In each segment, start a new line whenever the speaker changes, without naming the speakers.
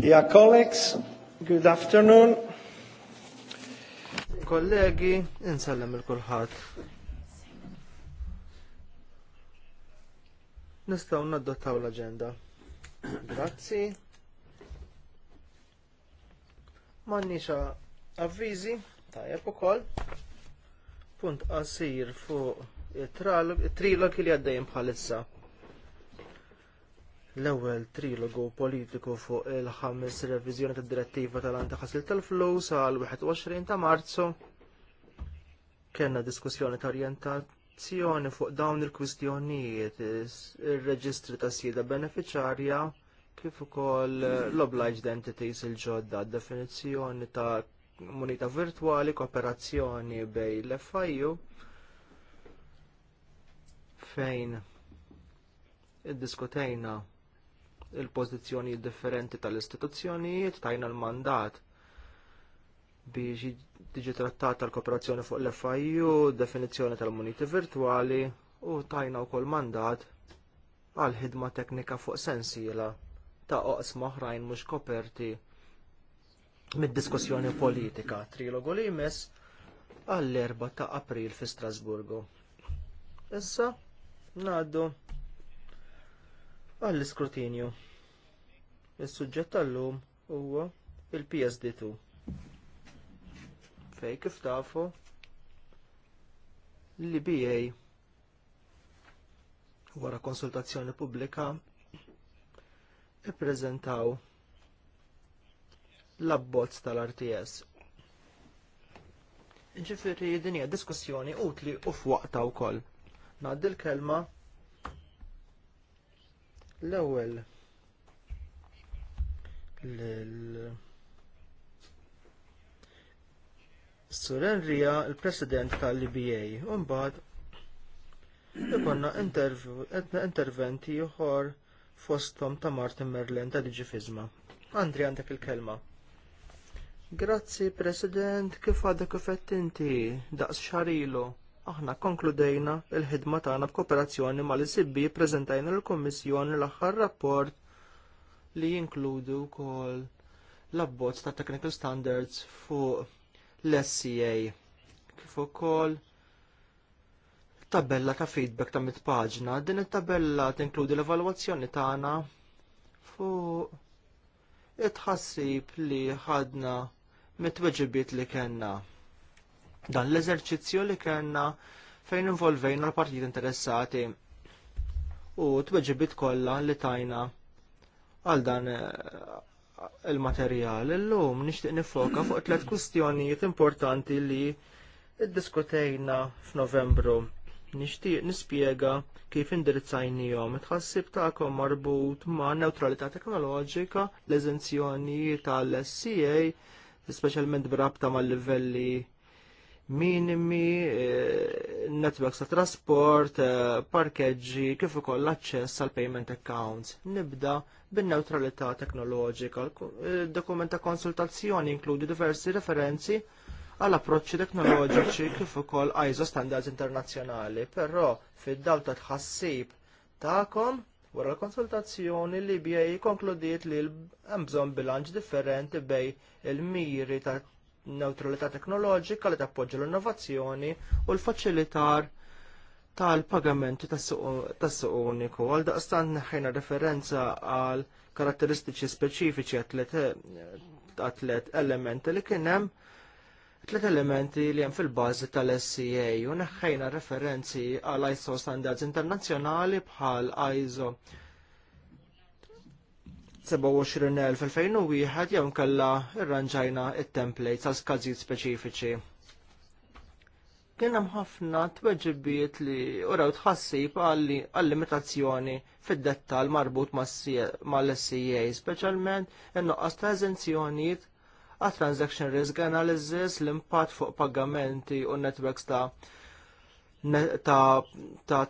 Dear colleagues, good afternoon. Kollegi, insellem il-kulħat. Nistaw naddottaw l-agenda. Grazzi. Mannixa avvizi, tajab u koll. Punt qasir fuq it-trilog li għaddejjem bħalissa l-ewwel trilogu politiku fuq il-ħames reviżjoni tad-direttiva tal ħasil tal-flus għal 21 ta' Marzu. Kenna diskussjoni ta' orjentazzjoni fuq dawn il-kwistjonijiet ir-reġistri ta' sida benefiċjarja kif ukoll l-obliged entities il-ġodda definizzjoni ta' moneta virtuali kooperazzjoni bejn l-FIU fejn iddiskutejna il pozizjoni differenti tal-istituzzjonijiet tajna l-mandat biex tiġi trattata l-kooperazzjoni fuq l-FIU, definizzjoni tal-muniti virtuali u tajna wkoll mandat għal ħidma teknika fuq sensiela ta' oqs oħrajn mhux koperti mid-diskussjoni politika trilogu li jmiss għall erba ta' April fi Strasburgu. Issa, ngħaddu għall-iskrutinju. Is-suġġett tal-lum huwa il-PSD2. Fej kif tafu l BA wara konsultazzjoni pubblika ippreżentaw l-abbozz tal-RTS. Ġifiri din hija diskussjoni utli u f'waqta wkoll. Ngħaddi l-kelma L-ewwel l-Suren Ria, il-President tal-IBA u mbagħad ikonna interventi ieħor fosthom ta' Martin Merlin ta' Digifizma. Andri għandek il-kelma. Grazzi President, kif għadek kifett inti daqs xarilu aħna konkludejna il-ħidma tagħna b'kooperazzjoni mal isibbi preżentajna lill-Kummissjoni l-aħħar rapport li jinkludu wkoll l-abbozz ta' technical standards fuq l-SCA kif ukoll tabella ta' feedback ta' mit-paġna. Din it-tabella tinkludi l-evalwazzjoni tagħna fuq it-ħassib li ħadna mit-tweġibiet li kellna dan l-eżerċizzju li kellna fejn involvejna l-partijiet interessati u tweġibit kollha li tajna għal dan eh, il-materjal illum nixtieq nifoka fuq tliet kwistjonijiet importanti li ddiskutejna f'Novembru. Nixtieq nispjega kif indirizzajnijom tħassib tagħkom marbut ma' neutralità teknoloġika, l-eżenzjoni tal-SCA, speċjalment brabta mal livelli minimi, eh, networks ta' trasport, eh, parkeġġi, kif ukoll l-aċċess għal payment accounts. Nibda bin-neutralità teknoloġika. Eh, dokument ta' konsultazzjoni inkludi diversi referenzi għal approċċi teknoloġiċi kif ukoll ISO standards internazzjonali, però fid-dawl ta' tħassib tagħkom wara l-konsultazzjoni li bija konkludiet li hemm bżonn bilanċ differenti bejn il-miri ta' neutralità teknoloġika li tappoġġa l-innovazzjoni u l-faċilitar tal-pagamenti tas-suq uniku. Għal daqstant neħħejna referenza għal karatteristiċi speċifiċi
għat-tlet
elementi li kien hemm tlet elementi li hemm fil-bażi tal-SCA u neħħejna referenzi għal ISO standards internazzjonali bħal ISO 27.000 fil-2001 jew nkella irranġajna il templates għal skażijiet speċifiċi. Kien hemm ħafna tweġibiet li uraw tħassib għal limitazzjoni fid-dettal marbut mal-SCA, speċjalment in-noqqas ta' eżenzjonijiet għat transaction risk analysis l-impatt fuq pagamenti u networks ta' ta',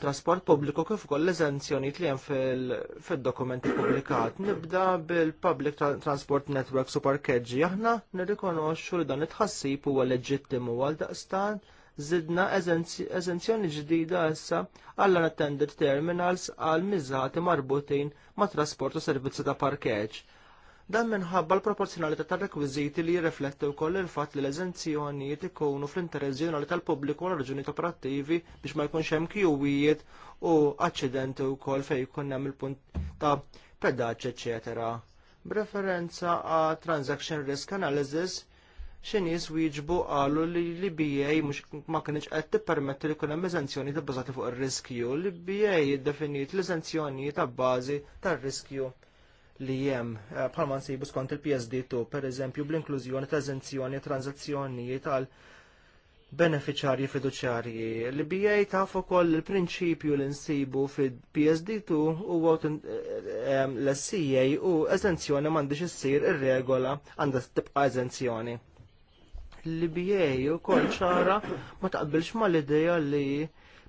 trasport pubbliku kif ukoll l-eżenzjonijiet li hemm fid-dokumenti pubblikat. Nibda bil-Public Transport Network su parkeġġi. Aħna nirrikonoxxu li dan it-tħassib huwa leġittimu għal daqstan zidna eżenzjoni ġdida issa għall unattended terminals għal miżati marbutin ma' trasport u servizzi ta' parkeġġ Dan minħabba l-proporzjonalità tar-rekwiżiti li jirrifletti wkoll il-fatt li l-eżenzjonijiet ikunu fl-interess ġenerali tal-pubbliku għal raġunijiet operattivi biex ma jkunx hemm kjuwijiet u aċċidenti wkoll fejn jkun hemm il-punt ta' pedaġġ, eċetera. B'referenza għal transaction risk analysis, xinis wieġbu qalu li l-BA mux ma kinitx qed tippermetti li jkun hemm eżenzjoni tibbażati fuq ir-riskju. L-BA iddefiniet l-eżenzjoni ta' bażi tar-riskju li jem bħalma eh, nsibu skont il-PSD2, per eżempju, bl-inklużjoni ta' eżenzjoni e tranzazzjoni tal beneficjarji fiduċjarji. L-BA taf ukoll il-prinċipju li nsibu fil-PSD2 u eh, eh, l-SCA u eżenzjoni m'għandix issir ir-regola għandha tibqa' eżenzjoni. Li ba u kol ċara ma taqbilx mal-ideja li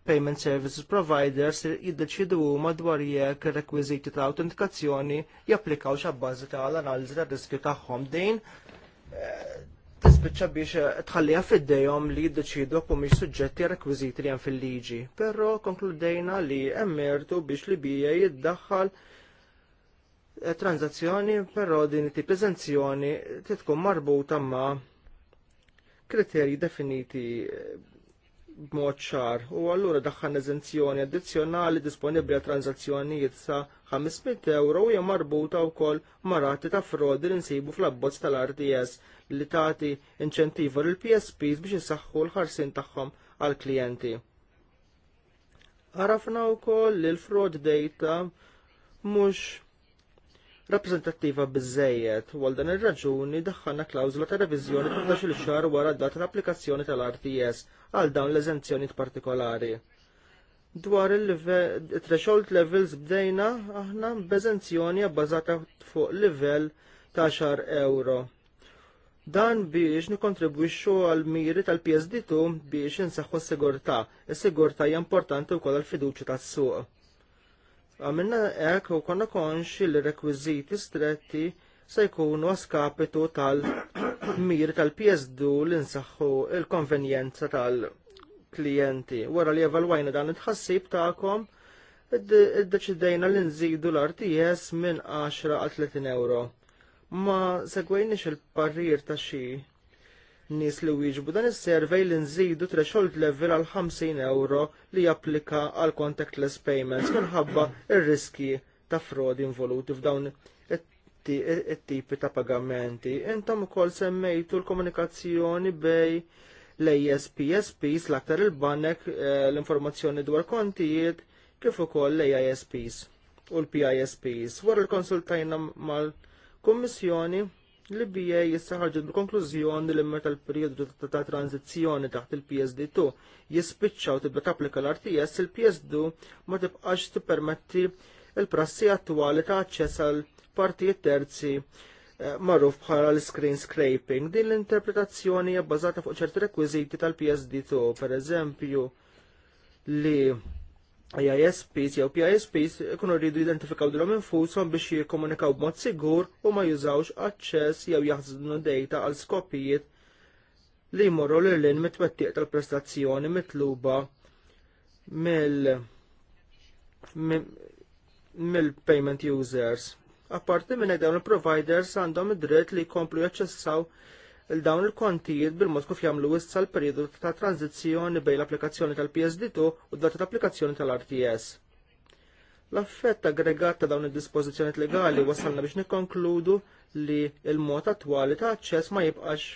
payment services providers jiddeċidu huma dwar jekk ir-rekwiżiti ta' autentikazzjoni japplikaw x'abbażi ta' analiżi tar riskju tagħhom dejn eh, tispiċċa biex eh, tħalliha f'iddejhom li jiddeċidu mhix suġġetti rekwiżiti li hemm fil-liġi. Però konkludejna li emmertu biex li bija jiddaħħal eh, tranzazzjoni, però din it-tip eżenzjoni tkun marbuta ma' kriterji definiti b'mod ċar u allura daħħan eżenzjoni addizzjonali disponibbli għal tranzazzjonijiet sa 500 euro hija marbuta wkoll koll marati ta' frodi li nsibu fl-abbozz tal-RTS li tagħti inċentivu lill PSPs biex isaħħu l-ħarsin tagħhom għal klijenti. Arafna wkoll li l-fraud data mhux rappreżentattiva biżejjed u għal dan ir-raġuni daħħalna klawzula ta' reviżjoni ta' il xahar wara d-data tal-applikazzjoni tal-RTS għal dawn l-eżenzjonijiet partikolari. Dwar il-threshold levels bdejna aħna b'eżenzjoni bbażata fuq livell ta' xar euro. Dan biex nikontribwixxu għal miri tal-PSD2 biex insaħħu s-sigurtà. Is-sigurtà hija importanti wkoll għall fiduċi tas-suq. Għamilna hekk u konna konxi li rekwiżiti stretti se jkunu skapitu tal-mir tal-PSD li nsaħħu l konvenjenza tal-klijenti. Wara li evalwajna dan it-ħassib tagħkom, iddeċidejna li nżidu l-RTS minn 10 għal 30 euro. Ma segwejniex il parrir ta' xi nies li wieġbu dan is-servej li nżidu threshold level għal 50 euro li japplika għal contactless payments minħabba ir-riski ta' frodi involuti f'dawn it-tipi ta' pagamenti. Intom ukoll semmejtu l-komunikazzjoni bej l-ASPSPs l-aktar il-banek eh, l-informazzjoni dwar kontijiet kif ukoll l-AISPs u l-PISPs. Wara l-konsultajna mal-Kummissjoni li bija jissaħarġu bil-konklużjoni li meta l-periodu ta' tranzizzjoni taħt il-PSD2 jispiċċaw tibda tapplika l-RTS, il-PSD2 ma tibqax tippermetti il-prassi attwali ta' aċċess għal partijiet terzi eh, marruf bħala l-screen scraping. Din l-interpretazzjoni hija bbażata fuq ċerti rekwiżiti tal-PSD2, per eżempju, li IISPs jew PISPs ikunu rridu jidentifikaw dilhom infushom biex jikkomunikaw b'mod sigur u ma jużawx aċċess jew jaħdmu data għal skopijiet li jmorru lilin lin tal-prestazzjoni mitluba mill mill-payment users apparti minn dawn il-providers għandhom id-dritt li jkomplu jaċċessaw il dawn il-kontijiet bil-mod kif jagħmlu wissa l-perjodu ta' tranzizzjoni bejn l-applikazzjoni tal-PSD2 u d-data ta' applikazzjoni tal-RTS. L-affett aggregat ta' dawn id-dispożizzjonijiet legali wasalna biex nikkonkludu li il-mod attwali ta' aċċess ma jibqax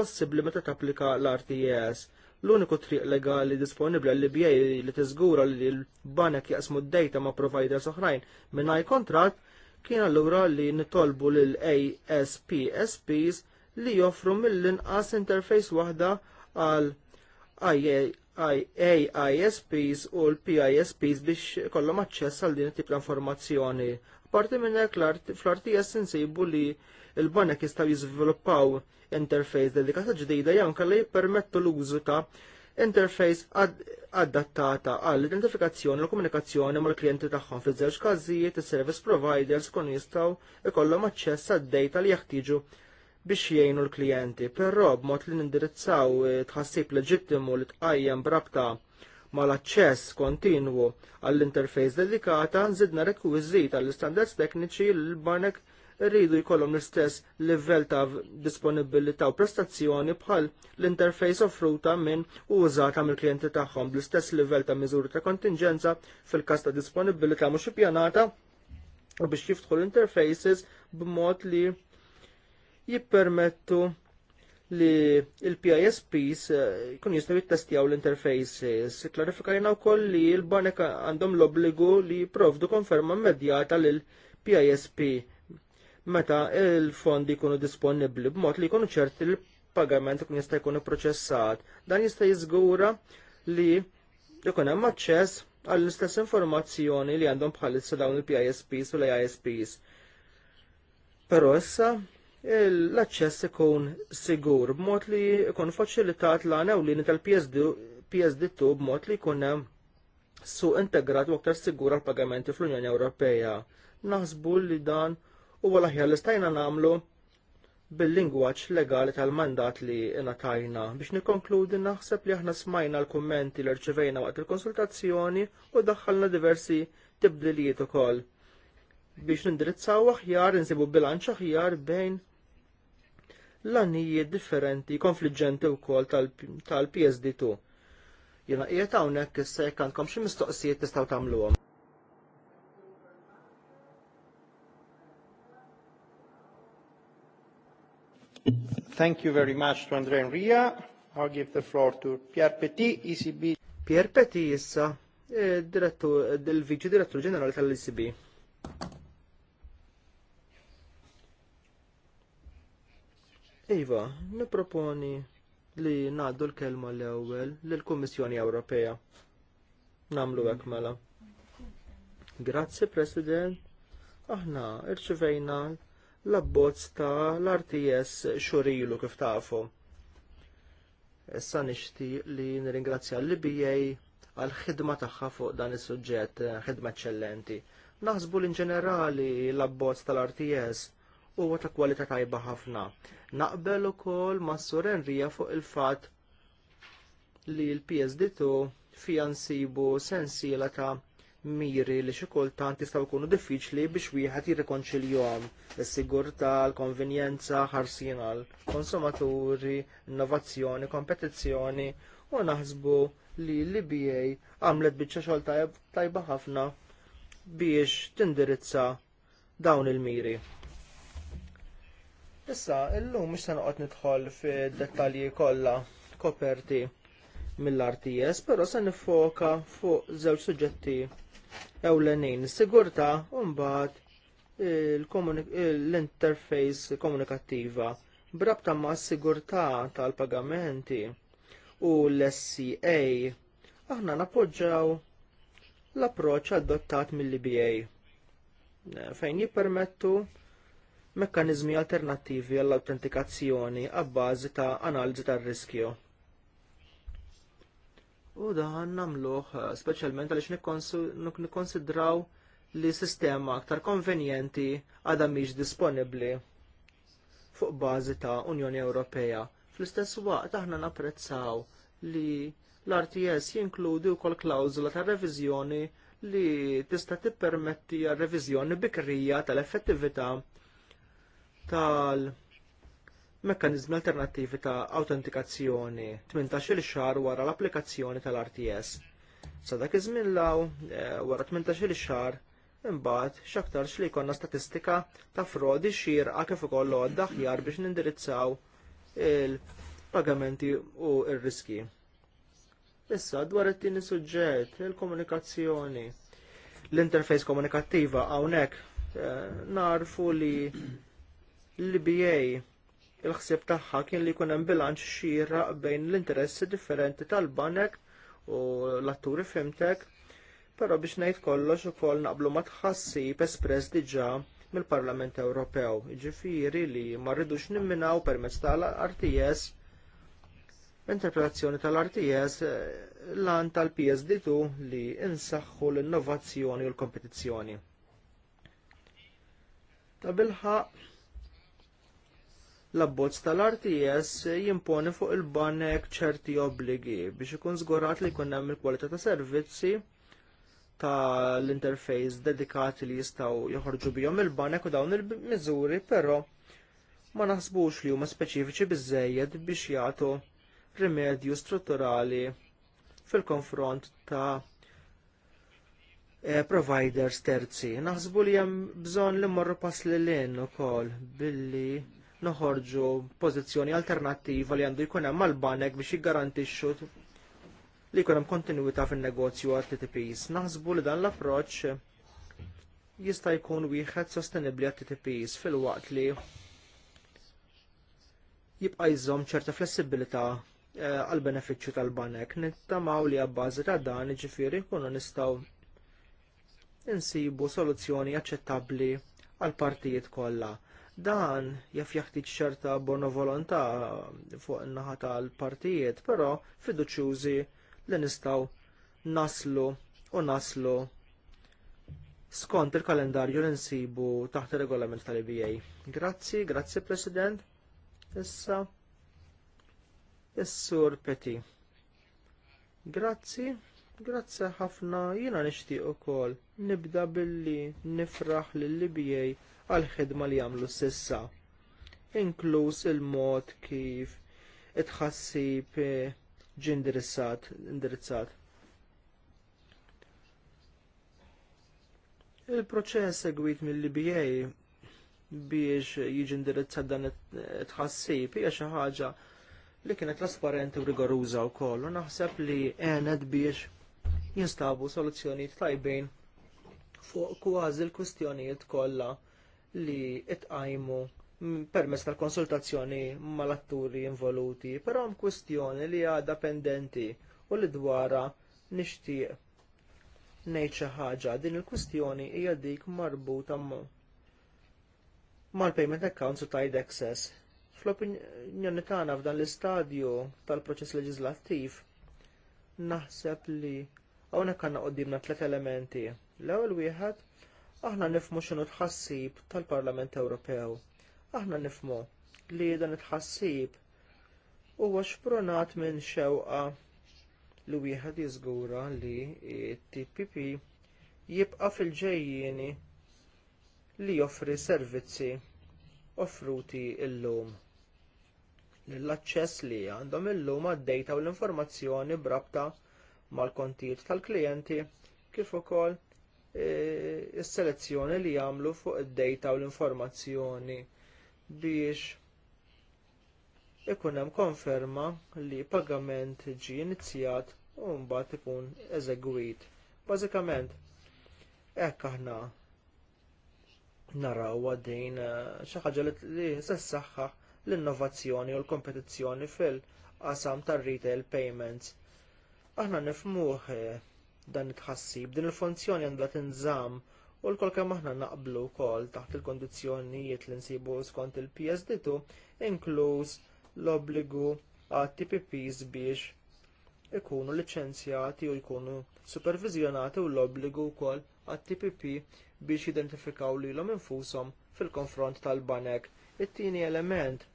possibbli meta tapplika l-RTS. L-uniku triq legali disponibbli għall bjej li tiżgura li l-banek jaqsmu d-dejta ma' providers oħrajn mingħajr kontratt kien allura li nitolbu lil ASPSPs li joffru mill-inqas interface waħda għal AISPs u l-PISPs biex kollom aċċess għal din tip l-informazzjoni. Parti minn hekk fl-RTS insibu li l-banek jistgħu jiżviluppaw interface dedikata ġdida jew li jippermettu l-użu ta' interface adattata għall identifikazzjoni u komunikazzjoni mal-klijenti tagħhom fi żewġ każijiet is-service providers kon jistgħu ikollhom aċċess għad-data li jeħtieġu biex jgħinu l-klijenti, però b'mod li nindirizzaw tħassib leġittimu li tqajjem brabta mal-aċċess kontinwu għall interface dedikata, nżidna rekwiżit għall istandards tekniċi l-banek rridu jkollhom l-istess livell ta' disponibilità u prestazzjoni bħal l-interface offruta minn u użata mill-klijenti tagħhom bl-istess livell ta' miżuri ta' kontingenza fil-każ ta' disponibilità mhux ippjanata u biex jiftħu l-interfaces b'mod li jippermettu li il-PISPs eh, kun jistaw jittestjaw l-interfaces. Klarifikajna u koll li l-banek għandhom l-obligu li provdu konferma immedjata l-PISP meta il-fondi jkunu disponibbli b'mod li jkunu ċerti l-pagament ikun jista' jkun ipproċessat. Dan jista' jiżgura li jkun hemm aċċess għall-istess informazzjoni li għandhom bħalissa dawn il-PISPs u l-ISPs. Però issa l-aċċess ikun sigur b'mod li jkun faċilitat l u lini tal-PSD2 b'mod li jkun hemm suq integrat u aktar sigur għal pagamenti fl-Unjoni Ewropea. Naħsbu li dan u l-aħjar li stajna nagħmlu bil-lingwaġġ legali tal-mandat li ngħatajna biex nikkonkludi naħseb li aħna smajna l-kummenti li rċevejna waqt il-konsultazzjoni u daħħalna diversi tibdilijiet ukoll biex nindirizzaw aħjar insibu bilanċ aħjar bejn l-annijiet differenti konfliġġenti wkoll tal-PSD2. Jena qiegħed hawnhekk issa jekk għandkom xi mistoqsijiet tistgħu tagħmluhom. Thank you very much to Andrea and Ria. I'll give the floor to Pierre Petit, ECB. Pierre Petit issa, eh, direttur, il-Viċi Direttur Ġenerali tal-ECB. Iva, niproponi li naddu l-kelma l-ewel l-Kommissjoni Ewropea. Namlu għek mela. Grazzi, President. Aħna irċivejna l-abbozz ta' l-RTS xurilu kif tafu. Issa nixtieq li nirringrazzja l-BA għal-ħidma tagħha fuq dan is-suġġett, ħidma eċċellenti. Naħsbu l-inġenerali l-abbozz tal-RTS huwa ta' kwalità tajba ħafna. Naqbel ukoll ma' Sorenrija fuq il-fatt li l-PSD2 fija nsibu sensiela ta' miri li xi kultant jistgħu jkunu diffiċli biex wieħed jirrikonċiljahom is-sigurtà, l-konvenjenza, ħarsien għal konsumaturi, innovazzjoni, kompetizzjoni u naħsbu li l-IBA għamlet biċċa xogħol tajba ħafna biex tindirizza dawn il-miri. Issa, illum mhux se noqgħod nidħol fid-dettalji kollha koperti mill-RTS, però se nifoka fuq żewġ suġġetti ewlenin sigurtà u mbagħad l-interface komunikattiva brabta ma' sigurtà tal-pagamenti u l-SCA aħna napoġġaw l-approċċ adottat mill-IBA fejn jippermettu mekkaniżmi alternattivi għall-autentikazzjoni għabbażi ta' analiżi tar-riskju. U dan namluħ, eh, specialment għalix nikkonsidraw li sistema aktar konvenjenti għadha mhix disponibbli fuq bażi ta' Unjoni Ewropea. Fl-istess waqt aħna napprezzaw li l-RTS jinkludi wkoll klawzula ta' reviżjoni li tista' tippermetti għal reviżjoni bikrija tal-effettività tal-, -effettività tal mekkaniżmi alternattivi ta' awtentikazzjoni 18-il xahar wara l-applikazzjoni tal-RTS. Sa dak iż law eh, wara 18-il xahar imbagħad x'aktarx li jkollna statistika ta' frodi xierqa kif ukoll għodda biex nindirizzaw il-pagamenti u r riski Issa dwar it-tieni suġġett, il-komunikazzjoni. l interfejs komunikattiva hawnhekk eh, narfu li l-BA il-ħsieb tagħha kien li jkun hemm bilanċ xieraq bejn l-interessi differenti tal-banek u l-atturi fimtek, però biex ngħid kollox ukoll naqblu ma tħassib espress diġà mill-Parlament Ewropew, jiġifieri li ma rridux nimminaw permezz tal-RTS interpretazzjoni tal-RTS lan tal-PSD2 li insaħħu l-innovazzjoni u l-kompetizzjoni. Ta' l-abbozz tal-RTS jimponi fuq il-banek ċerti obbligi biex ikun żgurat li jkun hemm il-kwalità ta' servizzi tal-interface dedikati li jistgħu joħorġu bihom il-banek u dawn il-miżuri, però ma naħsbux li huma speċifiċi biżżejjed biex jagħtu rimedju strutturali fil-konfront ta' eh, providers terzi. Naħsbu li hemm bżonn li mmorru pass lil lin ukoll billi noħorġu pożizzjoni alternattiva li għandu jkun hemm mal-banek biex jiggarantixxu li jkun hemm kontinwità fin-negozju għat TTPs. Naħsbu li dan l-approċċ jista' jkun wieħed sostenibbli għat TTPs fil-waqt li jibqa' jżomm ċerta flessibilità eh, għal benefiċċju tal-banek. Nittamaw li għabbażi ta' dan ġifiri kunu nistaw insibu soluzzjoni aċċettabbli għal partijiet kollha. Dan jaf jaħtiġ ċerta bono volontà fuq in-naħa tal-partijiet, però fiduċjużi li nistgħu naslu u naslu skont il-kalendarju li nsibu taħt ir regolament tal-IBA. Grazzi, grazzi President. Issa, Is-Sur Peti. Grazzi, grazzi ħafna, jiena nixtieq ukoll nibda billi nifraħ lill-IBA għal-ħidma li jagħmlu sissa, inkluż il-mod kif itħassib eh, ġi indirizzat, Il-proċess segwit mill-LBA biex jiġi indirizzat dan it-tħassib hija xi ħaġa li kienet trasparenti u rigoruża wkoll u naħseb li għenet biex jinstabu soluzzjonijiet tajbin fuq kważi l-kwistjonijiet kollha li itqajmu permess tal-konsultazzjoni mal-atturi involuti, però hemm kwestjoni li għadha pendenti u li dwara nixtieq ngħid xi ħaġa din il-kwistjoni hija dik marbuta mal-payment accounts u tied access. Fl-opinjoni tagħna f'dan l-istadju tal-proċess leġislattiv naħseb li hawnhekk għandna qudiemna tliet elementi. L-ewwel wieħed Aħna nifmu x'inhu tħassib tal-Parlament Ewropew. Aħna nifmu li dan it-tħassib huwa xpronat minn xewqa li wieħed jiżgura li t-TPP jibqa' fil ġejjini li joffri servizzi offruti llum. L-aċċess li għandhom illum għad-dejta u l-informazzjoni brabta mal-kontijiet tal-klijenti kif ukoll is-selezzjoni eh, li jagħmlu fuq id-data u l-informazzjoni biex ikun hemm konferma li pagament ġie inizjat u mbagħad ikun eżegwit. Bażikament hekk aħna naraw għaddejn eh, xi ħaġa li se l-innovazzjoni u l-kompetizzjoni fil-qasam tar-retail payments. Aħna nifhmuh. Eh, dan it-tħassib. Din il-funzjoni għandha tinżamm u l-kol kemm aħna naqblu wkoll taħt il kundizzjonijiet li nsibu skont il-PSD2 inkluż l-obbligu għat TPPs biex ikunu liċenzjati u jkunu supervizjonati u l-obbligu wkoll għat TPP biex jidentifikaw lilhom infushom fil-konfront tal-banek. It-tieni element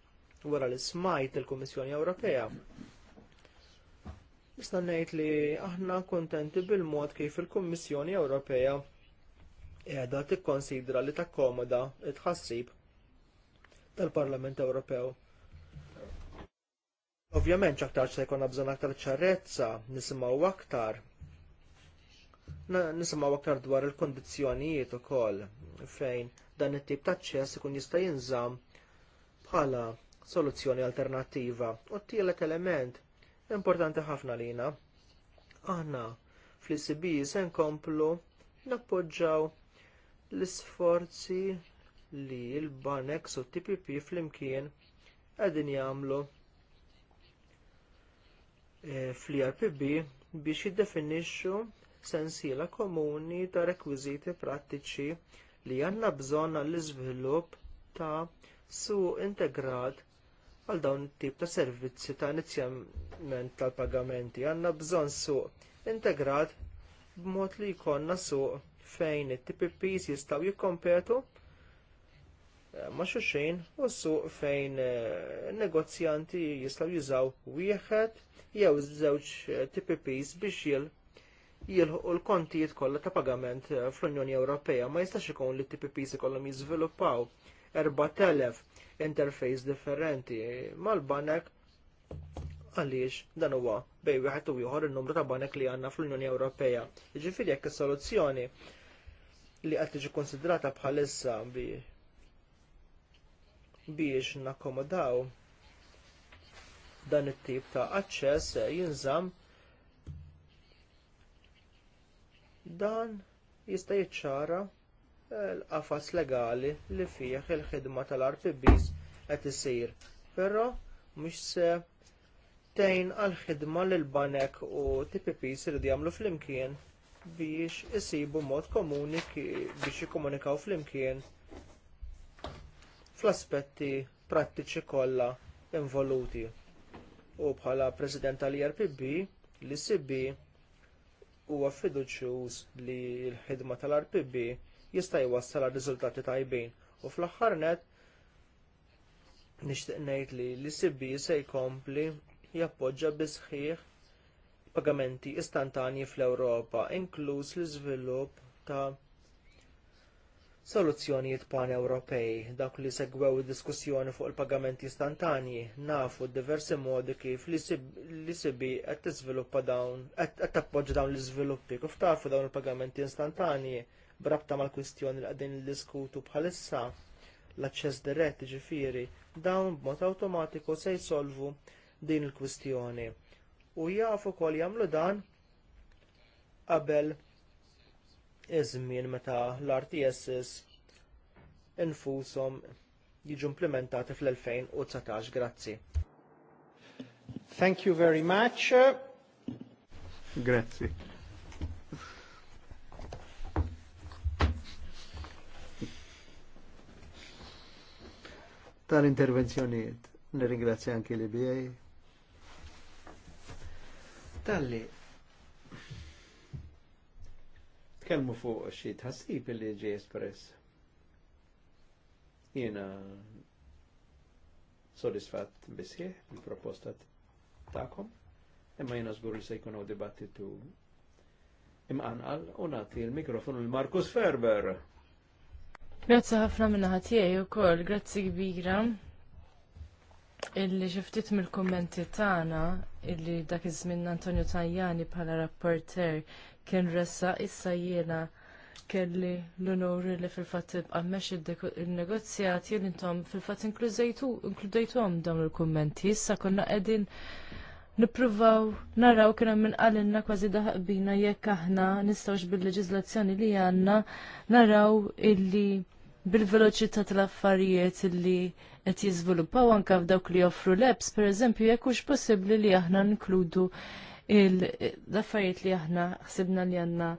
wara li smajt il-Kummissjoni Ewropea Nista' ngħid li aħna kuntenti bil-mod kif il-Kummissjoni Ewropea qiegħda tikkonsidra li takkomoda t tħassib tal-Parlament Ewropew. Ovvjament aktar se jkun bżonn aktar ċarrezza, nisimgħu aktar nisimgħu aktar dwar il kundizzjonijiet ukoll fejn dan it-tip ta' ċess ikun jista' jinżamm bħala soluzzjoni alternattiva. U t-tielet element importanti ħafna lina. Aħna fl-ICB se nkomplu nappoġġaw l-isforzi li l-Banex u TPP flimkien qegħdin jagħmlu eh, fl-IRPB biex jiddefinixxu sensiela komuni ta' rekwiżiti prattiċi li għandna bżonn għall-iżvilupp ta' suq integrat għal dawn tip ta' servizzi ta' inizjament tal-pagamenti għandna bżonn suq integrat b'mod li jkollna suq fejn it-TPPs jistgħu jikkompetu eh, ma' xuxin u suq fejn eh, negozjanti jistgħu jużaw wieħed jew żewġ eh, TPPs biex jilħqu l-kontijiet kollha ta' pagament fl-Unjoni Ewropea ma jistax ikun li t-TPPs ikollhom jiżviluppaw 4000 interface differenti mal-banek għaliex dan huwa bej wieħed u ieħor in-numru ta' banek li għandna fl-Unjoni Ewropea. Jiġifieri jekk is-soluzzjoni li qed tiġi konsidrata bħalissa bi biex nakkomodaw dan it-tip ta' aċċess jinżamm dan jista' jiċċara l-qafas legali li fih il-ħidma tal-RTBs qed isir. Però mhux se tgħin għall-ħidma l banek u TPPs iridu jagħmlu flimkien biex isibu mod komuni biex jikkomunikaw flimkien fl-aspetti prattiċi kollha involuti. U bħala President tal-IRPB li sibi huwa fiduċjuż li l-ħidma tal-RPB jista' jwassal għal riżultati tajbin. U fl-aħħar net nixtieq ngħid li l-ICB se jkompli jappoġġa bi sħiħ pagamenti istantanji fl-Ewropa, inkluż l-iżvilupp ta' soluzzjonijiet pan-Ewropej, dawk li segwew id-diskussjoni fuq il-pagamenti istantanji, nafu diversi modi kif li sibi qed tiżviluppa dawn, qed tappoġġa dawn l-iżviluppi, kif tafu dawn il-pagamenti istantanji brabta mal-kwistjoni li qegħdin niddiskutu bħalissa l-aċċess dirett jiġifieri dawn b'mod awtomatiku se jsolvu din il-kwistjoni. U jafu ukoll jagħmlu dan qabel iż-żmien meta l-RTSs infushom jiġu implementati fl-2019. Grazzi. Thank you very much.
Grazzi. tal-intervenzjonijiet. Nirringrazzja anki li bijaj. Talli. Tkellmu fuq xie tħassib li ġi espress. Jena sodisfatt bisħieħ il-proposta ta'kom, imma jiena zgur li se jkun dibattitu imqanqal u nagħti l-mikrofonu l-Markus Ferber.
Grazzi ħafna minna ħatijaj u grazzi kbira illi xiftit mill-kommenti tagħna illi dak iż-żmien Antonio Tajani bħala rapporter kien ressa issa jiena kelli l-onur li fil-fatt għammex il-negozjati li intom fil-fatt għom dawn il-kummenti. Issa konna qegħdin nippruvaw naraw kien hemm għalinna kważi daħqbina jekk aħna nistgħux bil leġislazzjoni li għandna naraw illi bil-veloċità tal-affarijiet illi qed jiżviluppaw anke f'dawk li joffru l-apps, pereżempju jekk hux possibbli li aħna nkludu l-affarijiet li aħna ħsibna li għandna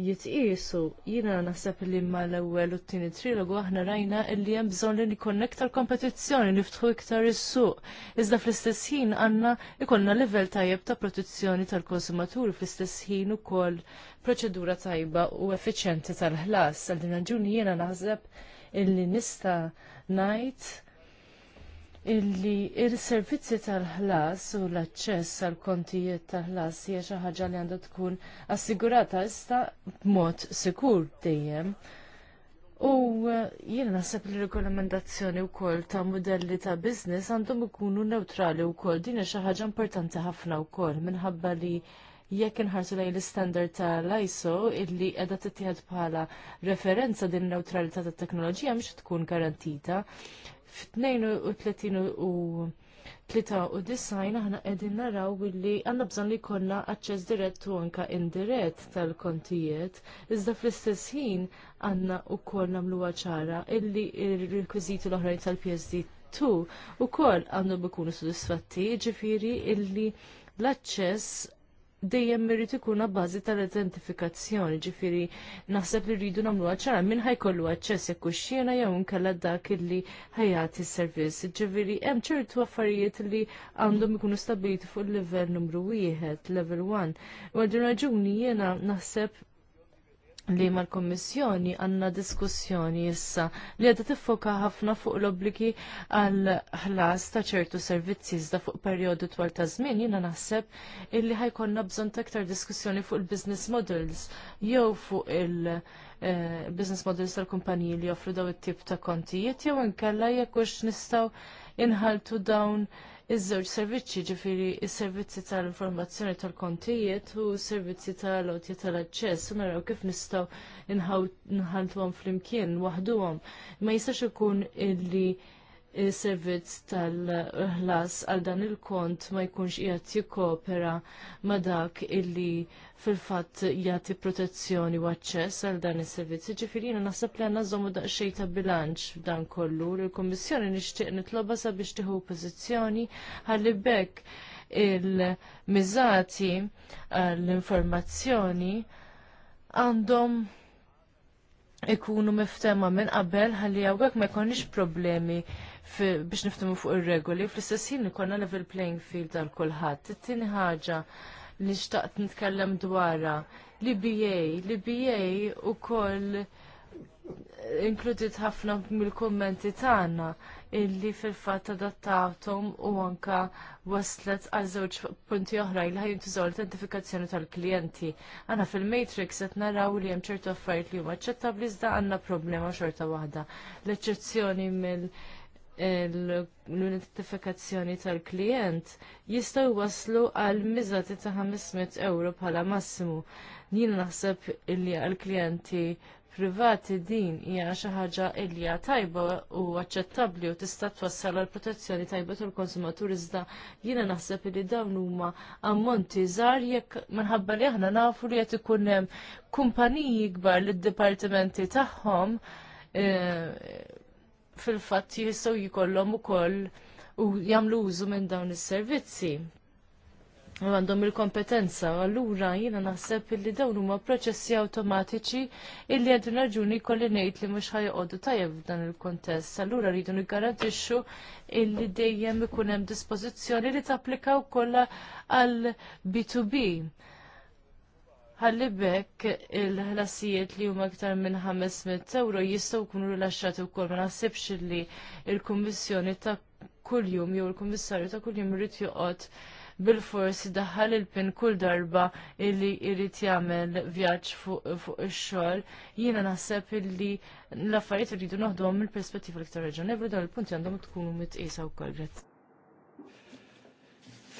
jitqisu. Jiena naħseb li ma l-ewwel u t-tieni trilogu aħna rajna li hemm bżonn li nikonna iktar kompetizzjoni, niftħu iktar is-suq. Iżda fl-istess ħin għandna ikollna livell tajjeb ta' protezzjoni tal-konsumatur fl-istess ħin ukoll proċedura tajba u effiċjenti tal-ħlas. Għal din raġuni jiena naħseb illi nista' ngħid illi il-servizzi tal-ħlas u l-aċċess għal kontijiet tal-ħlas hija xi ħaġa li għandha tkun assigurata issa b'mod sikur dejjem. U eh, jien naħseb li regolamentazzjoni wkoll ta' modelli ta' business għandhom ikunu neutrali wkoll din hija xi ħaġa importanti ħafna wkoll minħabba li jekk inħarsu lejn l-istandard tal-ISO illi qiegħda tittieħed bħala referenza din neutralità tat-teknoloġija mhux tkun garantita f-32 u 93 aħna qegħdin naraw li għandna bżonn li jkollna aċċess dirett u anke indirett tal-kontijiet, iżda fl-istess ħin għandna wkoll nagħmluha ċara illi r rekwizitu l-oħrajn tal-PSD 2 ukoll għandhom ikunu sodisfatti, ġifiri illi l-aċċess dejjem irrid ikun bażi tal-identifikazzjoni, ġifieri naħseb li rridu nagħmlu ċara minn ħajkollu aċċess jekk xiena jew inkella dak li ħajati s-servizz. Ġifiri hemm ċertu affarijiet li għandhom ikunu stabiliti fuq il-livell numru wieħed, level 1. U raġuni jiena naħseb li mal kommissjoni għanna diskussjoni issa li għadda tiffoka ħafna fuq l-obbligi għal ħlas ta' ċertu servizzi iżda fuq perjodu twal ta' żmien jiena naħseb illi ħajkonna bżonn ta' iktar diskussjoni fuq il-business models jew fuq il-business eh, models tal-kumpaniji li joffru daw it-tip ta' kontijiet jew inkella jekk hux nistgħu inħaltu dawn iż-żewġ servizzi ġifiri is-servizzi tal-informazzjoni tal-kontijiet u s-servizzi tal-għotja tal-aċċess u naraw kif nistgħu nħaltuhom flimkien waħduhom. Ma jistax ikun illi il-servizz tal-ħlas għal dan il-kont ma jkunx qiegħed jikkopera ma dak illi fil-fatt jagħti protezzjoni u aċċess għal dan is-servizz. Ġifieri jiena naħseb li għandna żommu daqsxejn ta' bilanċ f'dan kollu. l kummissjoni nixtieq nitloba sabiex tieħu pożizzjoni ħalli bekk il-miżati l-informazzjoni għandhom ikunu miftema minn qabel ħalli hawnhekk ma jkollniex problemi biex niftimu fuq ir-regoli, fl-istess jien ikolna level playing field għal kulħadd. It-tieni ħaġa li xtaqt nitkellem dwarha li BA, li BA ukoll inkludit ħafna mill-kommenti tagħna illi fil-fatt adattawhom u anka waslet għal żewġ punti oħra li tużaw l-identifikazzjoni tal-klijenti. Għana fil-Matrix qed naraw li hemm ċertu affarijiet li huma aċċettabbli iżda għandna problema xorta waħda. L-eċċezzjoni mill- l-identifikazzjoni tal-klient jistaw waslu għal miżati ta' 500 euro bħala massimu. Jien naħseb illi għal klijenti privati din hija xi ħaġa illi tajba u aċċettabbli u tista' twassal għal protezzjoni tajba tal-konsumatur iżda jiena naħseb li dawn huma ammonti żgħar jekk minħabba li aħna nafu li qed ikun hemm kumpaniji kbar lid-dipartimenti tagħhom eh, fil-fatt jistgħu jkollhom ukoll u jagħmlu użu minn dawn is-servizzi. U għandhom il-kompetenza, allura jiena naħseb li dawn huma proċessi awtomatiċi illi għad raġuni kolli ngħid li mhux ħajqogħdu tajjeb f'dan il-kontest. Allura rridu niggarantixxu illi dejjem ikun hemm dispożizzjoni li tapplika wkoll għal B2B ħalli bekk il-ħlasijiet li huma iktar minn 500 euro jistgħu jkunu rilaxxati wkoll ma naħsibx li l-Kummissjoni ta' kuljum jew il-Kummissarju ta' kuljum irid joqgħod bil forsi daħħal il-pin kull darba illi irid jagħmel vjaġġ fuq ix-xogħol, jiena naħseb illi l-affarijiet irridu naħduhom mill-perspettiva l-iktar reġonevru dan il-punti għandhom tkunu mitqisa wkoll.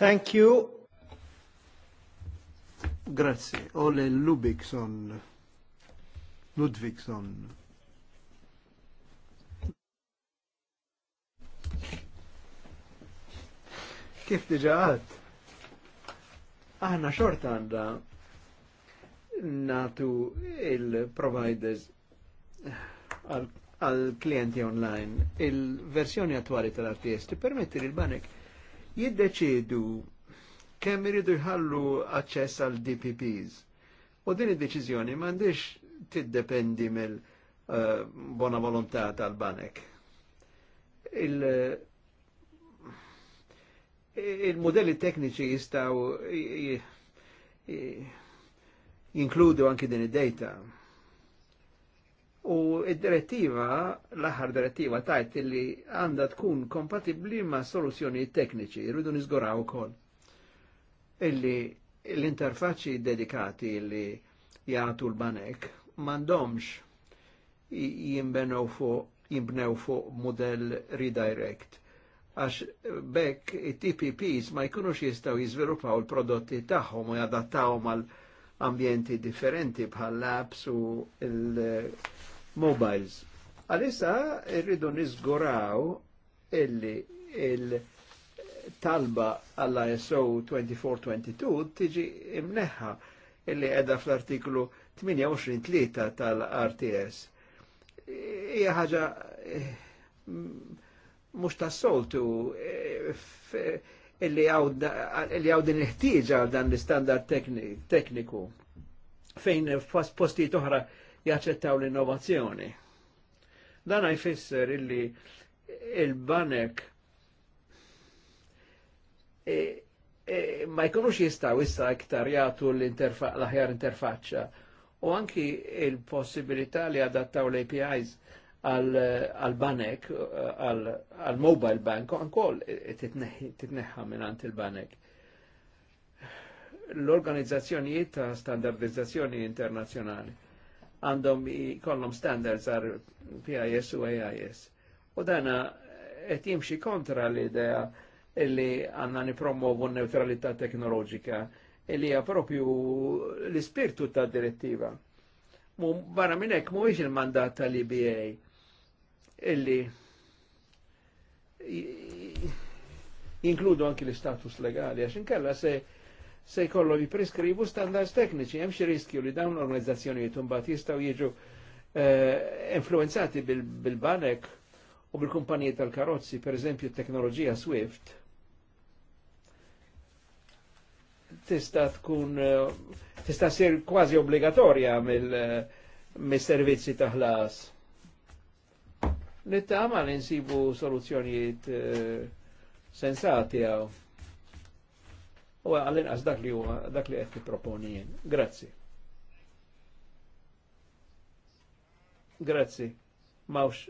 Thank you. Grazie. Ole Lubikson. Ludvigson. Kif diġaħat? Aħna xort għanda natu il-providers għal-klienti online. Il-versjoni attuali tal-artisti permetti il-banek jiddeċidu kemm iridu jħallu aċċess għal DPPs. U din id-deċiżjoni m'għandix tiddependi mill uh, bona volontà tal-banek. Il, il modelli tekniċi jistaw jinkludu anki din id-data. U id-direttiva, l-aħħar direttiva tajt li għanda tkun kompatibli ma' soluzzjoni tekniċi, rridu nizgoraw ukoll illi l interfaċi dedikati li jgħatu l-banek mandomx jimbnew fuq jimbnew fuq model redirect għax bekk it-TPPs ma jkunux jistaw jizvilupaw il-prodotti tagħhom u jadattawhom għal ambjenti differenti bħal labs u il-mobiles. Għalissa irridu nizguraw illi il-, -il talba għalla ISO 2422 tiġi imneħħa illi edha fl-artiklu 28.3 tal-RTS. Hija ħaġa eh, mux tassoltu eh, illi għawdin din il-ħtieġa għal dan l-standard tekniku fejn posti oħra jaċċettaw l-innovazzjoni. Dan għajfisser illi il-banek E, e, ma jkunux jistaw issa iktar jgħatu l-aħjar interfaċċa u anki il-possibilità li adattaw l-APIs għal-banek, għal-mobile bank, għankol e, titneħħa minn il-banek. L-organizzazzjonijiet ta' standardizzazzjoni internazjonali għandhom kollom standards għar PIS u AIS. U dana qed jimxi kontra l-idea li għanna nipromovu neutralità teknoloġika li hija propju l-ispirtu ta' direttiva. Mu barra minnek mu mhuwiex il-mandat tal-IBA illi jinkludu anki l status legali għax inkella se se jkollu jipreskrivu standards tekniċi, hemm xi riskju li dawn l organizzazzjonijiet imbagħad jistgħu jiġu eh, influenzati bil-banek bil u bil kumpanijiet tal-karozzi, per eżempju, teknoloġija Swift, tista' tkun eh, tista' sir kważi obbligatorja mill-servizzi eh, ta' ħlas. Nittama li nsibu soluzzjonijiet eh, sensati għaw. U għallin għaz dak li huwa dak li qed proponi jien. Grazzi. Grazzi. Mawx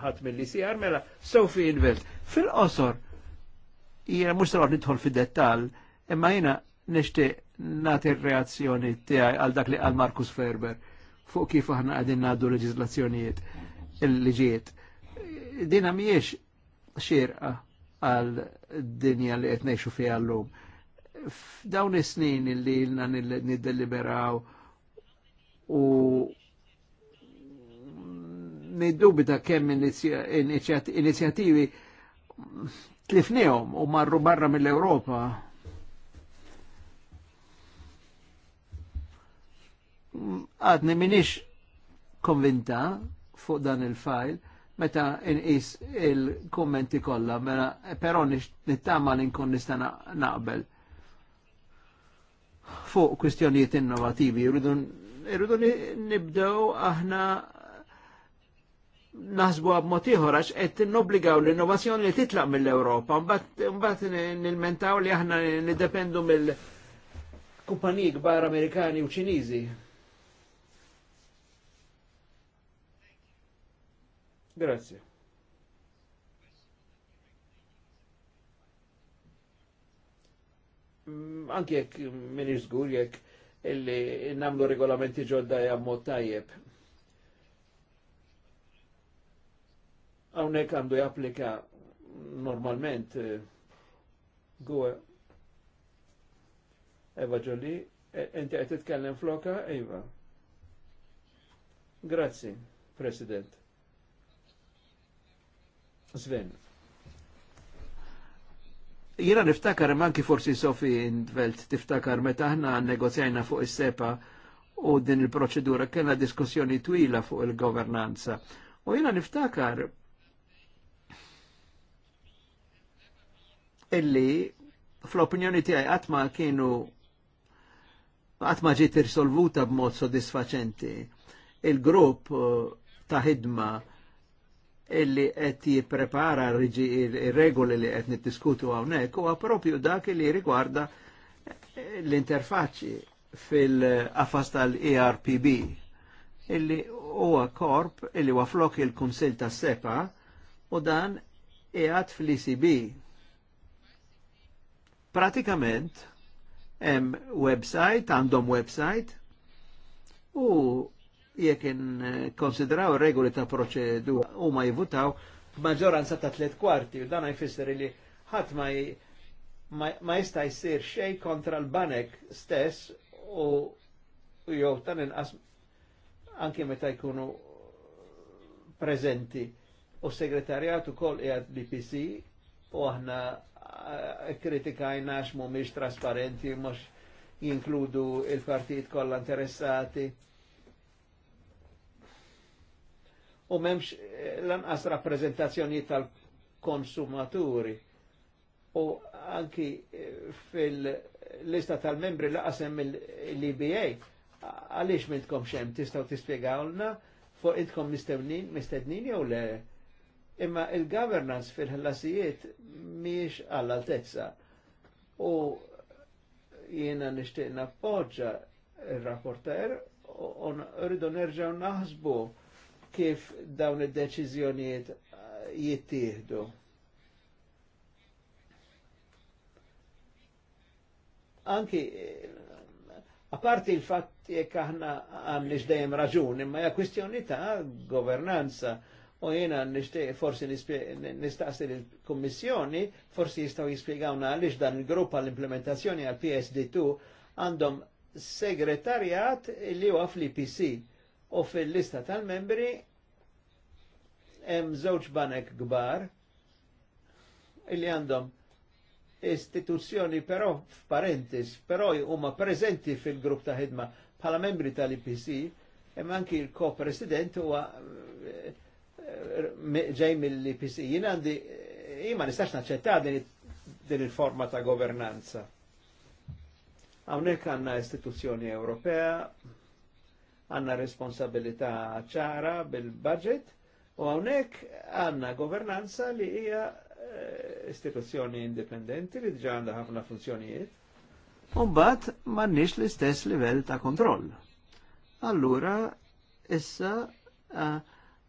ħadd mill-li si mela Sofi Invelt. Fil-qosor jiena mhux nidħol fil dettall imma jena nishti nati reazzjoni tiegħi għal dak li għal Markus Ferber fuq kif aħna għadin naddu leġizlazzjonijiet il-liġijiet. Dina miex xirqa għal dinja li qed ngħixu fiha llum. F'dawn is-snin li nid niddeliberaw u niddubita kemm inizjattivi t-lifnijom u marru barra mill-Ewropa għadni minix konvinta fuq dan il-fajl meta inqis il-kommenti kollha, mela però nittama li nkun nista' naqbel fuq kwistjonijiet innovativi. Irridu nibdew aħna naħsbu għab motiħor għax qed nobbligaw l-innovazzjoni li titlaq mill-Ewropa, mbagħad nilmentaw li aħna nidependu mill-kumpaniji kbar Amerikani u Ċiniżi. Grazie. Mm, anki jek minni zgur jek illi namlu regolamenti ġodda jammu tajjeb. Għawnek għandu japplika normalment eh, għuwe. Eva Ġolli, e, enti għed titkellem floka, Eva. Grazie, President. Sven. Jena niftakar manki forsi Sofi Indvelt tiftakar meta aħna negozjajna fuq is-sepa u din il-proċedura kena diskussjoni twila fuq il-governanza. U jena niftakar illi fl-opinjoni tiegħi qatt ma kienu qatt ma ġiet irsolvuta b'mod sodisfaċenti. Il-grupp eh, ta' ħidma illi qed jipprepara regoli li qed niddiskutu hawnhekk huwa propju dak li rigwarda l-interfaċċi fil-qafas tal-ERPB illi huwa korp illi huwa flok il-Kunsill tas-Sepa u dan qiegħed fl-ECB. Pratikament hemm website, għandhom website u jekk eh, konsideraw regoli ta' proċedura u ma jivutaw maġġoranza ta' tliet kwarti u dan jfisser li ħadd ma ma jista' jsir xejn kontra l-banek stess u jew tan inqas anke meta jkunu preżenti u segretarjat ukoll qiegħed BPC u aħna eh, kritikajna x'mhumiex trasparenti mhux jinkludu il-partijiet kollha interessati u memx eh, lanqas rappresentazzjoni tal-konsumaturi. U anki eh, fil-lista tal-membri laqasem l-IBA, għaliex mintkom xem, tistaw tispiegawlna fuq intkom mistednin, mistednin jew le. Imma il-governance fil-ħlasijiet miex għall-altezza. U jiena nishtiq nappoġġa il-rapporter u rridu nerġaw naħsbu kif dawn id-deċiżjonijiet eh, jittieħdu. Anki eh, a parti il fat jek aħna għandix dejjem raġun, imma hija kwistjoni ta' governanza u jiena forsi nistaqsi l-Kummissjoni, forsi jistgħu jispjegawna għaliex dan il-grupp għall-implementazzjoni għal PSD2 għandhom segretarjat li huwa fl-IPC u fil-lista tal-membri hemm żewġ banek kbar illi għandhom istituzzjoni però f'parentis, però huma preżenti fil-grupp ta' ħidma bħala membri tal-IPC, hemm anki l-ko-president huwa eh, eh, ġej mill-IPC. Jien għandi, eh, jien ma nistax naċċettaw din il-forma ta' governanza. Hawnhekk għandna istituzzjoni Ewropea, għanna responsabilità ċara bil-budget u għonek għanna governanza li hija eh, istituzzjoni indipendenti li diġa għanda ħafna funzjonijiet. Umbat mannix l-istess livell ta' kontroll. Allura, issa eh,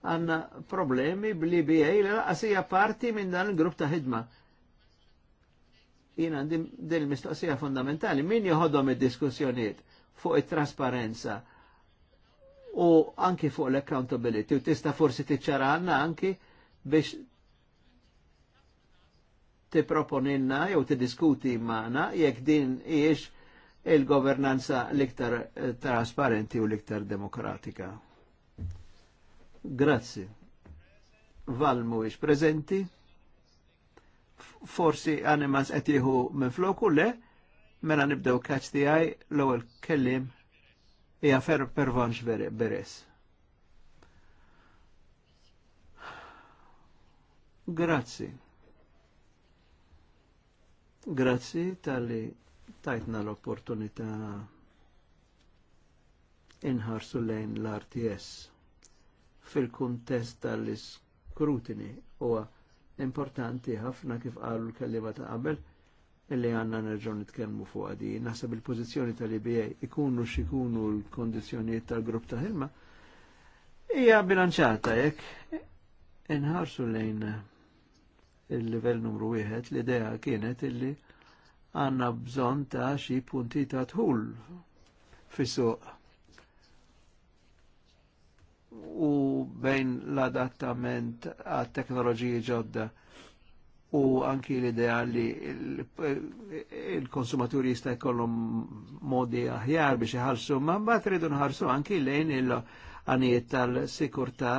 għanna problemi bli BA li għasija parti minn dan il-grupp ta' ħidma. Jina din mistoqsija fundamentali, min joħodhom id-diskussjonijiet fuq it-trasparenza? u anki fuq l-accountability u tista' forsi tiċċaranna anki biex t-proponinna jew tidiskuti maħna jekk din hijiex il-governanza l eh, trasparenti u liktar demokratika. Grazzi. Valmu mhuwiex prezenti. Forsi animas qed jieħu minn floku le, mela nibdew catch the eye l-ewwel kellim hija fer pervanx beres. Grazzi. Grazzi tal-li tajtna l-opportunità inħarsu lejn l-RTS fil-kuntest tal-iskrutini huwa importanti ħafna kif qalu l-kellima ta' qabel illi għanna nerġaw nitkellmu fuq għadi. Naħseb il-pozizjoni tal-IBA ikunu xikunu l-kondizjoniet tal-grupp ta' Hilma, hija bilanċata jekk inħarsu lejn il-level numru wieħed l-idea kienet illi għanna bżon ta' xi punti ta' tħul fis-suq. U bejn l-adattament għat teknoloġiji ġodda u anki l-idea li il-konsumaturi jista' jkollhom modi aħjar biex iħallsu, ma mbagħad iridu nħarsu anki lejn il-għanijiet tal-sikurtà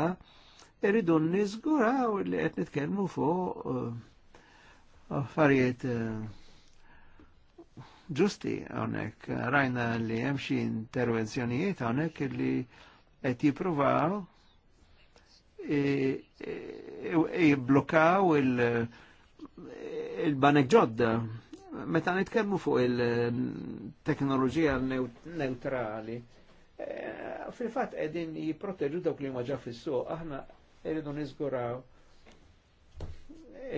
irridu niżguraw li qed nitkellmu fuq eh, affarijiet eh, ġusti hawnhekk. Rajna li hemm xi intervenzjonijiet hawnhekk li qed jippruvaw jibblokkaw il- e, il-banek ġodda. Meta nitkellmu fuq il-teknoloġija neutrali, eh, fil fat edin jipproteġu dawk li maġa fissu, fis-suq, aħna irridu niżguraw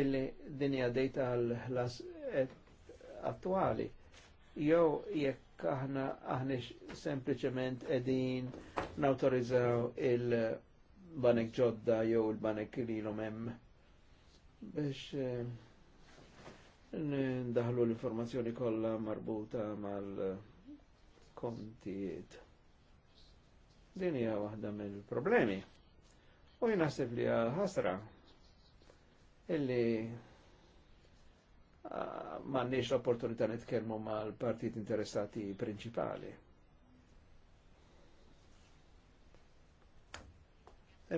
illi dinja dejta għal-ħlas eh, attuali. Jow jekk aħna aħna sempliciment edin nawtorizzaw il-banek ġodda jew il-banek li l-om Uh, Ndaħlu l-informazzjoni kollha marbuta mal-kontijiet. Din hija waħda mill-problemi. U jinaħseb li ħasra illi m'għandniex l-opportunità nitkellmu mal-partit interessati prinċipali.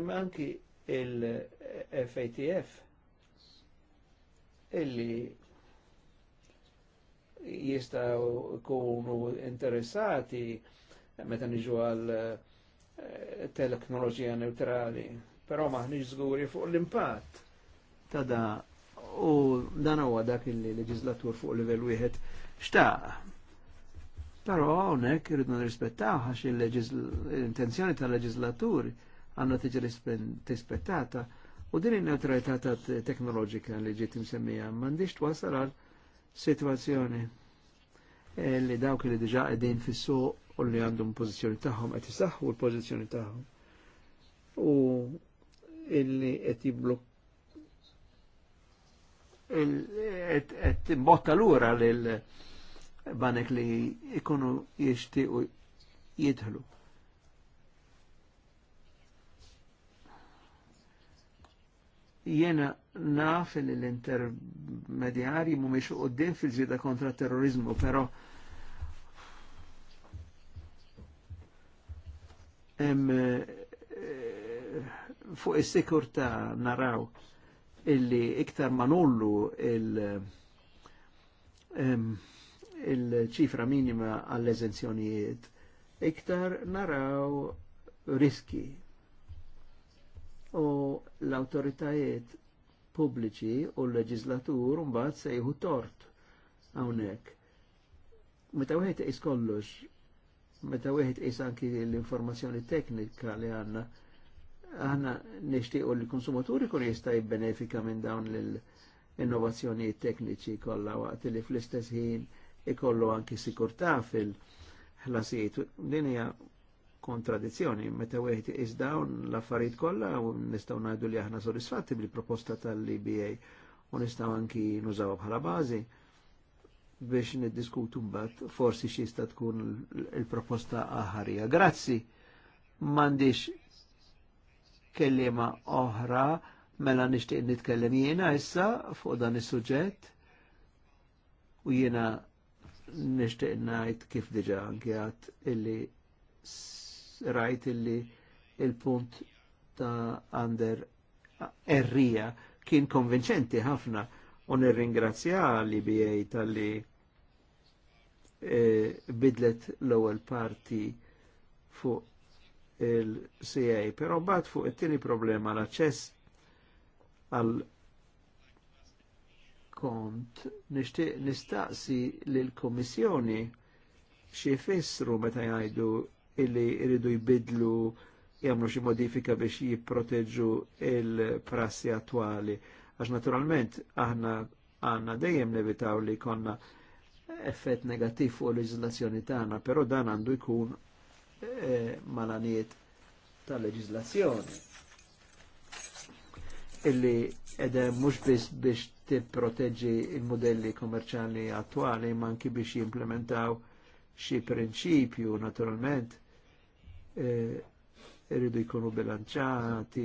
Imma anki il-FATF illi jistaw kunu interessati meta niġu għal eh, teknoloġija neutrali, però maħniġ żguri fuq l-impatt ta' da u dan huwa dak il-leġislatur fuq livell wieħed xtaq. Però hawnhekk irridu nirrispettaw għax l-intenzjoni tal-leġislatur għandha tiġi rispettata u din in-neutralità teknoloġika li ġiet imsemmija m'għandix twasal għal situazzjoni e li dawk li diġa qegħdin fis-suq u li għandhom pożizzjoni tagħhom qed jisaxħu l-pożizzjoni tagħhom. U illi qed jiblok
qed
imbotta lura lil banek li ikunu u jidħlu. Jena naf li l-intermedjari mumiex qoddim fil-ġida kontra terrorizmu, pero em, eh, fuq is-sikurta naraw illi iktar ma nullu il-ċifra minima għall ezenzjonijiet iktar naraw riski u l-autoritajiet pubbliċi u l-leġislatur mbagħad se tort hawnhekk. Meta wieħed qis kollox, meta wieħed qis anki l-informazzjoni teknika li għandna, aħna nixtiequ li l-konsumaturi kun jista' jibbenefika minn dawn l-innovazzjonijiet tekniċi kollha waqt li fl-istess ħin ikollu anki sikurtà fil-ħlasijiet. Din hija kontradizzjoni. Meta wieħed is dawn l-affarijiet kollha u nistgħu ngħidu li aħna sodisfatti bil-proposta tal-IBA u nistgħu anki nużaw bħala bażi biex niddiskutu mbagħad forsi xista tkun il-proposta aħarija. Grazzi m'għandix kelliema oħra mela nixtieq nitkellem jiena issa fuq dan is-suġġett u jiena nixtieq ngħid kif diġa għad illi rajt illi il-punt ta' Ander Errija kien konvinċenti ħafna u nirringrazzja li bijaj tal-li eh, bidlet l-ewwel parti fuq il-CA, però bat fuq it-tieni problema l-aċċess għal kont nistaqsi lill komissjoni xi jfissru meta jgħidu illi jridu jibidlu jagħmlu xi modifika biex jipproteġu il-prassi attwali. Għax naturalment aħna għanna dejjem nevitaw li konna effett negattiv fuq l-leġizlazzjoni tagħna, però dan għandu jkun e, malaniet tal-leġizlazzjoni. Illi edem mhux biss biex tipproteġġi il-modelli kommerċali attwali, ma anki biex jimplementaw xi prinċipju naturalment E, irridu jkunu bilanċati,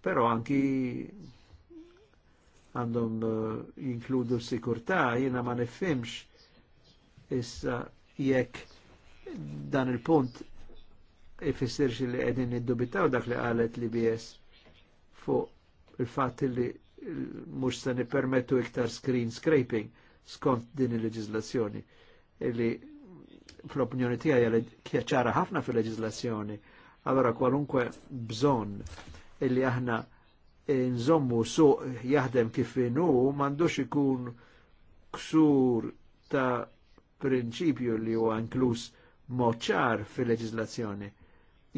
però anki għandhom e, jinkludu sikurtà, jiena ma nifhimx issa jekk dan il-punt ifissirx li qegħdin iddubitaw dak li qalet li BS fuq il-fatt li mhux se nippermettu iktar screen scraping skont din il-leġiżlazzjoni Illi fl-opinjoni tiegħi kjaċara ħafna fil leġizlazzjoni allora kwalunkwe bżonn illi aħna nżommu suq jaħdem kif inhu m'għandux ikun ksur ta' prinċipju li huwa inkluż moċar fil leġizlazzjoni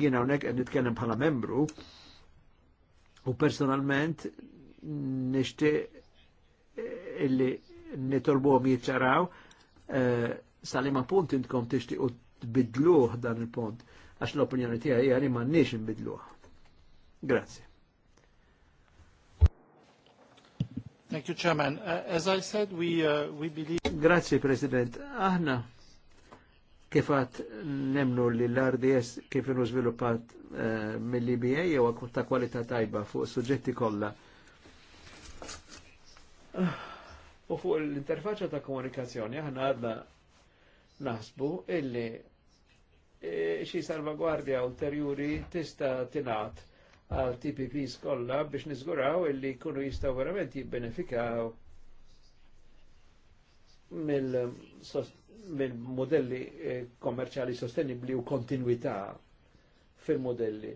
Jiena hawnhekk qed nitkellem bħala membru u personalment nixtieq illi nitolbuhom jiċċaraw eh, salima punt intkom u tbidluħ dan il-punt, għax l-opinjoni tiegħi hija li m'għandniex nbidluħ. Grazie.
Thank you, Chairman. Uh, as I said, we, uh, we believe... Grazie,
President. Aħna kifat nemnu li l-RDS kif inu sviluppat uh, mill-IBA jew ta' kwalità tajba fuq suġġetti kollha. Uh, u fuq l-interfaċċa ta' komunikazzjoni aħna għadna naħsbu illi e, xi salvagwardja ulterjuri tista' tingħat għal TPP skolla biex niżguraw illi jkunu jistgħu verament jibbenefikaw mill-modelli mil e, kommerċali sostenibli u kontinuità fil-modelli.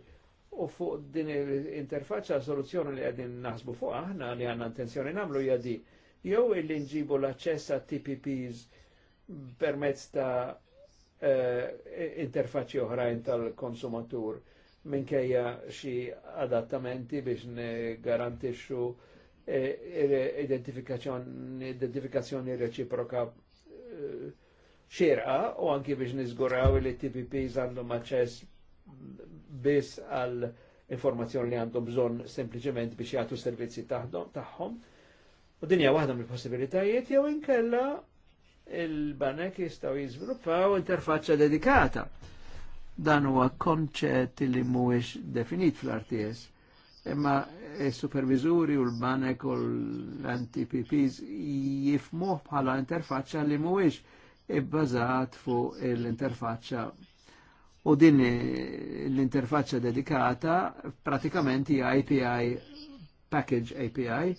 U fuq din l-interfaċċa soluzzjoni li għadin naħsbu fuq aħna li għanna intenzjoni namlu jadi jew illi nġibu l-aċċess għat TPPs permezz ta' uh, interfaċi oħrajn tal-konsumatur minkejja xi adattamenti biex garantixxu eh, identifikazzjoni, reċiproka eh, xirqa u anki biex nizguraw li TPPs għandhom aċċess biss għal informazzjoni li għandhom bżon sempliciment biex jgħatu servizzi tagħhom. Ta u dinja waħda mill-possibilitajiet jew inkella il-banek jistaw jizviluppaw interfaċċa dedikata. Dan huwa konċett li mhuwiex definit fl-RTS. Imma s-supervizuri u l-banek u l-NTPPs jifmuh bħala interfaċċa li mhuwiex ibbażat fuq l-interfaċċa u din l-interfaċċa dedikata pratikament hija API package API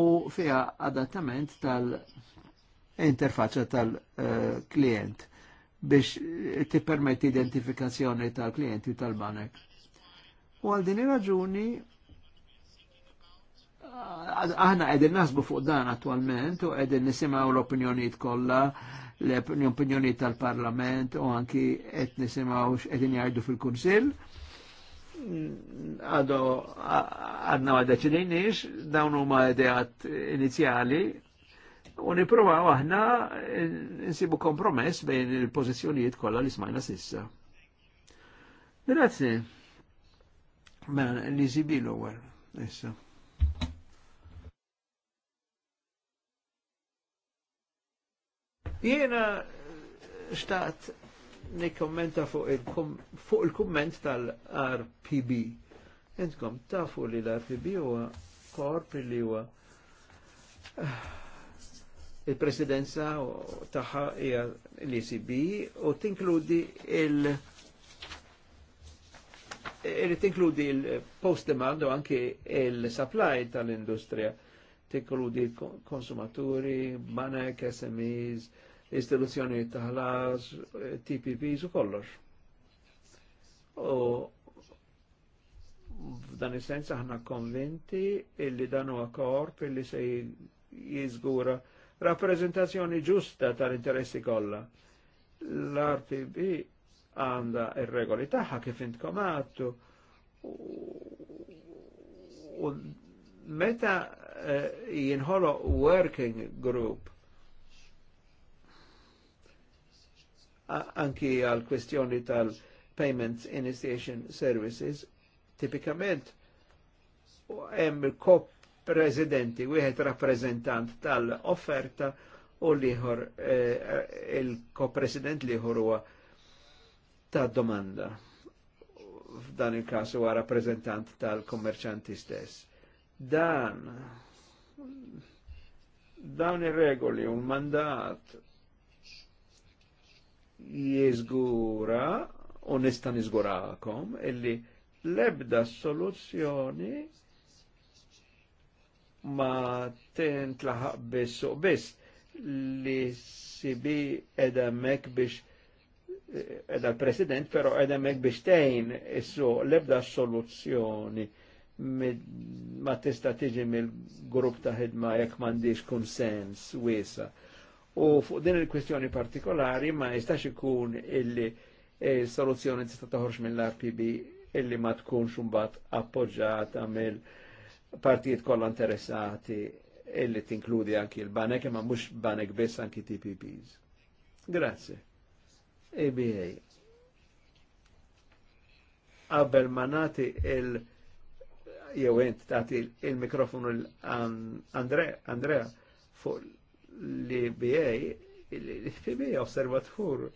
u fija adattament tal interfaċċa tal-klient biex tippermetti identifikazzjoni tal-klienti tal-banek. U għal din raġuni aħna għedin nasbu fuq dan attualment u għedin nisimaw l-opinjoniet kolla, l-opinjoniet tal-parlament u anki għed nisimaw għedin jgħidu fil-kunsil. Għadna għadda ċilinix, dawn huma ideat inizjali U niprovaw aħna nsibu kompromess bejn il-pozizjonijiet kollha li smajna sissa. Grazzi. Mela, li sibilu għar, issa. Jena xtaqt nikkommenta fuq il-komment tal-RPB. Entkom tafu li l-RPB huwa korp li huwa ah, Il-presidenza taħħa hija l-ECB u tinkludi il- Irrid tinkludi il-post demand u anki il-supply tal-industrija, tinkludi konsumaturi, banek, SMEs, istituzzjoni taħlas, TPPs u kollox. U f'dan is-sens aħna konvinti illi dan huwa korp illi se jiżgura rappresentazzjoni ġusta tal-interessi kollha. L-RTB għanda ir-regoli tagħha kif intkom għattu u meta uh, jinħolo working group anki għal kwestjoni tal-Payments Initiation Services, tipikament hemm il residenti, wieħed rappresentant tal-offerta u liħor eh, il-kopresident liħor huwa ta' domanda. F'dan il kas huwa rappresentant tal-kommerċanti stess. Dan dan ir-regoli u l-mandat jizgura u nista' nizgurakom illi l-ebda soluzzjoni ma ten biss u biss li sibi edemek biex eh, edha l-president, pero edemek biex tejn issu lebda soluzzjoni ma tista tiġi mill-grupp ta' ħidma jekk m'għandix konsens wisa. U fuq din il-kwestjoni partikolari ma jistax ikun illi e soluzzjoni tista' toħorġ mill-RPB illi ma tkunx mbagħad appoġġata mill- partijiet kollha interessati illi tinkludi anki l-banek imma mhux banek biss anki TPPs. Grazzi. EBA. Qabel ma nagħti il- jew int tagħti il-mikrofonu l-Andrea fuq l-EBA, l fba osservatur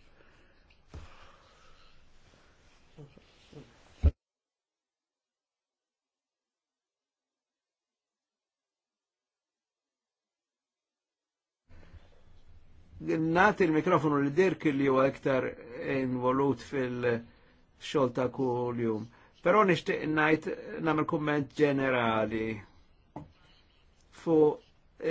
Nat il-mikrofonu li dirk li huwa iktar involut fil-xol ta' kuljum. Però nixtieq ngħid namel komment ġenerali Fu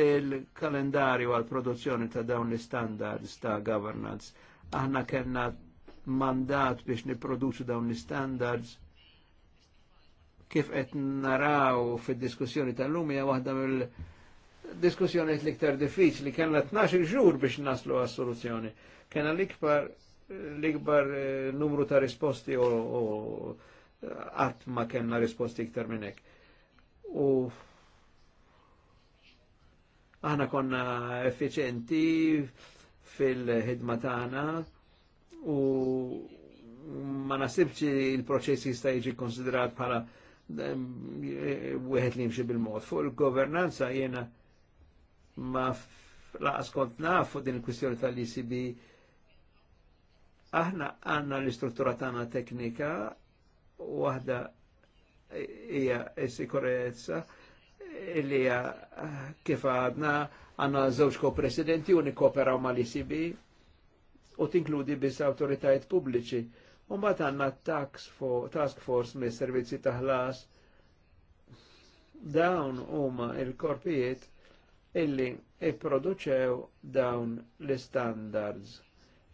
il-kalendarju għal produzzjoni ta' dawn l-standards ta' governance. Aħna kellna mandat biex niproduċu dawn l-standards kif qed naraw fid-diskussjoni tal-lum hija waħda mill- diskussjoni l-iktar diffiċli, kena 12 ġur biex naslu għas soluzzjoni. Kena l-ikbar l-ikbar eh, numru ta' risposti u għat ma kena risposti iktar minnek. U aħna konna effiċenti fil-ħidma tagħna u ma nasibx il-proċess jista' jiġi konsiderat bħala eh, wieħed li jimxi bil-mod. Fuq il-governanza jiena ma laqas kont nafu din il-kwistjoni tal-ECB aħna għanna l-istruttura tagħna teknika waħda hija s-sikurezza illi hija kif għadna għanna żewġ ko-presidenti u nikkoperaw mal-ECB u tinkludi biss awtoritajiet pubbliċi. U mbagħad għandna task force mis-servizzi taħlas dawn huma il-korpijiet illi ipproduċew dawn l-standards.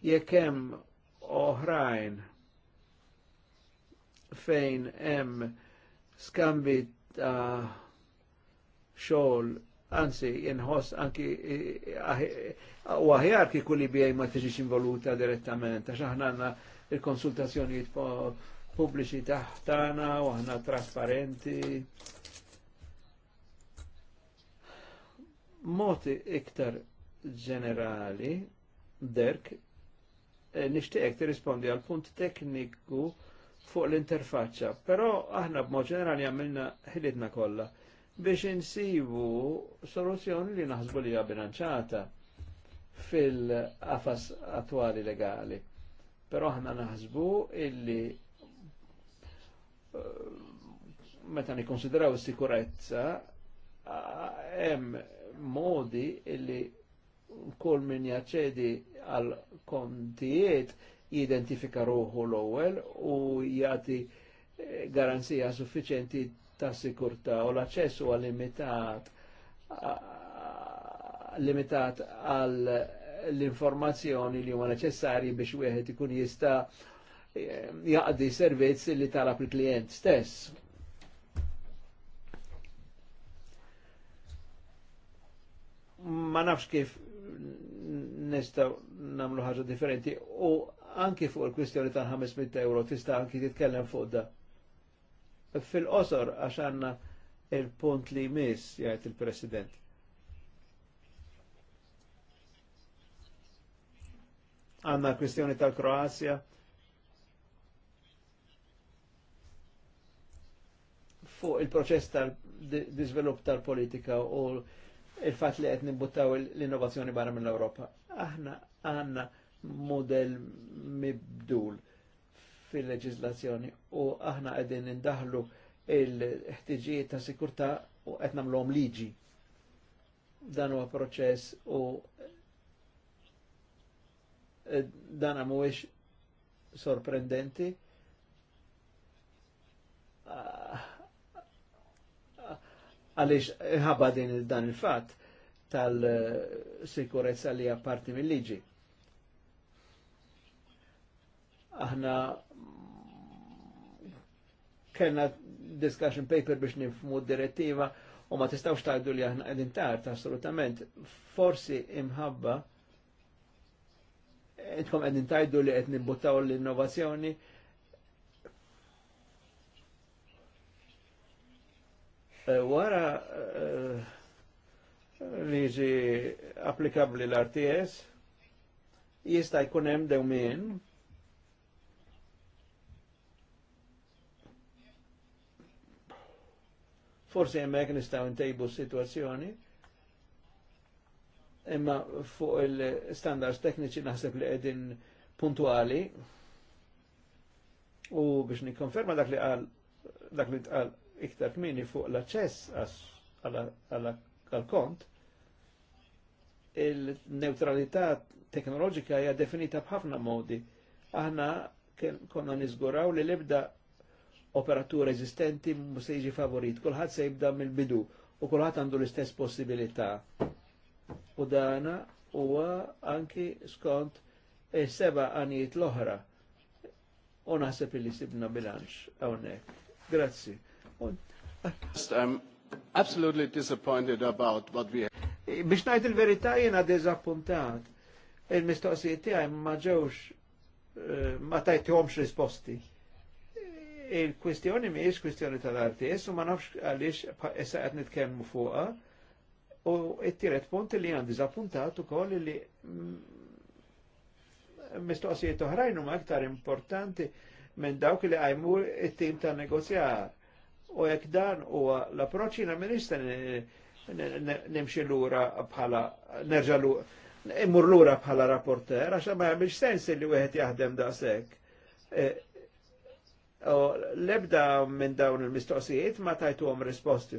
Jekem oħrajn fejn hemm skambi ta' uh, xogħol anzi inħoss anki u aħjar ki kulli bijaj ma tiġiġ involuta direttament, għax aħna għanna il-konsultazzjonijiet pubbliċi taħtana u aħna trasparenti Moti iktar ġenerali, Derk, eh, nishtiqek tirrispondi għal punt tekniku fuq l-interfaċċa, però aħna b'mod ġenerali għamilna ħilitna kollha biex insibu soluzzjoni li naħsbu li bilanċata fil-qafas attwali legali. Però aħna naħsbu illi eh, meta nikkonsidraw is-sikurezza eh, hemm modi illi kol min jaċedi għal kontijiet jidentifika ruħu l-ewwel u jagħti eh, garanzija suffiċenti ta' sikurta u l-aċċess għal limitat limitat għal l-informazzjoni li huma neċessarji biex wieħed ikun jista' eh, jaqdi servizz li talab il-klient stess. ma nafx kif nistaw namlu ħaġa differenti u anki fuq il-kwistjoni ta' 500 euro tista' anki titkellem fuq da. Fil-qosor għax għanna il-punt li mis jgħajt il-President. Għanna kwistjoni tal-Kroazja. Fuq il-proċess tal-dizvelup tal-politika u l il-fat li qed nibbuttaw l-innovazzjoni barra mill europa Aħna għandna model mibdul fil-leġislazzjoni u aħna qegħdin indaħlu il-ħtiġijiet ta' sikurtà u qed nagħmluhom liġi. Dan huwa proċess u eh, dan mhuwiex sorprendenti għaliex ħabba din dan il-fatt tal-sikurezza li parti mill-liġi. Aħna kena discussion paper biex nifmu direttiva u ma tistawx taħdu li aħna għedin tard assolutament. Forsi imħabba, intkom għedin tajdu li għed nibbuttaw l-innovazzjoni, Eh, wara eh, li ġi applikabli l-RTS, jista' jkun hemm dewmien forsi jemmek nistaw ntejbu s-sitwazzjoni, imma fuq il-standards tekniċi naħseb li għedin puntuali u biex nikonferma dak li għal dak li għal iktar kmini fuq l-aċċess għal-kont, il-neutralità teknoloġika hija definita b'ħafna modi. Aħna konna nizguraw li l-ebda operatur eżistenti mhux se jiġi favorit, kulħadd se jibda mill-bidu u kulħadd għandu l-istess possibilità. U dana huwa anki skont is-seba' għanijiet l-oħra u naħseb li sibna bilanċ hawnhekk. Grazzi absolutely disappointed about what we have. Biex najt il verita jena dezappuntat. Il-mistoqsijiet tiegħi ma ġewx eh, ma tajtihomx risposti. Il-kwistjoni mhijiex kwistjoni tal-RTS u ma nafx għaliex issa qed nitkellmu fuqha. U t-tielet punt li jena u koll li mistoqsijiet oħrajn huma aktar importanti minn dawk li għajmu it-tim tan negozjat U jekk dan huwa l-approċċ jiena minista nimxi lura bħala nerġa' immur lura bħala rapporter għax ma jagħmilx sens li wieħed jaħdem daqshekk. E, l-ebda minn dawn il-mistoqsijiet ma tajtuhom risposti.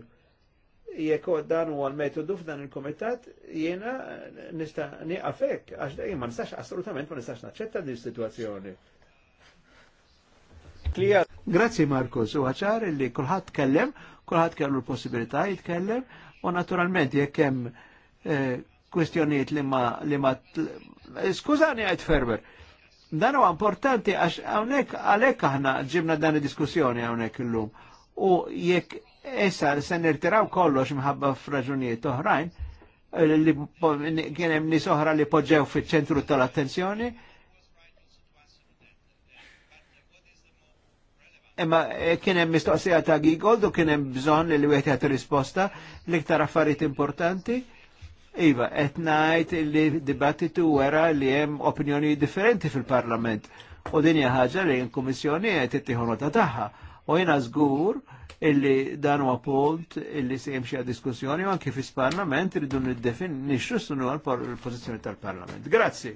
Jekk dan huwa l-metodu f'dan il-komitat, jiena nista' nieqafek għax dejjem ma nistax assolutament ma nistax naċċetta din is-sitwazzjoni. Klijat. Grazzi Markus, u għacħar li kullħat kellem, kullħat kellu l-possibilità jitkellem, u naturalment jekk hemm eh, li ma li ma skużani għajt ferber. Dan huwa importanti għax hawnhekk għalhekk aħna ġibna dan id-diskussjoni hawnhekk illum. U jekk issa se nirtiraw kollox mħabba f'raġunijiet oħrajn, eh, li kien hemm nies oħra li poġġew fiċ-ċentru tal-attenzjoni, Imma eh, kienem mistoqsija ta' Gigold u kienem bżon li wieħed jagħti risposta l-iktar affarijiet importanti. Iva, etnajt ngħid li dibattitu wera li hemm opinjoni differenti fil-Parlament. U din ħaġa li l-Kummissjoni qed ittieħu nota tagħha. U jiena żgur illi dan huwa punt illi se jimxi għad diskussjoni anke fis-Parlament irridu niddefinixxu sunu għal pożizzjoni tal-Parlament. Grazzi.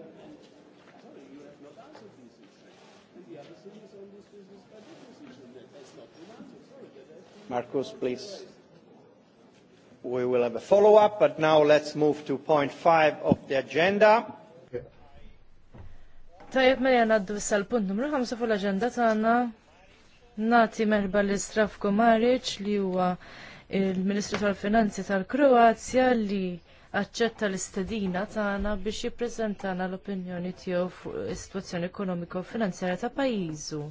course, please. We
will have a follow-up, but now let's move to point five of the agenda.
Tajab mela naddu issa l-punt numru ħamsa fuq l-aġenda tagħna nati merba l Strafko Maric li huwa il-Ministru tal-Finanzi tal-Kroazja li aċċetta l-istedina tagħna biex jippreżentana l-opinjoni tiegħu fuq is-sitwazzjoni ekonomiko u finanzjarja ta' pajjiżu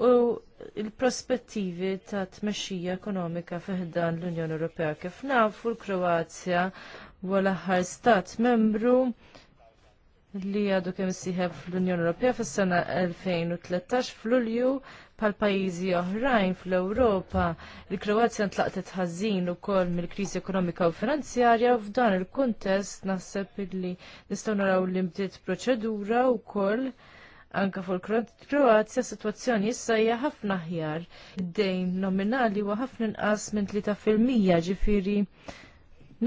u il-prospettivi ta' tmexxija ekonomika fiħdan l-Unjoni Ewropea kif nafu l-Kroazja huwa l-aħħar stat membru li għadu kemm siħeb fl-Unjoni Ewropea fis-sena 2013 f'Lulju pal pajjiżi oħrajn fl-Ewropa, il-Kroazja ntlaqtet ħażin ukoll mill-kriżi ekonomika u finanzjarja u f'dan il-kuntest naħseb illi nistgħu naraw li mbdiet proċedura wkoll Anka fuq Kroazja situazzjoni issa hija ħafna ħjar. Id-dejn nominali huwa ħafna inqas minn 3% ġifieri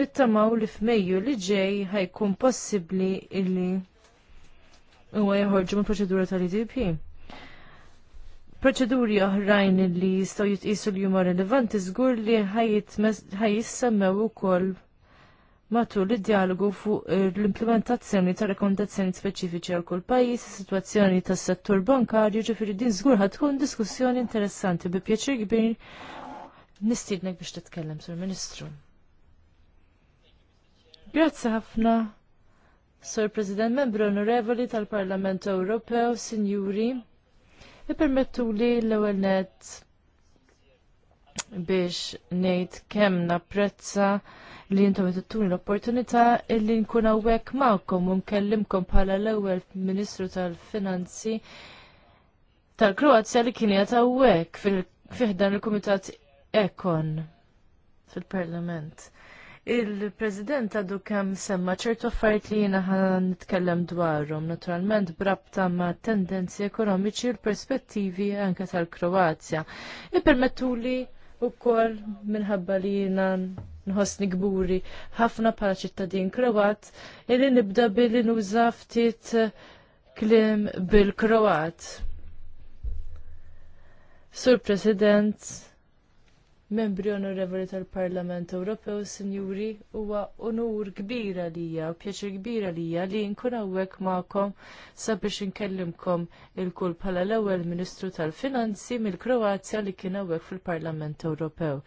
nittamaw li f'Mejju li ġej ħajkun possibbli illi huwa jeħorġu minn proċedura tal-IDP. Proċeduri oħrajn li jistgħu jitqisu li huma relevanti żgur li ħajjissemmew ukoll matul id-dialogu fuq eh, l-implementazzjoni ta' rekomendazzjoni speċifiċi għal kull pajjiż, is-sitwazzjoni tas-settur bankarju, ġifiri din żgur ħatkun diskussjoni interessanti bi pjaċir kbir nistiednek biex titkellem sur Ministru. Grazzi ħafna, Sur President Membru Onorevoli tal-Parlament Ewropew, Sinjuri, permettu li l-ewwel net biex ngħid kemm napprezza li jintom jtuttuni l-opportunità li nkun għawek ma'kom u nkellimkom bħala l-ewel Ministru tal-Finanzi tal-Kroazja li kien jgħat għawek fiħdan il-Komitat Ekon fil-Parlament. Il-President għadu kem semma ċertu affarijiet li jina nitkellem dwarhom, naturalment brabta ma' tendenzi ekonomiċi u l-perspettivi anke tal-Kroazja. Ipermettu li u koll minħabba li jina nħossni gburi ħafna bħala ċittadin Kroat illi nibda billi nuża ftit klim bil-Kroat. Sur President, membri onorevoli tal-Parlament Ewropew, sinjuri, huwa onur kbira lija u pjaċir kbira lija li nkun hawnhekk magħkom sabiex inkellimkom il-kull bħala l-ewwel Ministru tal-Finanzi mill-Kroazja li kien hawnhekk fil-Parlament Ewropew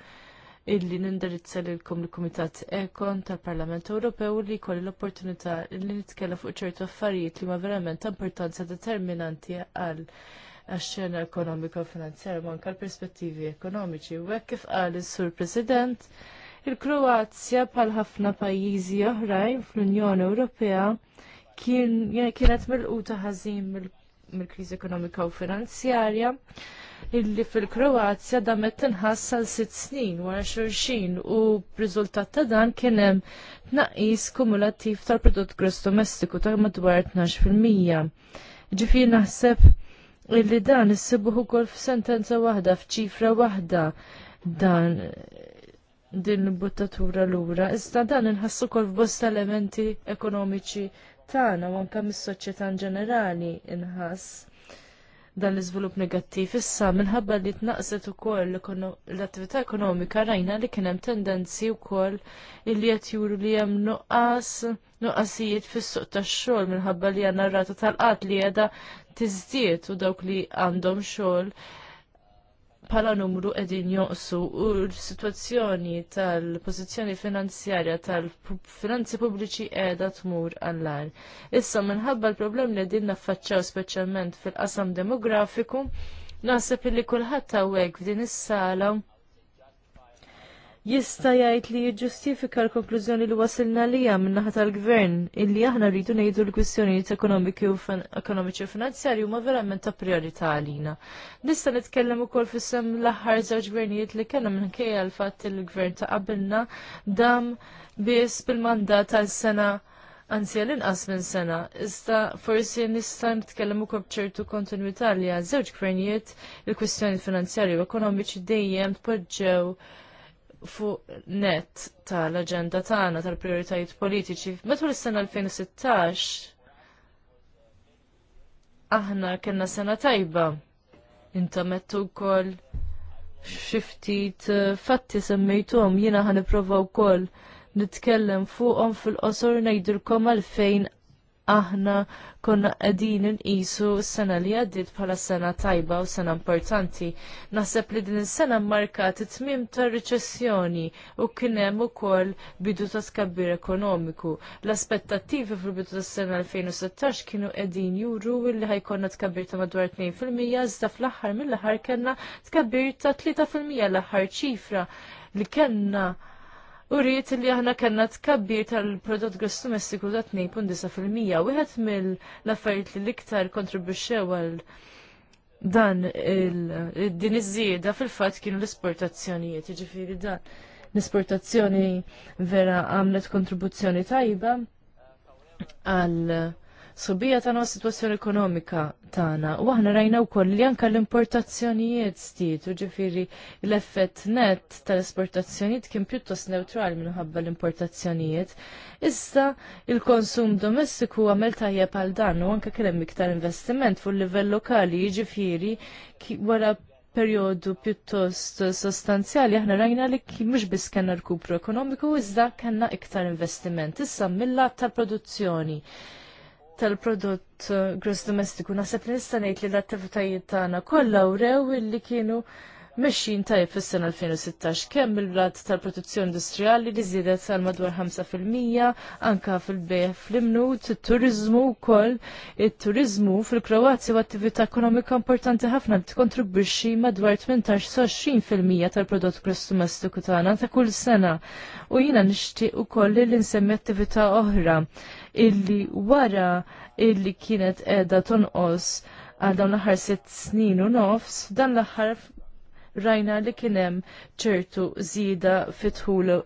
illi nindirizza lilkom l-Kumitat Ekon tal-Parlament Ewropew li jkolli l-opportunità li nitkellem fuq ċertu affarijiet li ma verament ta' importanza determinanti għal għax-xena ekonomika u finanzjarja ma anke l-perspettivi ekonomiċi. U hekk kif qal is-Sur President, il-Kroazja bħal ħafna pajjiżi oħrajn fl-Unjoni Ewropea kienet mill-quta ħażin mill mill-kriżi ekonomika u finanzjarja illi fil-Kroazja damet tinħass għal sitt snin wara xulxin u b'riżultat ta' dan kien hemm tnaqqis kumulattiv tal-prodott gross domestiku ta' madwar 12%. Ġifieri naħseb illi dan issibuh ukoll f'sentenza waħda f'ċifra waħda dan din l-buttatura l-ura. Iżda dan inħassu kol f'bosta elementi ekonomiċi tagħna u anke mis-soċjetà ġenerali inħass dan l-iżvilupp negattiv issa minħabba li tnaqset ukoll l-attività ekonomika rajna li kien hemm tendenzi wkoll illi qed juru li hemm nuqqas nuqqasijiet fis-suq tax-xogħol minħabba li għandna rata tal-qatt li qiegħda tiżdied u dawk li għandhom xogħol pala numru edin joqsu u l-situazzjoni tal-pozizjoni finanzjarja tal-finanzi pubbliċi edha tmur għallar. Issa minħabba l-problem li edin naffaċċaw speċjalment fil-qasam demografiku, naħseb li kullħat tawek f'din is-sala jista' jgħid li jiġġustifika l-konklużjoni li wasilna lija min-naħa tal-gvern illi aħna rridu ngħidu l-kwistjonijiet ekonomiki u ekonomiċi u finanzjarji huma verament ta' priorità għalina. Nista' nitkellem ukoll fissem l-aħħar żewġ gvernijiet li kellhom minkejja l-fatt il gvern ta' qabilna dam biss bil-mandat tal-sena Anzi, l-inqas minn sena, iżda forsi nista' nitkellem ukoll b'ċertu kontinwità li għal żewġ gvernijiet il-kwistjoni finanzjarji u ekonomiċi dejjem tpoġġew fuq net tal-agenda tagħna tal-prioritajiet politiċi. Matul is-sena 2016 aħna kellna sena tajba. Intamettu wkoll xi ftit eh, fatti semmejtuhom jiena ħanipprova wkoll nitkellem fuqhom fil-qosor ngħidilkom għalfejn aħna konna n-isu s-sena li għaddiet bħala sena tajba u sena importanti. Naħseb li din is-sena markat it-tmiem ta' riċessjoni u kien hemm ukoll bidu ta' skabbir ekonomiku. L-aspettattivi fil-bidu tas-sena 2016 kienu qegħdin juru li ħajkonna tkabbir ta' madwar 2% iżda fl-aħħar mill-aħħar kellna tkabbir ta' 3% l-aħħar ċifra li kellna u li aħna kellna tkabbir tal-prodott gross domestiku ta' 2.9%. Wieħed mill-affarijiet li l-iktar kontribwixxew għal dan din iż-żieda fil-fatt kienu l-esportazzjonijiet, jiġifieri dan l-esportazzjoni vera għamlet kontribuzzjoni tajba għal subija tagħna situazzjoni ekonomika tagħna. U aħna rajna wkoll li anke l-importazzjonijiet stiet, u ġifieri l-effett net tal-esportazzjonijiet kien pjuttost neutral minħabba l-importazzjonijiet. Issa il-konsum domestiku għamel tajjeb għal dan u anke kien hemm iktar investiment fuq livell lokali, jiġifieri wara periodu pjuttost sostanzjali aħna rajna li mhux biss kellna rkupru ekonomiku iżda kellna iktar investiment. Issa mill-lat tal-produzzjoni tal-prodott eh, gross domestiku. Nasab li nista' ngħid li l-attivitajiet tagħna kollha wrew illi kienu mexxin tajb fis-sena 2016 kemm il rat tal-produzzjoni industrijali li żiedet sal madwar 5% anka fil-beħ fl-imnut, it-turizmu wkoll. It-turizmu fil-Kroazja u attività ekonomika importanti ħafna li tkontribwixxi madwar 18-20% tal-prodott gross domestiku tagħna ta' kull sena. U jiena nixtieq ukoll li nsemmi attività oħra illi wara illi kienet qiegħda tonqos għal dawn l-aħħar sitt snin u nofs, dan l-aħħar rajna li kien hemm ċertu zida fitħulu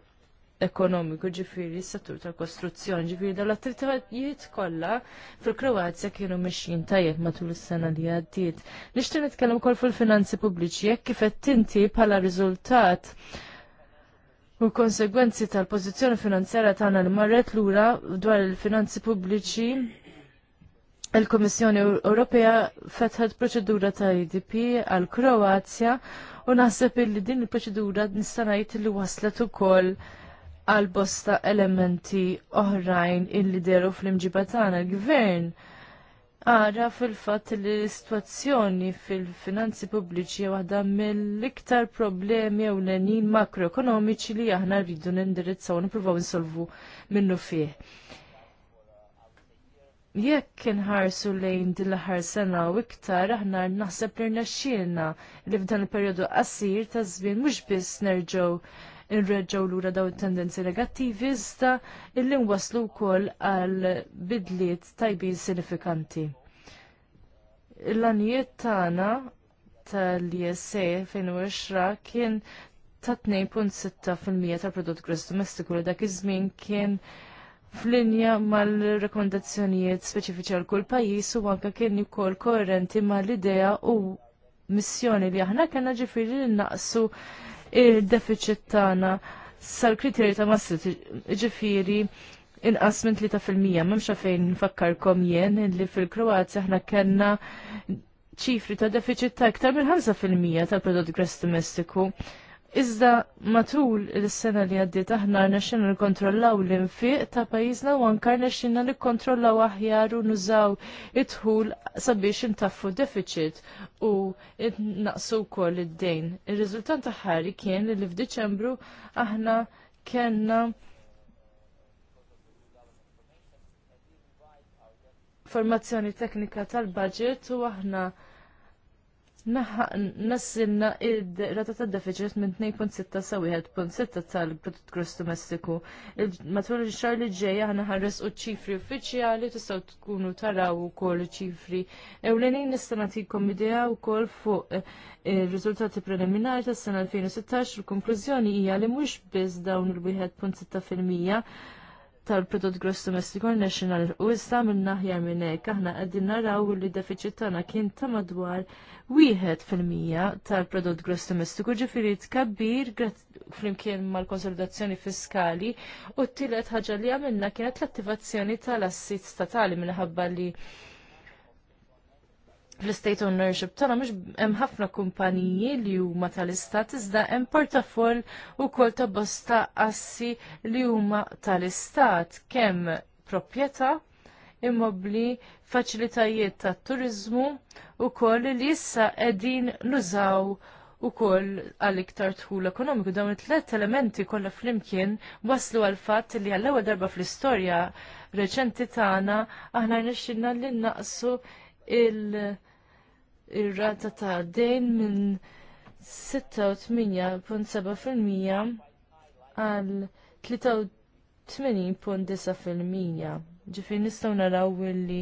ekonomiku ġifiri s-settur tal-kostruzzjoni ġifiri dawn l-attivitajiet kollha fil-Kroazja kienu mixjin tajjeb matul is-sena li għaddiet. Nixtieq nitkellem ukoll fil-finanzi pubbliċi jekk kif qed tinti bħala riżultat u konsegwenzi tal-pozizjoni finanzjera tagħna li marret lura dwar il-finanzi pubbliċi il-Komissjoni Ewropea fetħet proċedura ta' IDP għal Kroazja u naħseb li din il-proċedura nistanajt li waslet ukoll għal bosta elementi oħrajn illi deru fl imġibba tagħna l il gvern ara fil-fatt li l-istwazzjoni fil-finanzi pubbliċi waħda mill-iktar problemi u l-enin makroekonomiċi li aħna rridu nindirizzaw nipruvaw insolvu minnu fih. Jekk inħarsu lejn din l-aħħar sena u iktar aħna naħseb li rnexxielna li f'dan il-perjodu qasir ta' żmien mhux biss nerġgħu nreġgħu lura daw it-tendenzi negattivi iżda illi nwaslu wkoll għal bidliet tajbin sinifikanti. L-anijiet tagħna tal fejn 2010 kien ta' 2.6% tal-prodott gross domestiku li dak iż-żmien kien f'linja mal-rekomendazzjonijiet speċifiċi għal kull pajjiż u anke kien ukoll koerenti mal-idea u missjoni li aħna kellna ġifieri li naqsu il-deficit tagħna sal-kriterji ta' Maastricht ġifiri inqas minn 3% Mem fejn nfakkarkom jien li fil-Kroazja aħna kellna ċifri ta' deficit ta' iktar minn 5% tal-prodott gross domestiku. Iżda matul il-sena li għaddiet aħna rnexxin nikkontrollaw l-infiq ta' pajjiżna u anke rnexxinna nikkontrollaw aħjar u nużaw it dħul sabiex intaffu deficit u naqsu wkoll id-dejn. Ir-riżultat ħari kien li f'Diċembru aħna kellna formazzjoni teknika tal-budget u aħna nassinna il-rata ta' deficit minn 2.6 sa' 1.6 tal-prodott gross domestiku. Matul il-xar li ġeja għana ħarres u ċifri uffiċjali tistaw tkunu taraw u kol ċifri. Ewleni nista' nagħtikom idea wkoll fuq eh, ir-riżultati preliminari tas-sena 2016 il konklużjoni hija li mhux biss dawn il-1.6 tal-prodott gross domestiku national u issa minn naħjar minn hekk aħna qegħdin naraw li defiċit tagħna kien ta' madwar wieħed fil-mija tal-prodott gross domestiku ġifieri tkabbir flimkien mal-konsolidazzjoni fiskali u t-tielet ħaġa li għamilna kienet l-attivazzjoni tal-assit statali minħabba li fl estate ownership tagħna mhux hemm ħafna kumpaniji li huma tal-istat iżda hemm portafoll ukoll ta' bosta assi li huma tal-istat kemm proprjetà immobli faċilitajiet ta' turizmu u koll li issa qegħdin nużaw u koll għal-iktar tħul ekonomiku. Dawn it-tlet elementi kollha flimkien waslu għal-fatt li għall-ewwel darba fl-istorja reċenti tagħna aħna rnexxinna li naqsu il- ir-rata ta' dejn minn 86.7% għal 83.9%. Ġifin nistaw naraw li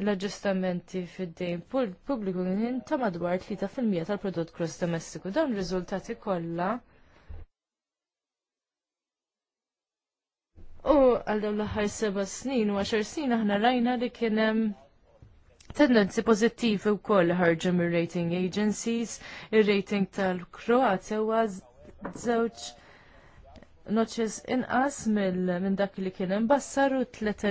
l-aġġustamenti fid-dejn pubbliku minn ta' madwar 3% tal-prodott gross domestiku. Dawn riżultati kollha U għal dawn l-aħħar seba' snin u għaxar snin aħna rajna li kien hemm tendenzi pozittivi wkoll ħarġu mir-rating agencies, ir-rating tal-Kroatja huwa żewġ noċes inqas minn dak li kien u tlet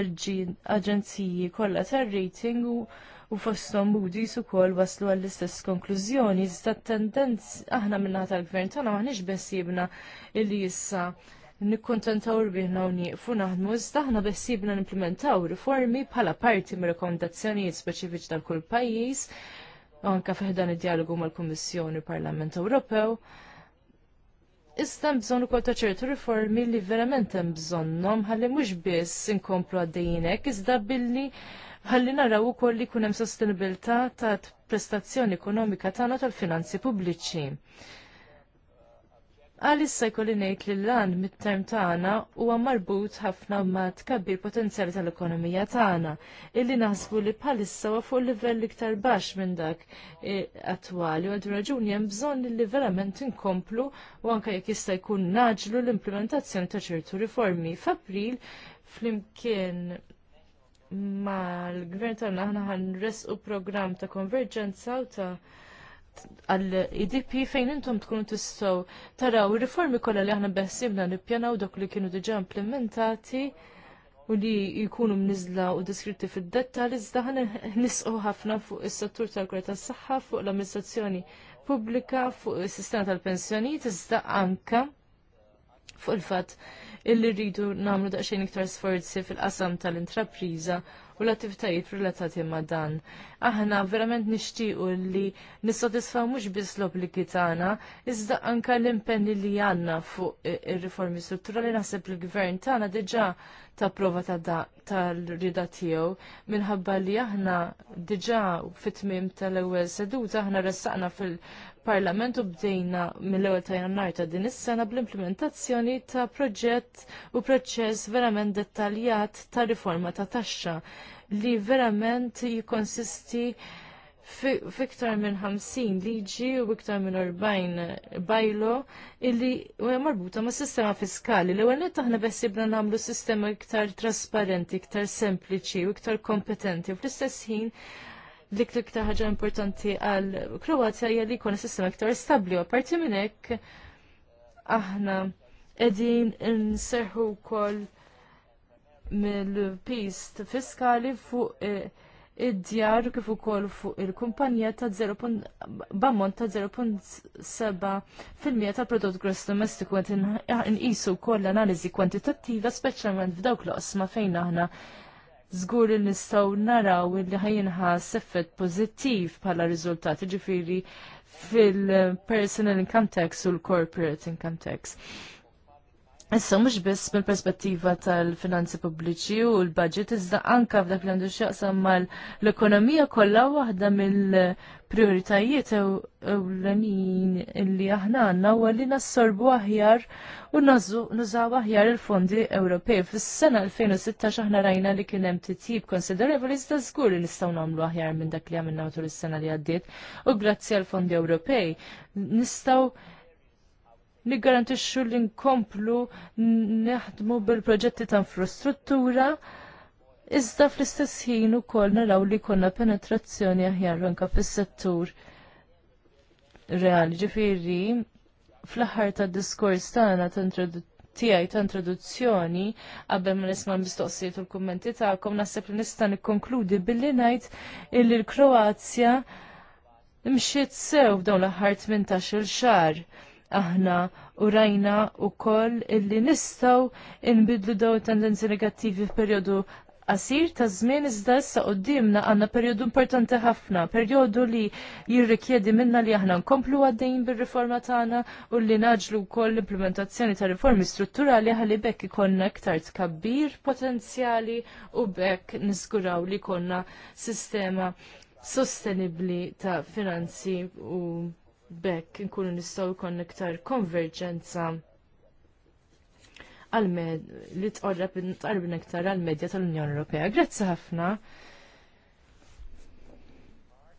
aġenziji kollha tar-rating u fosthom Moody's ukoll waslu għall-istess konklużjoni. Iżda tendenz aħna minnaħa tal-gvern tagħna maħniex jibna illi issa nikkontentaw rbiħna u nieqfu naħdmu iżda aħna n-implementaw riformi bħala parti mir rekomendazzjonijiet speċifiċi tal-kull pajjiż anke fiħdan id-dialogu mal-Kummissjoni Parlament Ewropew. Issa hemm bżonn ukoll ta' ċertu riformi li verament hemm bżonnhom ħalli mhux biss inkomplu għaddejjinek iżda billi ħalli naraw ukoll li jkun hemm sostenibilità ta' prestazzjoni ekonomika tagħna tal-finanzi pubbliċi. Għalissa jkolli ngħid li l għan mit-term tagħna huwa marbut ħafna ma' tkabbir potenzjali tal-ekonomija tagħna, illi naħsbu li bħalissa huwa fuq livell iktar baxx minn dak e, attwali u għadu raġuni hemm bżonn li verament inkomplu u anke jekk jista' jkun naġlu l-implementazzjoni ta' ċertu riformi. F'April flimkien ma' l-gvern tagħna aħna resqu programm ta' konverġenza u ta' għall-IDP fejn intom tkunu tistaw taraw ir-riformi kollha li aħna beħsibna nippjanaw dok li kienu diġà implementati u li jkunu mnizla u diskritti fid dettali iżda ħan nisqu ħafna fuq is-settur tal-kura tas-saħħa, fuq l-amministrazzjoni pubblika, fuq is-sistema tal-pensjonijiet iżda anka fuq il-fatt illi rridu nagħmlu daqsxejn iktar sforzi fil-qasam tal-intrapriża u l-attivitajiet relatati ma' dan. Aħna verament nixtiequ li nissodisfaw mhux biss l-obbligi tagħna, iżda anka l-impenni li għandna fuq ir-riformi strutturali naħseb il-gvern tagħna diġà ta' prova tal-rida tiegħu minħabba li aħna diġà fit-tmiem tal-ewwel seduta aħna ressaqna fil-Parlament u bdejna mill-ewwel ta' jannar ta' din is-sena bl-implementazzjoni ta' proġett u proċess verament dettaljat ta' riforma ta' taxxa li verament jikkonsisti fiktar minn 50 liġi u iktar minn 40 bajlo illi marbuta ma' sistema fiskali. L-ewwel net aħna beħsibna nagħmlu sistema iktar trasparenti, iktar sempliċi u iktar kompetenti. U fl-istess ħin dik l-iktar ħaġa importanti għal Kroatja hija li jkun sistema iktar stabbli u apparti minn hekk aħna qegħdin inserħu wkoll mill-pist fiskali fuq eh, id-djar kif ukoll fuq il-kumpanija ta' 0. bammont ta' 0.7% tal-prodott gross domestiku qed inqisu wkoll analiżi kwantitattiva speċjalment f'dawk l osma fejn aħna żgur li nistgħu naraw li ħajinħas effett pożittiv bħala riżultat, ġifieri fil-personal income tax u l-corporate income tax. Issa mhux biss mill-perspettiva tal-finanzi pubbliċi u l-budget iżda anka f'dak li għandu x'jaqsam mal-ekonomija kollha waħda mill-prijoritajiet ewlenin li aħna għandna u għalli nassorbu aħjar u nużaw aħjar il-fondi Ewropej. Fis-sena 2016 aħna rajna li kien hemm titjib konsiderevoli iżda żgur li nistgħu nagħmlu aħjar minn dak li għamilna matul is-sena li għaddiet u grazzi għall-fondi Ewropej nistgħu niggarantixxu li nkomplu neħdmu bil-proġetti ta' infrastruttura iżda fl-istess ħin ukoll naraw li jkollna penetrazzjoni aħjar anke fis-settur reali. Ġifieri fl-aħħar tad-diskors tagħna ta' tiegħi ta' introduzzjoni qabel ma nisma' mistoqsijiet u l-kummenti tagħkom naħseb li nista' nikkonkludi billi ngħid illi l-Kroazja mxiet sew f'dawn l-aħħar 18-il xahar aħna u rajna u koll illi nistaw inbidlu daw tendenzi negattivi f'perjodu qasir ta' żmien iżda issa qudiemna għandna perjodu importanti ħafna, perjodu li jirrikjedi minna li aħna nkomplu għaddejn bir-riforma tagħna u li naġlu wkoll l-implementazzjoni ta' riformi strutturali ħalli bekk ikollna iktar tkabbir potenzjali u bekk niskuraw li konna sistema sostenibli ta' finanzi u bekk nkunu nistgħu jkun iktar konverġenza li tqorrab tqarbin iktar għal-medja tal-Unjoni Ewropea. Grazzi ħafna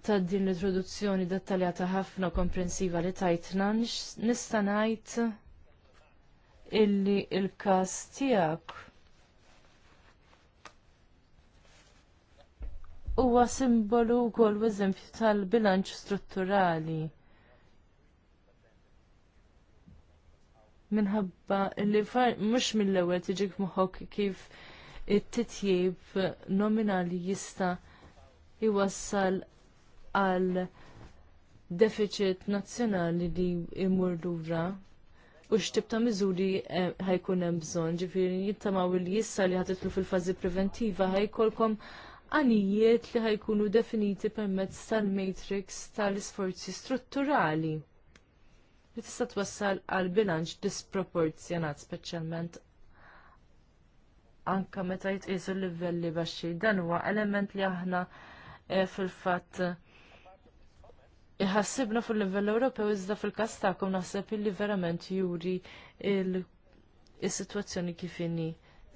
ta' din l-introduzzjoni dettaljata ħafna u komprensiva li tajtna nista' ngħid illi il-każ tiegħek huwa simbolu wkoll eżempju tal-bilanċ strutturali minħabba li mhux mill-ewwel tiġik muħok kif it-titjib nominali jista' jwassal għal deficit nazzjonali li imur lura u x'tib ta' miżuri eh, ħajkun hemm bżonn, ġifieri jittamaw li jissa li ħatitlu fil-fażi preventiva ħajkolkom għanijiet li ħajkunu definiti permezz tal-matrix tal-isforzi strutturali li tista' twassal għal bilanċ disproporzjonat speċjalment anka meta jitqisu livelli baxxi. Dan huwa element li aħna eh, fil-fatt iħassibna fil-livell Ewropew iżda fil-każ tagħkom naħseb illi verament juri il-sitwazzjoni kif inhi.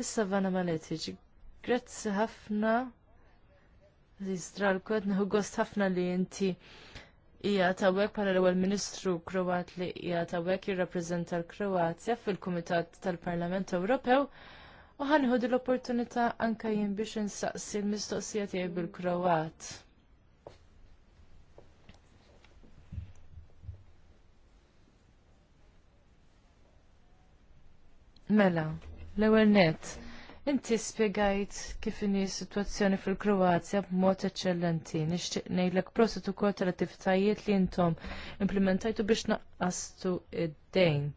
Issa vana maletiġ. Grazzi ħafna. Zistra l-kod, ħafna li inti hija tawek bħala l-ewwel Ministru Kroat li ija tawek jirrappreżenta l-Kroazja fil-Kumitat tal-Parlament Ewropew u ħanħod l-opportunità anke jien biex insaqsi l-mistoqsija tiegħi bil-Kroat. Mela, l-ewwel nett. Inti spiegajt kif inhi situazzjoni fil-Kroazja b'mod eċċellenti. Nixtieq ngħidlek prosit ukoll tal-attivitajiet li intom implementajtu biex naqastu id-dejn.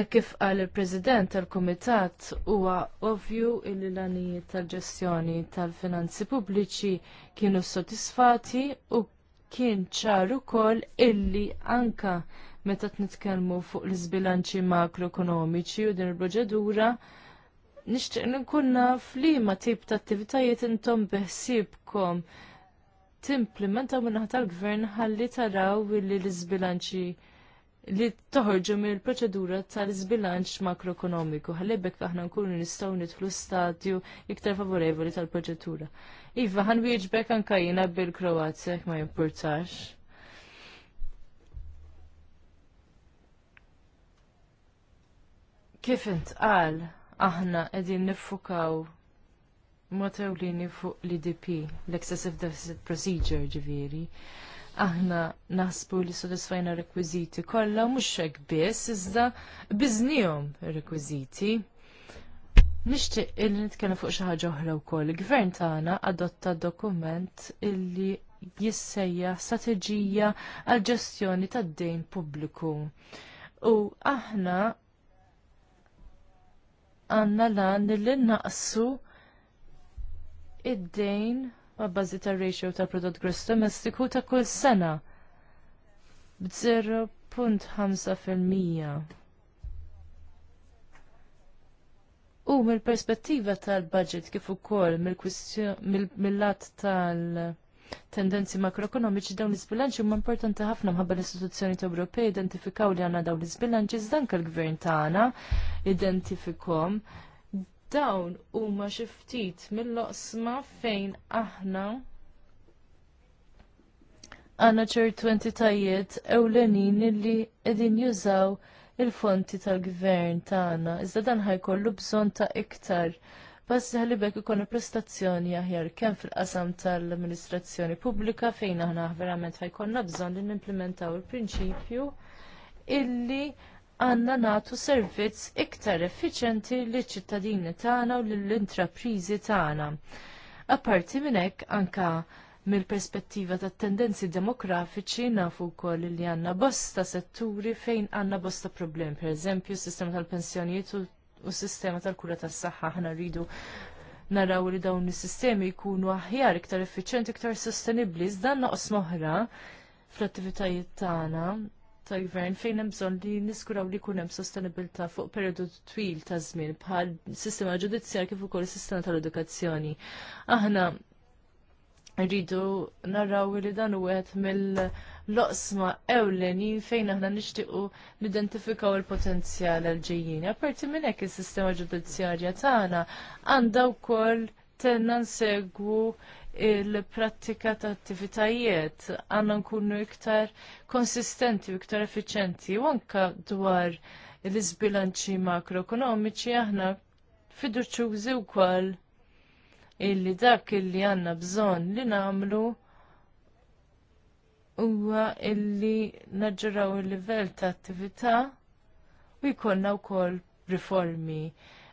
E kif qal il-President tal-Kumitat huwa ovvju li l tal-ġestjoni tal-finanzi pubbliċi kienu sodisfati u kien ċar ukoll illi anka meta nitkellmu fuq l-isbilanċi makroekonomiċi u din il-proċedura nixtieq nkun naf liema tip ta' attivitajiet intom beħsibkom timplementaw minnaħ tal-gvern ħalli taraw li l-izbilanċi li toħorġu mill proċedura tal-izbilanċ makroekonomiku. bekk aħna nkunu nistgħu nidħlu stadju iktar favorevoli tal-proċedura. Iva, ħan wieġbek anka jiena bil-Kroazja ma jimpurtax. Kif intqal? aħna qegħdin niffukaw mod ewlieni fuq l-IDP, l-Excessive Deficit Procedure ġiviri, Aħna naħsbu li sodisfajna rekwiżiti kollha mhux hekk biss iżda biznijom ir-rekwiżiti. Nixtieq illi nitkellem fuq xi ħaġa oħra wkoll. Il-gvern tagħna adotta dokument illi jissejja strateġija għal ġestjoni tad-dejn pubbliku. U aħna għanna lan li naqsu id-dejn għabbażi ta' ratio ta' prodott gross domestiku ta' kull sena b-0.5%. U mill-perspettiva tal-budget kif ukoll mill-lat tal-, budget kif ukoll mill lat tal tendenzi makroekonomiċi dawn l-izbilanċi huma importanti ħafna mħabba l-istituzzjoni Ewropej identifikaw li għandna dawn l-izbilanċi iżda anke l-gvern tagħna identifikhom. Dawn huma xi ftit mill-loqsma fejn aħna għandna ċertu entitajiet ewlenin li qegħdin jużaw il-fonti tal-gvern tagħna. Iżda dan ħajkollu bżonn ta' iktar Bass ħalibek ikun prestazzjoni aħjar kemm fil-qasam tal-amministrazzjoni pubblika fejn aħna verament ħajkonna bżonn li nimplementaw il-prinċipju illi għanna natu servizz iktar effiċenti li ċittadini tagħna u l-intraprizi tagħna. Apparti minn hekk anka mill-perspettiva ta' tendenzi demografiċi nafu wkoll li għanna bosta setturi fejn għanna bosta problem, per eżempju, sistema tal-pensjonijiet u u s-sistema tal-kura tas-saħħa aħna rridu naraw li dawn is-sistemi jkunu aħjar iktar effiċjenti, iktar sostenibbli. Iżda noqos moħra fl-attivitajiet tagħna tal-gvern fejn hemm bżonn li niskuraw li jkun hemm sostenibilità fuq perjodu twil ta' żmien bħal sistema ġudizzjar kif ukoll is-sistema tal-edukazzjoni. Aħna rridu naraw li dan u għed mill- l-oqsma ewlenin fejn aħna nixtiequ nidentifikaw il-potenzjal għal-ġejjin. Apparti minn hekk is-sistema ġudizzjarja tagħna għandha wkoll tenna nsegwu il-prattika ta' attivitajiet għandna nkunu iktar konsistenti u iktar effiċenti u anke dwar l-isbilanċi makroekonomiċi aħna fiduċjużi wkoll illi dak illi għandna bżonn li nagħmlu huwa illi naġġaraw il-livell ta' attività u jkollna wkoll riformi.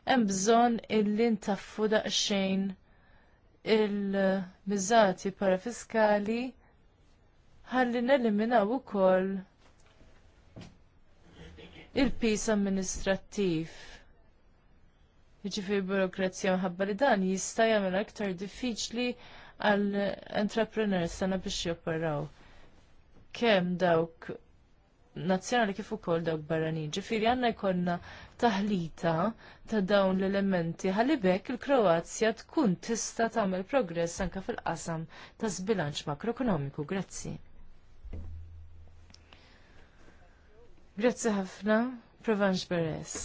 Hemm bżonn illi ntaffu daqsxejn il-miżati parafiskali ħalli neliminaw ukoll il-pis amministrattiv. Jiġifieri burokrazija mħabba li dan jista' jagħmel aktar diffiċli għall entrepreneurs sena biex jopperaw kemm dawk nazzjonali kif ukoll dawk barranin. Ġifieri għandna jkollna taħlita ta' dawn l-elementi ħalli bekk il-Kroazja tkun tista' tagħmel progress anke fil-qasam ta' żbilanċ makroekonomiku. Grazzi. Grazzi ħafna, Provanx Beres.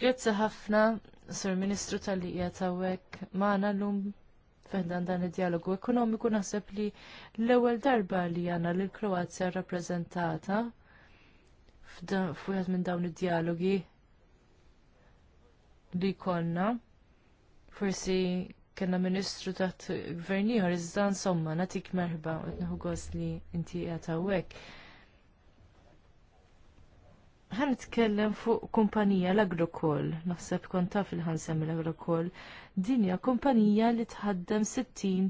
Grazzi ħafna, Sur Ministru tal-liqja tawek maħna l-lum fehdan dan il-dialogu ekonomiku naħseb li l-ewel darba li għana l-Kroazja rappresentata fuħed minn dawn il-dialogi li konna. Forsi kena ministru taħt gverniħor, iżda insomma, natik merħba, nħu għos li inti għatawek ħan nitkellem fuq kumpanija l-Agrokol, naħseb konta fil-ħansem l-Agrokol, dinja kumpanija li tħaddem 60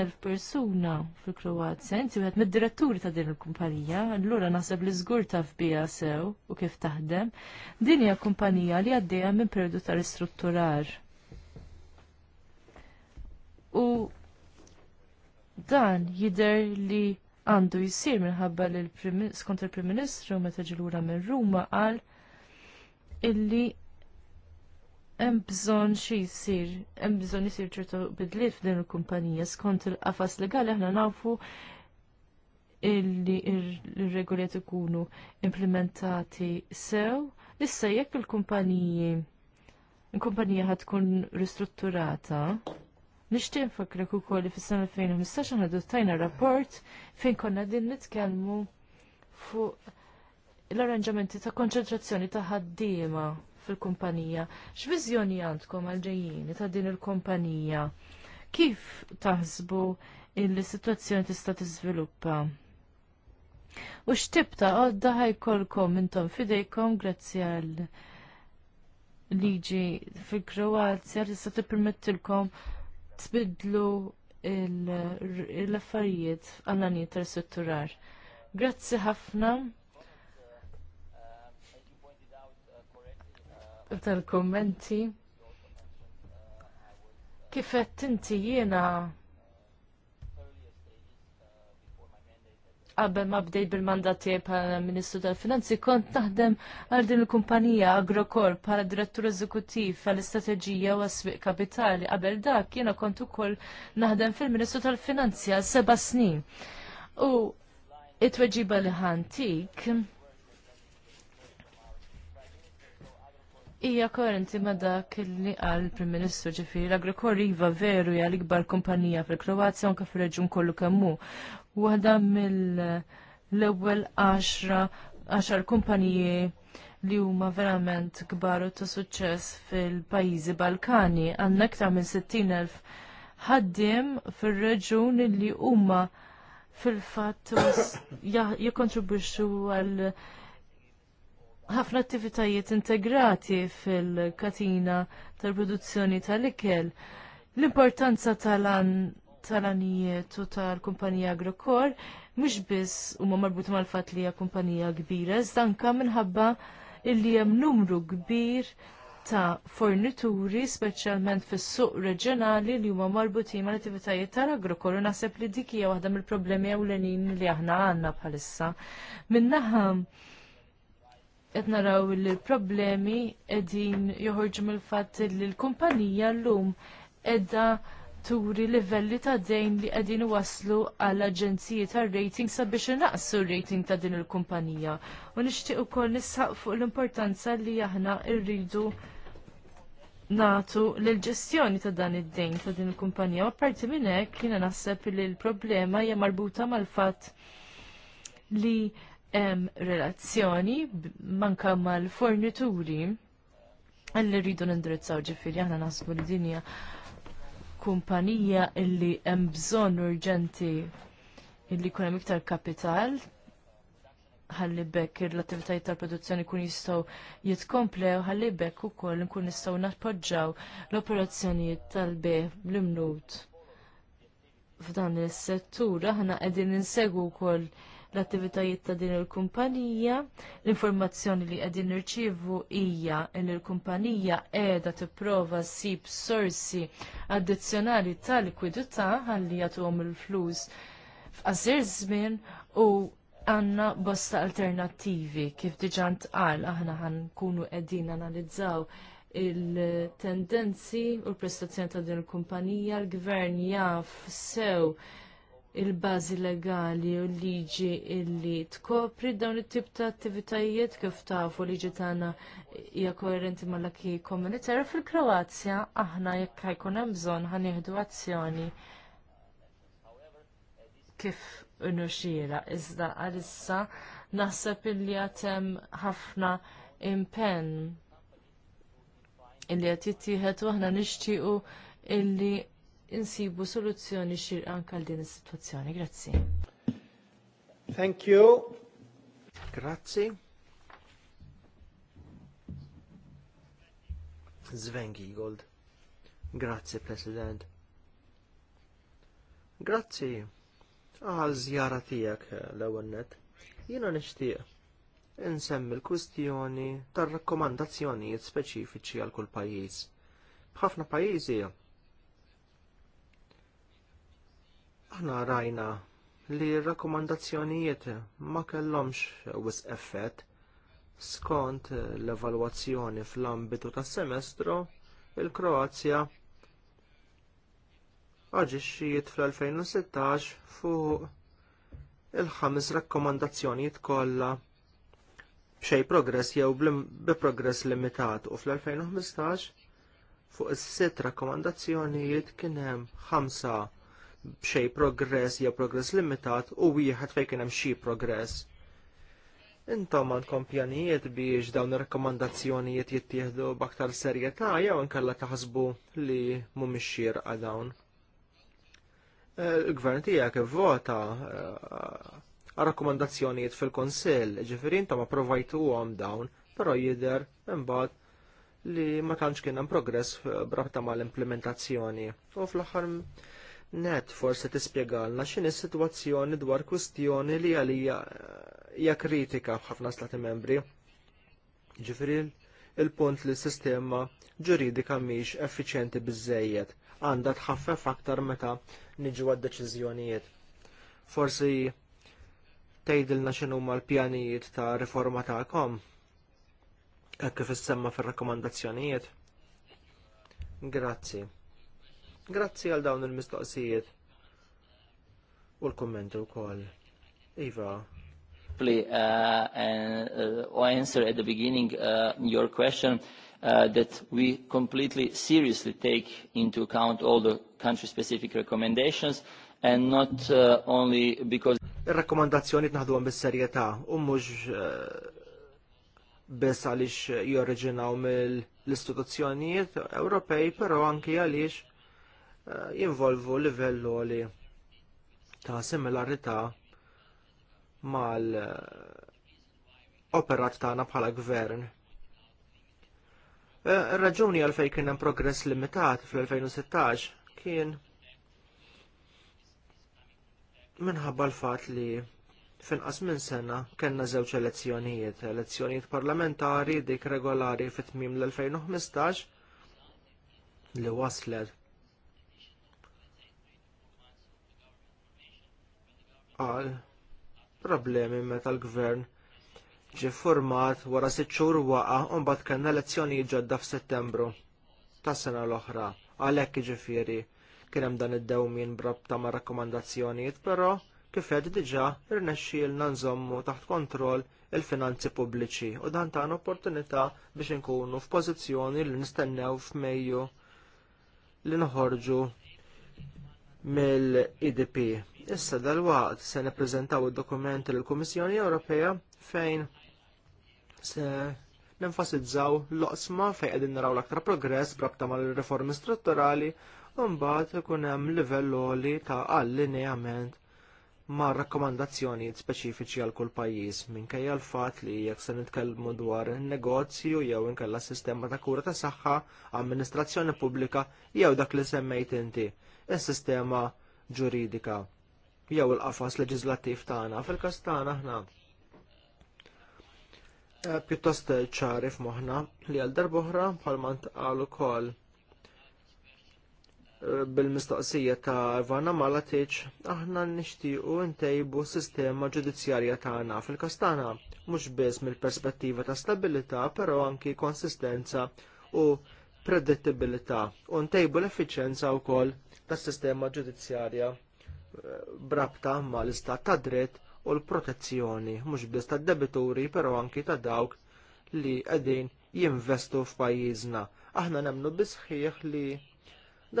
elf persuna fil-Kroazja, inti wieħed mid-diretturi ta' din il-kumpanija, allura naħseb li żgur taf fbija sew u kif taħdem, din hija kumpanija li għaddejja minn periodu ta' ristrutturar. U dan jidher li għandu jisir minħabba li skont il-Prim Ministru meta ġilura minn Ruma qal illi hemm bżonn xi jsir, hemm bżonn isir ċertu bidliet f'din il-kumpanija skont il-qafas legali aħna nafu illi ir-regoliet ikunu implementati sew. Issa jekk il-kumpaniji il-kumpanija ħad tkun ristrutturata, Nixtieq nfakrek ukoll li u sena 2015 adottajna rapport fejn konna din nitkellmu fuq l-arranġamenti ta' konċentrazzjoni ta' ħaddiema fil-kumpanija. X'viżjoni għandkom għal-ġejjini ta' din il-kumpanija? Kif taħsbu il-situazzjoni tista' tiżviluppa? U x'tib ta' għodda ħajkolkom intom fidejkom grazzi għal liġi fil-Kroazja tista' permettilkom tbidlu l-affarijiet għall-għaniet tal-setturar. Grazzi ħafna tal-kommenti. Kifet inti jiena qabel ma bdejt bil-mandat tiegħi bħala Ministru tal-Finanzi kont naħdem għal din il-kumpanija Agrokor bħala direttur eżekuttiv għall-istrateġija u għas-swieq kapitali. Qabel dak jiena kont ukoll naħdem fil-Ministru tal-Finanzi għal seba' snin. U it-tweġiba li ħantik hija korenti ma dak li għal prim Ministru ġifiri l-Agrokor iva veru hija l-ikbar kompanija fil-Kroazja anke fir-reġjun kollu kemm hu. Waħda mill-ewwel 10 kompanije li huma verament kbar u ta' suċċess fil-pajjiżi Balkani għandna aktar minn 60,000 ħaddiem fir reġun li huma fil-fatt jikkontribwixxu għal ħafna attivitajiet integrati fil-katina tal-produzzjoni tal-ikel. L-importanza tal-anijiet u tal-kumpanija agrokor mhux biss huma marbut l-fat li kumpanija kbira, iżda anke minħabba illi jem numru kbir ta' fornituri speċjalment fis-suq reġjonali li huma marbutin mal-attivitajiet tal agrokor u naħseb li dik hija waħda mill-problemi ewlenin li aħna għandna bħalissa. Minnaħam qed naraw li l-problemi qegħdin joħorġu mill-fatt li l-kumpanija llum qiegħda turi livelli ta' dejn li qegħdin waslu għall aġenziji tar rating sabiex inaqsu r-rating ta' din il-kumpanija. U nixtieq ukoll nisaq fuq l-importanza li aħna rridu natu l-ġestjoni ta' dan id-dejn ta' din il-kumpanija. U apparti minn hekk jiena naħseb li l-problema hija marbuta mal-fatt li hemm relazzjoni manka mal-fornituri li rridu nindirizzaw ġifiri aħna naħsbu li dinja kumpanija illi hemm bżonn urġenti illi jkun hemm iktar kapital ħalli bekk l-attivitajiet tal-produzzjoni kun jistgħu jitkomplew ħalli bekk ukoll nkun nistgħu nappoġġaw l-operazzjonijiet tal-beħ l-imnut f'dan is-settur aħna qegħdin insegwu wkoll l-attivitajiet ta' din il-kumpanija. L-informazzjoni li qegħdin nirċievu hija li l-kumpanija qiegħda tipprova ssib sorsi addizzjonali ta' likwidità ħalli jagħtuhom il-flus f'qasir żmien u għanna bosta alternattivi kif diġà ntqal aħna kunu qegħdin analizzaw il-tendenzi u l-prestazzjoni ta' din il-kumpanija, l-gvern jaf sew il-bażi legali u liġi illi tkopri dawn it-tip ta' attivitajiet kif tafu liġi tagħna hija koerenti mal-laki komunitarju fil-Kroazja aħna jekk ħajkun hemm bżonn ħanieħdu azzjoni kif nuxira iżda għalissa naħseb illi hemm ħafna impenn illi qed jittieħed u aħna nixtiequ illi insibu soluzzjoni xir anka din is-sitwazzjoni. Grazzi. Thank you. Grazzi.
Sven Giegold. Grazzi, President. Grazzi għal zjara tijak l-ewennet. Jina nishtiq insemmi l-kwistjoni tar rakkomandazzjonijiet speċifiċi għal kull pajjiż. B'ħafna pajjiżi Aħna rajna li r rakkomandazzjonijiet ma kellhomx wis effett skont l-evalwazzjoni fl-ambitu tas semestru il-Kroazja aġixxijiet fl-2016 fuq il-ħames rakkomandazzjonijiet kollha b'xej progress jew bi progress limitat u fl-2015 fuq is-sitt rakkomandazzjonijiet kien hemm ħamsa b'xej progress jew progress limitat u wieħed fejn kien hemm xi progress. Intom għandkom pjanijiet biex dawn ir-rakkomandazzjonijiet jittieħdu b'aktar serjetà jew inkella taħsbu li mhumiex xierqa dawn. Eh, il-gvern tiegħek ivvota eh, rakkomandazzjonijiet fil-Kunsill, ġifieri intom approvajtuhom dawn, però jidher imbagħad li ma tantx kien hemm progress b'rabta mal-implementazzjoni. U fl-aħħar net forse tispjegalna xini situazzjoni sitwazzjoni dwar kwistjoni li għalija eh, hija kritika ħafna stati membri. Ġifieri il-punt li s-sistema ġuridika mhix effiċjenti biżżejjed għandha tħaffef aktar meta niġu għad deċiżjonijiet. Forsi tgħidilna xinu l-pjanijiet ta' riforma tagħkom kom, kif issemma fir-rakkomandazzjonijiet. Grazzi. Grazzi għal dawn il-mistoqsijiet u l-kommenti wkoll. Iva. Please,
uh, and, uh, I answer at the beginning uh, your question uh, that we completely seriously take into account all the country-specific
recommendations and not uh, only because... Il-rakkomandazzjoni t-naħdu għan bis serjeta u mhux uh, biss għaliex jorriġinaw mill-istituzzjonijiet Ewropej, però anki għaliex Eh, jinvolvu livell li ta' similarità mal eh, operat tagħna bħala gvern. Eh, ir-raġuni għalfejn kien hemm progress limitat fl-2016 kien minħabba l-fatt li finqas minn sena kellna żewġ elezzjonijiet, elezzjonijiet parlamentari dik regolari fit-tmiem l-2015 li waslet għal problemi meta l-gvern ġie format wara sitt xhur waqa' u mbagħad kellna elezzjonijiet ġodda f'Settembru tas sena l-oħra. Għalhekk jiġifieri kien hemm dan id-dewmien brabta ma' rakkomandazzjonijiet, però kif qed diġà irnexxielna nżommu taħt kontroll il-finanzi pubbliċi u dan tagħna opportunità biex inkunu f'pożizzjoni li nistennew f'Mejju li noħorġu mill-IDP. Issa dal-waqt se neprezentaw id-dokumenti l-Kummissjoni Ewropea fejn se nenfasizzaw l-oqsma fejn qegħdin naraw l-aktar progress brabta mal-riformi strutturali u mbagħad ikun hemm livell li ta' allineament ma' rakkomandazzjonijiet speċifiċi għal kull pajjiż minkejja l-fatt li jekk se nitkellmu dwar negozju jew inkella sistema ta' kura ta' saħħa, amministrazzjoni pubblika jew dak li semmejt inti is-sistema ġuridika jew il-qafas leġislattiv tagħna. Fil-każ tagħna aħna eh, pjuttost ċarif moħna li għal darba oħra bħalma ntqal ukoll eh, bil-mistoqsija ta' Ivana Malatic, aħna nixtiequ ntejbu s sistema ġudizzjarja tagħna fil-kastana, mhux biss mill-perspettiva ta' stabilità, però anki konsistenza u predittibilità u ntejbu l-effiċenza wkoll tas-sistema ġudizzjarja eh, brabta mal istat ta' dritt u l-protezzjoni, mhux biss tad-debituri, però anki ta' dawk li qegħdin jinvestu f'pajjiżna. Aħna nemnu bisħiħ li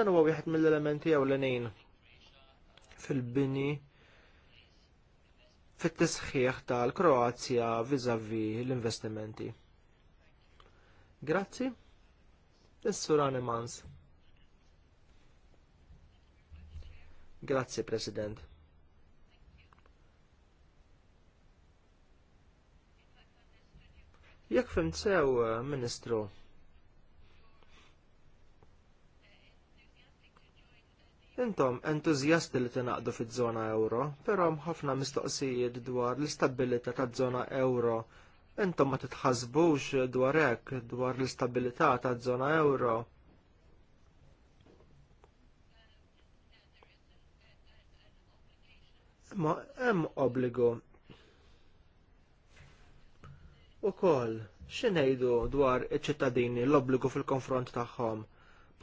dan huwa wieħed mill-elementi ewlenin fil-bini fit-tisħiħ tal-Kroazja vizavi l-investimenti. Grazzi. Is-Surani Mans. Grazzi, President. Jekk fim sew, eh, Ministru, Intom entużjasti li tinaqdu fiż-żona euro, però ħafna mistoqsijiet dwar l-istabilità taż-żona euro. Intom ma titħasbux dwar hekk dwar l-istabilità taż-żona euro. ma hemm obbligu. Ukoll ngħidu dwar iċ-ċittadini l-obbligu fil-konfront tagħhom.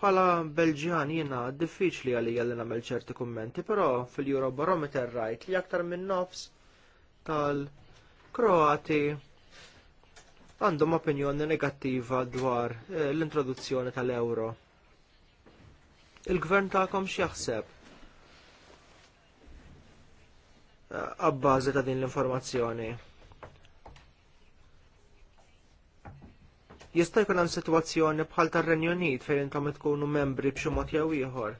Bħala Belġjan jiena diffiċli għalija li nagħmel ċerti kummenti, però fil-Eurobarometer rajt li aktar minn nofs tal-Kroati għandhom opinjoni negattiva dwar eh, l-introduzzjoni tal-euro. Il-gvern tagħkom x'jaħseb? għabbażi ta' din l-informazzjoni. Jista' jkun hemm sitwazzjoni bħal tar-Renju Unit fejn intom tkunu membri b'xi mod jew ieħor.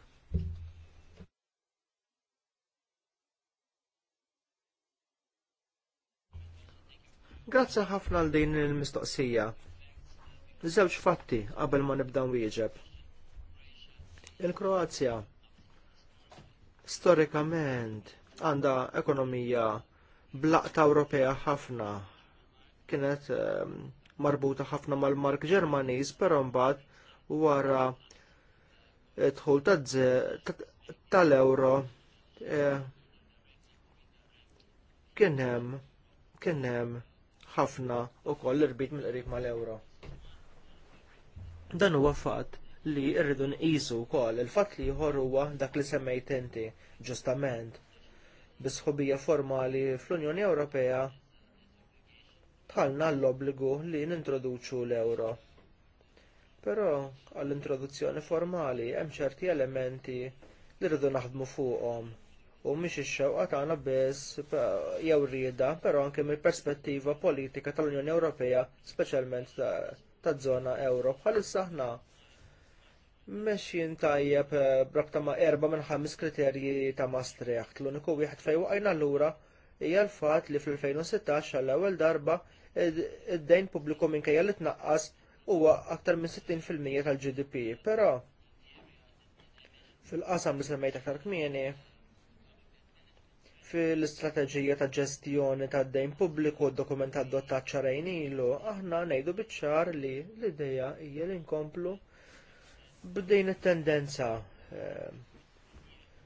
Grazzi ħafna għal din il-mistoqsija. Żewġ fatti qabel ma nibdaw wieġeb. Il-Kroazja storikament għandha ekonomija blaqta Ewropea ħafna. Kienet ehm, marbuta ħafna mal-mark Ġermaniż, però mbagħad wara dħul tal-euro e, kien hemm kien hemm ħafna wkoll irbit mill-qrib mal-euro. Dan huwa fatt li rridu nqisu wkoll il-fatt li jħor huwa dak li semmejt inti ġustament bi formali fl-Unjoni Ewropea bħalna l-obbligu li nintroduċu l ewro Però għall-introduzzjoni formali hemm ċerti elementi li rridu naħdmu fuqhom u mhix ix-xewqa tagħna biss jew rieda, però anke mill-perspettiva politika tal-Unjoni Ewropea, speċjalment taż-żona Ewro bħalissa aħna Mexjin tajjeb eh, brakta ma' erba minn ħames kriterji ta' Maastricht. L-uniku wieħed fejn waqajna lura hija l-fatt li fl-2016 għall-ewwel darba id-dejn pubbliku minkejja li tnaqqas huwa aktar minn 60% tal-GDP. Però fil-qasam li semmejt aktar kmieni fil-istrateġija ta' ġestjoni tad dejn pubbliku d-dokument adottat ċarajn ilu, aħna ngħidu biċ-ċar li l-idea hija li nkomplu b'din it-tendenza eh,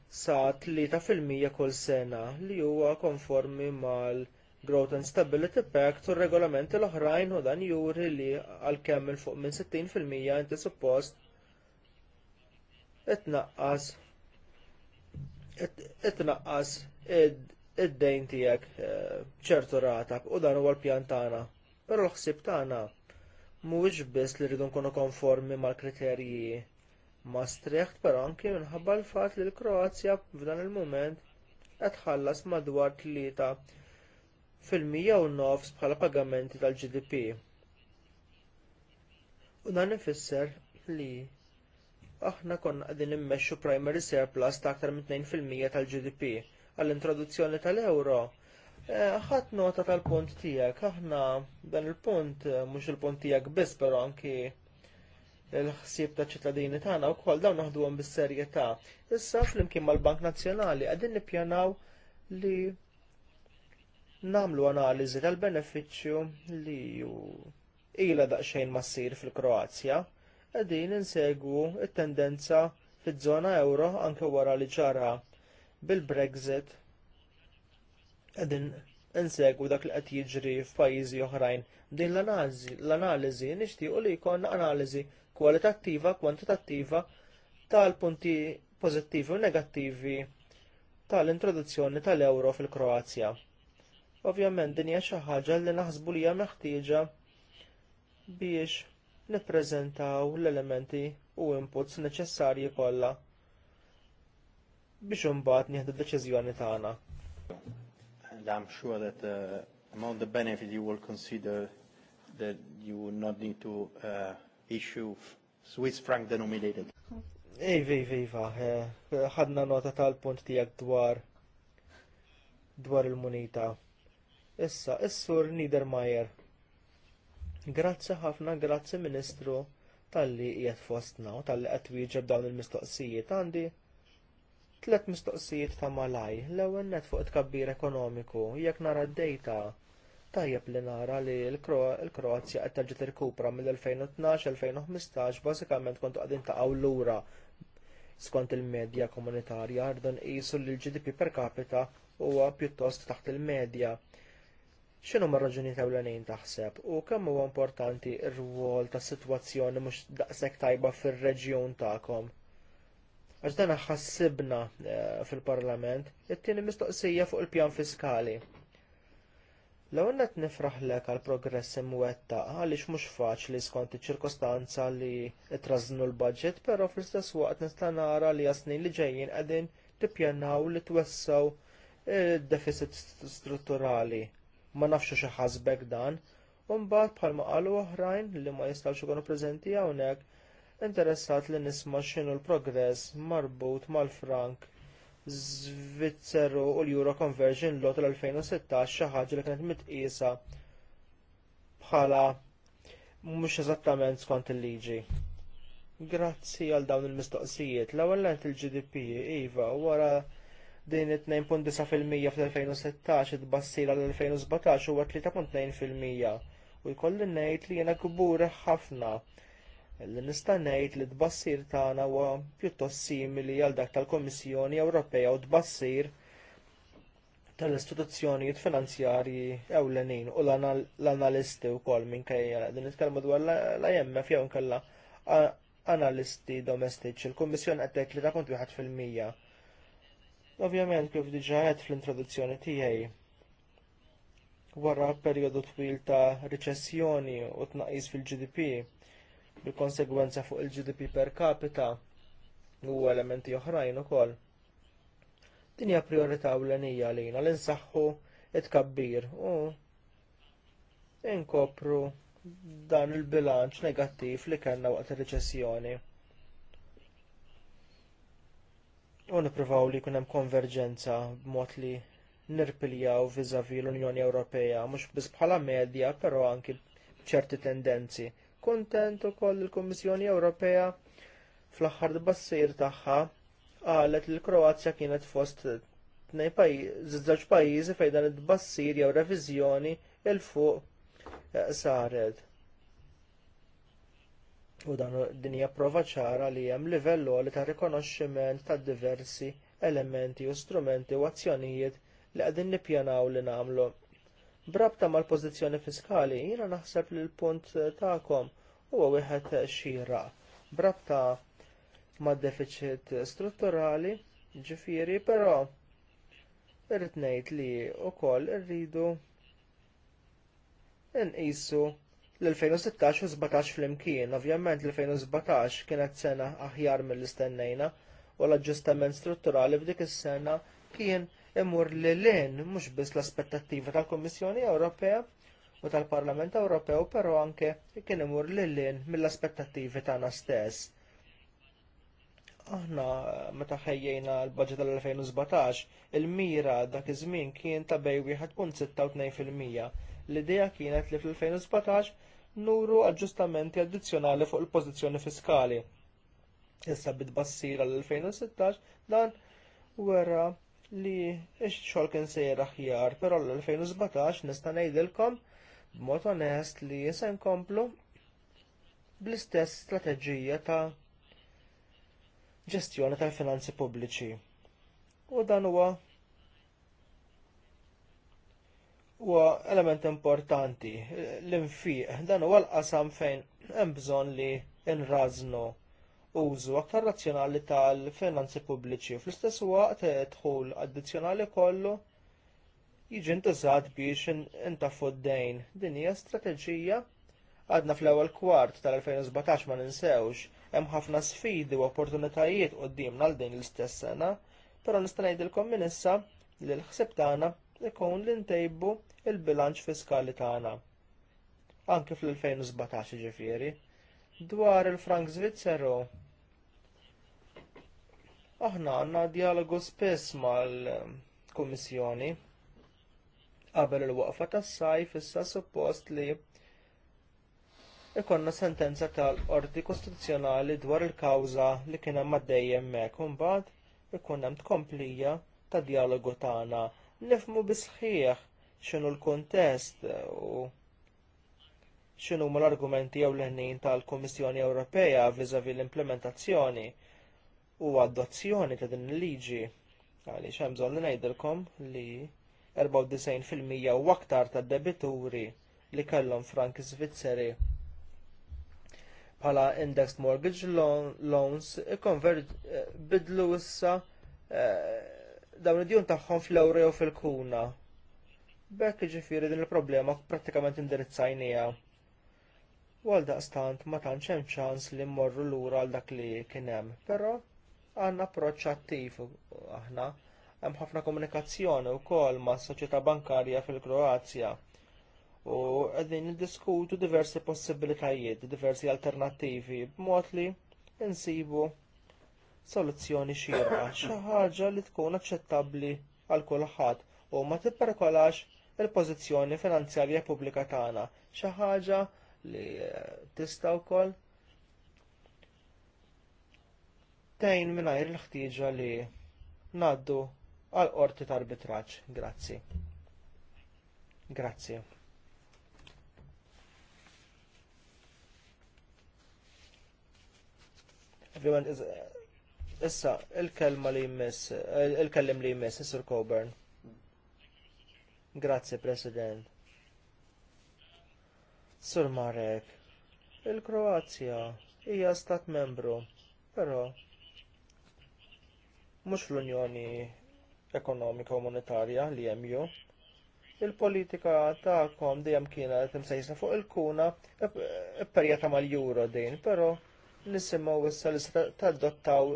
sa 3% kull sena li huwa konformi mal-Growth and Stability Pact u r regolamenti l-oħrajn u dan juri li għalkemm il fuq minn 60% inti suppost itnaqqas itnaqqas id-dejn tiegħek eh, ċertu rata u dan huwa l-pjan tagħna. Però l-ħsieb tagħna mhuwiex biss li rridu nkunu konformi mal-kriterji Maastricht, però anke minħabba l-fatt li l-Kroazja f'dan il-mument qed tħallas madwar tlieta fil-mija u nofs bħala pagamenti tal-GDP. U dan ifisser li aħna konna qegħdin immexxu primary surplus ta' aktar minn 2% tal-GDP għall-introduzzjoni tal-euro Eh, ħadd nota tal-punt tiegħek, aħna dan il-punt eh, mhux il-punt tiegħek biss però anki il-ħsieb ta' ċittadini tagħna wkoll dawn naħduhom bis-serjetà. Issa flimkien mal-Bank Nazzjonali qegħdin nippjanaw li nagħmlu analiżi tal-benefiċċju li ilha daqsxejn ma ssir fil-Kroazja. Qegħdin insegwu t tendenza fiż-żona ewro anke wara li ġara bil-Brexit qegħdin insegwu dak li qed jiġri f'pajjiżi oħrajn. Din l-analiżi nixtiequ li jkollna analiżi kwalitattiva, kwantitattiva tal-punti pożittivi u negattivi tal-introduzzjoni tal-euro fil-Kroazja. Ovvjament din hija xi ħaġa li naħsbu li hija meħtieġa biex nippreżentaw l-elementi u inputs neċessarji kollha biex imbagħad nieħdu d-deċiżjoni tagħna. I'm sure that uh, among the benefit
you will consider that you will not need to uh, issue Swiss franc denominated.
Iva, iva, iva, eh, ħadna nota tal-punt tijak dwar dwar il-munita. Issa, is-sur Niedermayer. Grazzi ħafna, grazzi Ministru tal-li jgħet fostna u tal-li għet dawn il-mistoqsijiet għandi Tlet mistoqsijiet ta' malaj, l-ewwel net fuq tkabbir ekonomiku, jekk nara d-dejta tajjeb li nara li l-Kroazja qed terġa' tirkupra mill-2012-2015 bażikament kontu qegħdin taqgħu lura skont il-medja komunitarja rdu nqisu li l-GDP per capita huwa pjuttost taħt il-medja. X'inhuma r raġunijiet ewlenin taħseb u kemm huwa importanti r-rwol tas-sitwazzjoni mhux daqshekk tajba fir-reġjun tagħkom? għax dan ħassibna eh, fil-Parlament, it-tieni mistoqsija fuq il-pjan fiskali. Law għannet nifraħlek għal progress imwetta għaliex mhux faċli skont iċ-ċirkostanza li trażnu l-budget, però fl-istess waqt nista' nara li snin li ġejjin qegħdin tippjanaw li twessaw il eh, deficit strutturali. Ma nafxu xi ħasbek dan, un bħal bħalma qalu oħrajn li ma jistgħux ikunu prezenti hawnhekk interessat li nisma' x'inhu l-progress marbut mal-frank Zvizzeru u l-Euro Conversion Lot tal 2016 xi ħaġa li kienet mitqiesa bħala mhux eżattament skont il-liġi. Grazzi għal dawn il-mistoqsijiet. L-ewwel il-GDP iva wara din it-2.9% fl-2016 id-bassira l-2017 huwa 3.2% u jkolli ngħid li jiena kbur ħafna Illi nista' ngħid li tbassir tagħna huwa pjuttost simili għal dak tal-Kummissjoni Ewropea u tbassir tal-istituzzjonijiet finanzjarji ewlenin u l-analisti wkoll minkejja din nitkellmu dwar l-IMF jew inkella analisti domestiċi. Il-Kummissjoni qed tgħid li ta' kont wieħed fil-mija. Ovvjament kif diġà għedt fl-introduzzjoni tiegħi wara perjodu twil ta' riċessjoni u tnaqqis fil-GDP bil-konsegwenza fuq il-GDP per capita u elementi oħrajn ukoll. Din hija priorità ewlenija għalina li nsaħħu it-kabbir u inkopru dan il-bilanċ negattiv li kellna waqt ir-reċessjoni. U nippruvaw li jkun hemm konverġenza b'mod li nirpiljaw viżavi l-Unjoni Ewropea, mhux biss bħala medja, però anki ċerti tendenzi kuntent ukoll il kummissjoni Ewropea fl-aħħar bassir tagħha qalet li l-Kroazja kienet fost żewġ pajjiżi fejn dan id-bassir jew reviżjoni il fuq eh, saret. U dan din hija prova ċara li hemm livell għali ta' rikonoxximent ta' diversi elementi u strumenti u azzjonijiet li qegħdin nippjanaw li nagħmlu Brabta mal pożizzjoni fiskali, jiena naħseb li l-punt tagħkom huwa wieħed xira. Brabta mad deficit strutturali, ġifieri, però irrid ngħid li wkoll irridu nqisu l-2016 u 17 flimkien, ovvjament l-2017 kienet sena aħjar mill-istennejna u l-aġġustament strutturali f'dik is-sena kien imur li l-in mux bis l aspettattivi tal-Kommissjoni Ewropea u tal-Parlament Ewropew, però anke kien imur li l-in mill-aspettattivi tagħna stess. Aħna meta ħejjejna l-budget tal-2017, il-mira dak iż-żmien kien ta' bej 1.62%. L-idea kienet li fl-2017 nuru aġġustamenti addizzjonali fuq il-pożizzjoni fiskali. Issa bit bassira l-2016 dan wera li x-xol kien sejjer aħjar, pero l-2017 nista' ngħidilkom b'mod onest li se nkomplu bl-istess strateġija ta' ġestjoni tal-finanzi pubbliċi. U dan huwa huwa element importanti l-infiq dan huwa l-qasam fejn hemm bżonn li nrażnu użu aktar razzjonali tal-finanzi pubbliċi u fl-istess waqt eh, dħul addizzjonali kollu jiġi ntużat biex intaffu d-dejn. Din hija strateġija għadna fl-ewwel kwart tal-2017 ma ninsewx hemm ħafna sfidi u opportunitajiet qudiemna għal din l-istess sena, però nista' ngħidilkom minn issa li l-ħsieb tagħna ikun li ntejbu l bilanċ fiskali tagħna. Anke fl-2017 ġifieri. Dwar il-Frank Svizzeru, Aħna għandna dialogu spess mal-Kummissjoni qabel il-waqfa tas-sajf issa suppost li ikonna sentenza tal-Qorti Kostituzzjonali dwar il-kawża li kien hemm mek un bad ikonna ikun hemm tkomplija ta' dialogu tagħna nifmu bisħieħ x'inhu l-kuntest u xinu l-argumenti jew l-ħnin tal-Kummissjoni Ewropea viżavi l-implementazzjoni u adozzjoni ta' din il-liġi għaliex hemm bżonn li ngħidilkom li 94% u aktar tad debituri li kellhom frank Svizzeri bħala indexed mortgage loans eh, bidlu issa eh, dawn id-djun tagħhom fl-ewro jew fil-kuna. Bekk ġifieri din il-problema prattikament indirizzajnija. U għal daqstant ma tantx hemm ċans li mmorru lura għal dak li kien hemm, però għandna approċċ attiv aħna. Hemm ħafna komunikazzjoni wkoll mas soċjetà bankarja fil-Kroazja u qegħdin niddiskutu diversi possibilitajiet, diversi alternattivi b'mod li insibu soluzzjoni xierqa, xi ħaġa li tkun aċċettabbli għal kulħadd u ma tipperkolax il-pożizzjoni finanzjarja pubblika tagħna, xi ħaġa li eh, tista' wkoll tejn mingħajr il-ħtieġa li ngħaddu għal qorti tal arbitraġġ. Grazzi. Grazzi. Everyone Issa, il-kelma li jmiss, eh, il-kellim li jmiss, Sir Coburn. Grazzi President. Sur Marek, il-Kroazja hija stat membru, però mhux fl-Unjoni Ekonomika u Monetarja li jemju. Il-politika tagħkom dejjem kienet imsejsa fuq il-kuna perjeta mal-euro din, però nisimgħu issa li tadottaw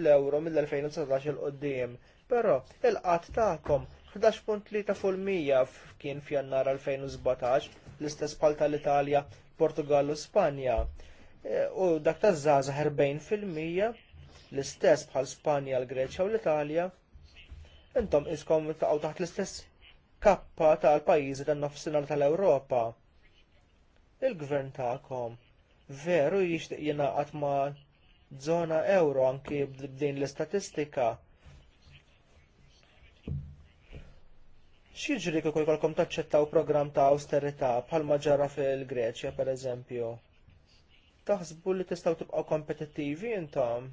l-euro mill-2019 il-qoddim. Però il-qatt tagħkom 11.3% kien f'jannar 2017 l-istess bħal tal-Italja, Portugal u Spanja. E, u dak taż-żgħażagħ 40% l-istess bħal Spanja, l-Greċja u l-Italja, intom iskom taqgħu taħt l-istess kappa tal-pajjiżi tan-nofsinhar tal-Ewropa. Il-gvern tagħkom veru jixtieq jingħaqad ma' żona euro anki b'din l-istatistika. X'jiġri kieku jkollkom taċċettaw programm ta' austerità bħalma ġara fil-Greċja pereżempju? Taħsbu li tistgħu tibqgħu kompetittivi intom?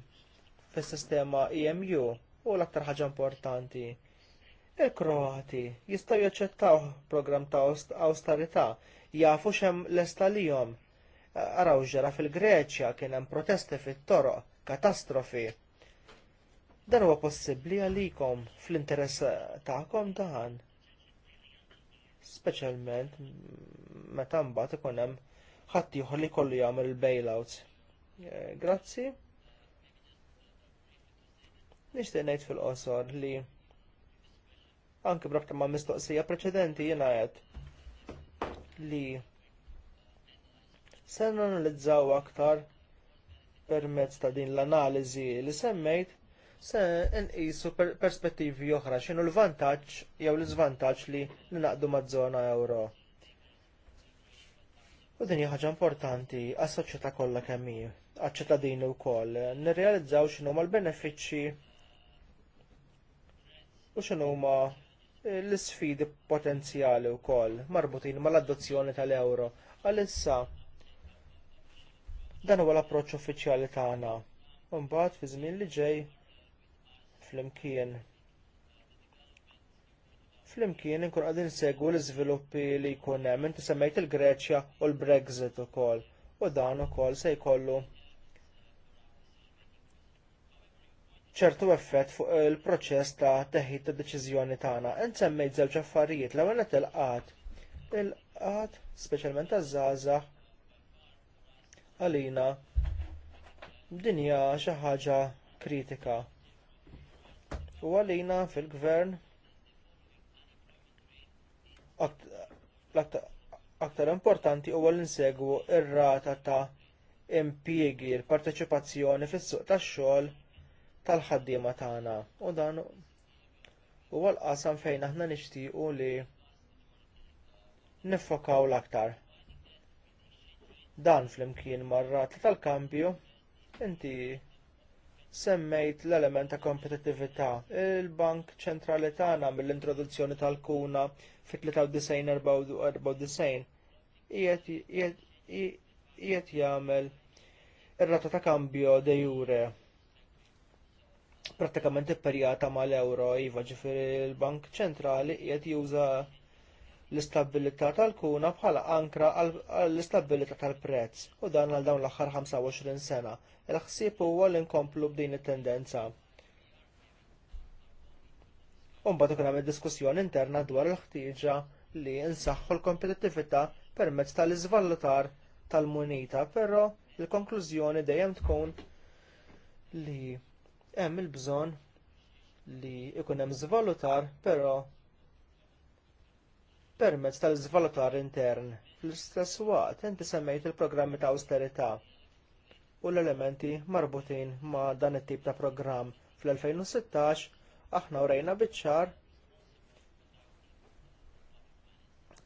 fis-sistema EMU u l-aktar ħaġa importanti. Il-Kroati jistaw jaċċettaw programm ta' awsterità jafu xem lesta lihom. Araw ġara fil-Greċja kien hemm protesti fit-toroq, katastrofi. Dan huwa possibbli għalikom fl-interess tagħkom dan. Speċjalment meta mbagħad ikun hemm ħadd li kollu jagħmel il-bailouts. Grazzi. Nixtieq ngħid fil-qosor li anke brabta ma' mistoqsija preċedenti jiena li se nanalizzaw aktar permezz ta' din l-analiżi li semmejt se nqisu perspettivi oħra x'inhu l-vantaġġ jew l-iżvantaġġ li naqdu maż-żona euro. U din hija ħaġa importanti għas-soċjetà kollha kemm hi, għaċ-ċittadini wkoll, nirrealizzaw x'inhuma l-benefiċċji u x'inhuma eh, l isfidi potenzjali wkoll marbutin mal-adozzjoni tal-euro. Għalissa, dan huwa l-approċċ uffiċjali tagħna. mbagħad fi żmien li ġej flimkien flimkien inkun qegħdin insegwu l-iżviluppi li jkun hemm inti semmejt il-Greċja u l-Brexit ukoll u dan ukoll se jkollu ċertu effett fuq il-proċess ta' teħid ta' deċiżjoni tagħna. Insemmejt żewġ affarijiet l-ewwel qed il-qat. Il-qat speċjalment taż-żgħażagħ għalina din hija xi ħaġa kritika. U għalina fil-gvern aktar importanti huwa li nsegwu r rata ta' impjiegi l-parteċipazzjoni fis-suq tax-xogħol tal-ħaddiema tagħna u dan huwa l-qasam fejn aħna nixtiequ li niffokaw l-aktar. Dan flimkien mar-rat tal-kampju inti semmejt l-element ta' kompetittività. Il-Bank ċentrali tagħna mill-introduzzjoni tal-kuna 93 qiegħed jagħmel ir-rata ta' kambju de jure pratikament ma mal-euro iva ġifiri l-Bank Ċentrali qiegħed juża l-istabilità tal-kuna bħala ankra għall-istabilità tal-prezz u dan għal dawn l-aħħar 25 sena. Il-ħsieb huwa li nkomplu b'din it-tendenza. Umbagħad ikun hemm diskussjoni interna dwar il-ħtieġa li nsaħħu l-kompetittività permezz tal-iżvalutar tal-munita, però l konklużjoni dejjem tkun li hemm il-bżonn li jkun hemm żvalutar però permezz tal-żvalutar intern. Fl-istess waqt inti semmejt il-programmi ta' awsterità u l-elementi marbutin ma' dan it-tip ta' programm. Fl-2016 aħna urejna biċ-ċar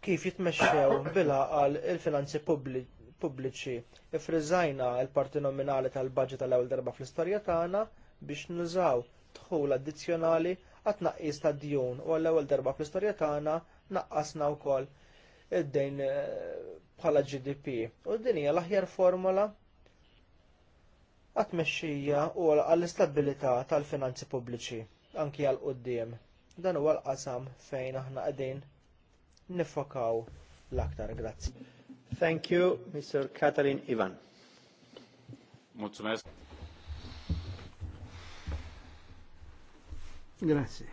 kif jitmexxew bil-għaqal il-finanzi pubbliċi. Ifriżajna l parti nominali tal-budget tal-ewwel darba fl-istorja tagħna biex nużaw dħul addizzjonali għat-tnaqqis tad djun u għall-ewwel darba fl-istorja tagħna naqqasna wkoll id-dejn eh, bħala GDP. U din hija l-aħjar formola għat-mexxija u għall-istabilità tal-finanzi pubbliċi anki għal quddiem Dan huwa l-qasam fejn aħna qegħdin nifokaw l-aktar.
Grazzi. Thank you, Mr. Katalin Ivan. Mulțumesc. Grazie.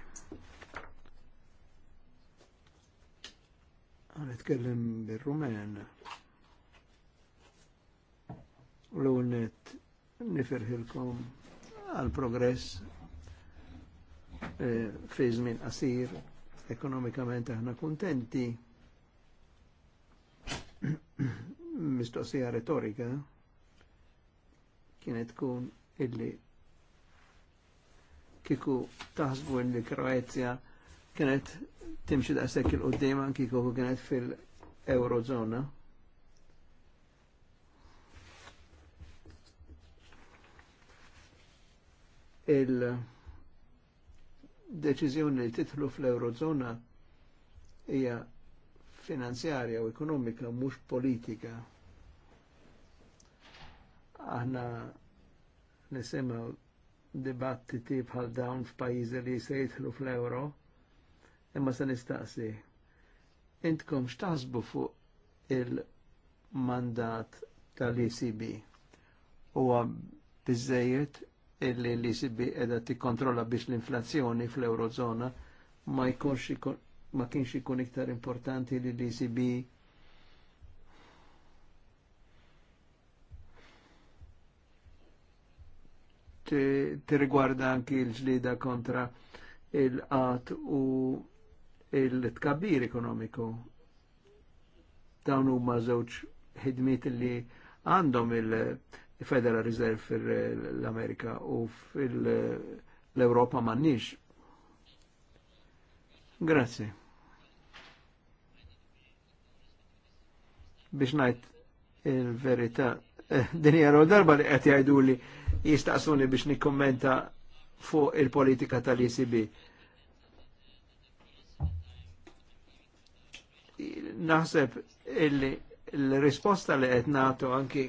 Għan itkellem bil-Rumen. U l-għunet nifirħilkom għal-progress eh, fi żmien ekonomikament aħna kontenti Mistoqsija retorika kienet kun illi kiku taħsbu li Kroazja kienet timxi da' daqshekk il-qudiem anki kieku kienet fil-Eurozona. Il-deċiżjoni li titħlu fl-Eurozona hija finanzjarja u ekonomika mhux politika. Aħna nisimgħu dibattiti bħal dawn f'pajjiżi li se jidħlu fl-euro, imma se nistaqsi. Intkom x'taħsbu fuq il-mandat tal-ECB? Huwa biżejjed illi l-ECB qiegħda tikkontrolla biex l-inflazzjoni fl-eurozona ma jkunx ma kienx ikun iktar importanti li l-ECB tirrigwarda anki l-ġlida kontra il-qat u il-tkabbir ekonomiku. Dawn huma żewġ ħidmiet li għandhom il-Federal Reserve fil-Amerika u fil-Europa mannix. Grazie. Biex najt il-verita din hija darba li qed jgħidu li jistaqsuni biex nikkommenta fuq il-politika tal-ECB. Naħseb illi l-risposta li qed nagħtu anki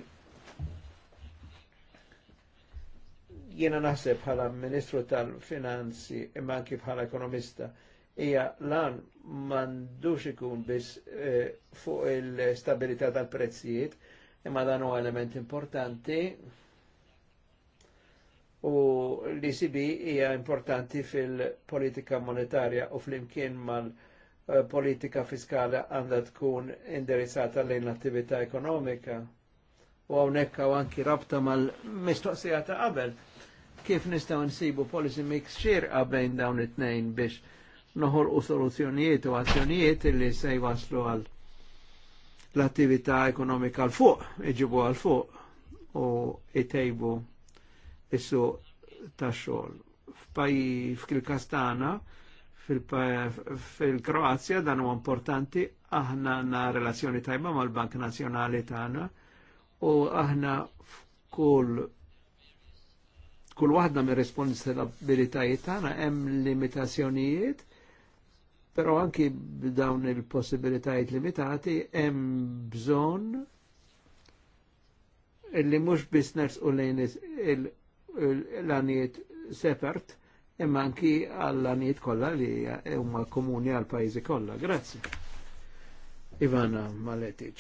jiena naħseb bħala Ministru tal-Finanzi imma anki bħala ekonomista hija lan m'għandux ikun biss eh, fuq il-stabilità tal-prezzijiet, imma dan huwa element importanti u l-ECB hija importanti fil-politika monetarja u fl-imkien mal-politika eh, fiskala għandha tkun indirizzata lejn l-attività ekonomika u hawnhekk hawn anki rabta mal-mistoqsija ta' qabel. Kif nistgħu nsibu policy mix xirqa bejn dawn it-tnejn biex noħolqu soluzzjonijiet u azzjonijiet li se jwaslu għal l-attività ekonomika għal fuq, iġibu għal fuq u jtejbu issu ta' xogħol. F'kil-Kastana, fil-Kroazja dan huwa importanti, aħna na relazzjoni tajba mal-Bank Nazzjonali tagħna u aħna f'kull kull waħda mir responsabilitajiet tagħna hemm limitazzjonijiet Però anki b'dawn il-possibilitajiet limitati hemm bżonn illi mhux biss nersqu lejn l-għaniet separt, imma anki għall-għaniet kollha li huma komuni għal pajjiżi kollha. Grazzi. Ivana Maletic.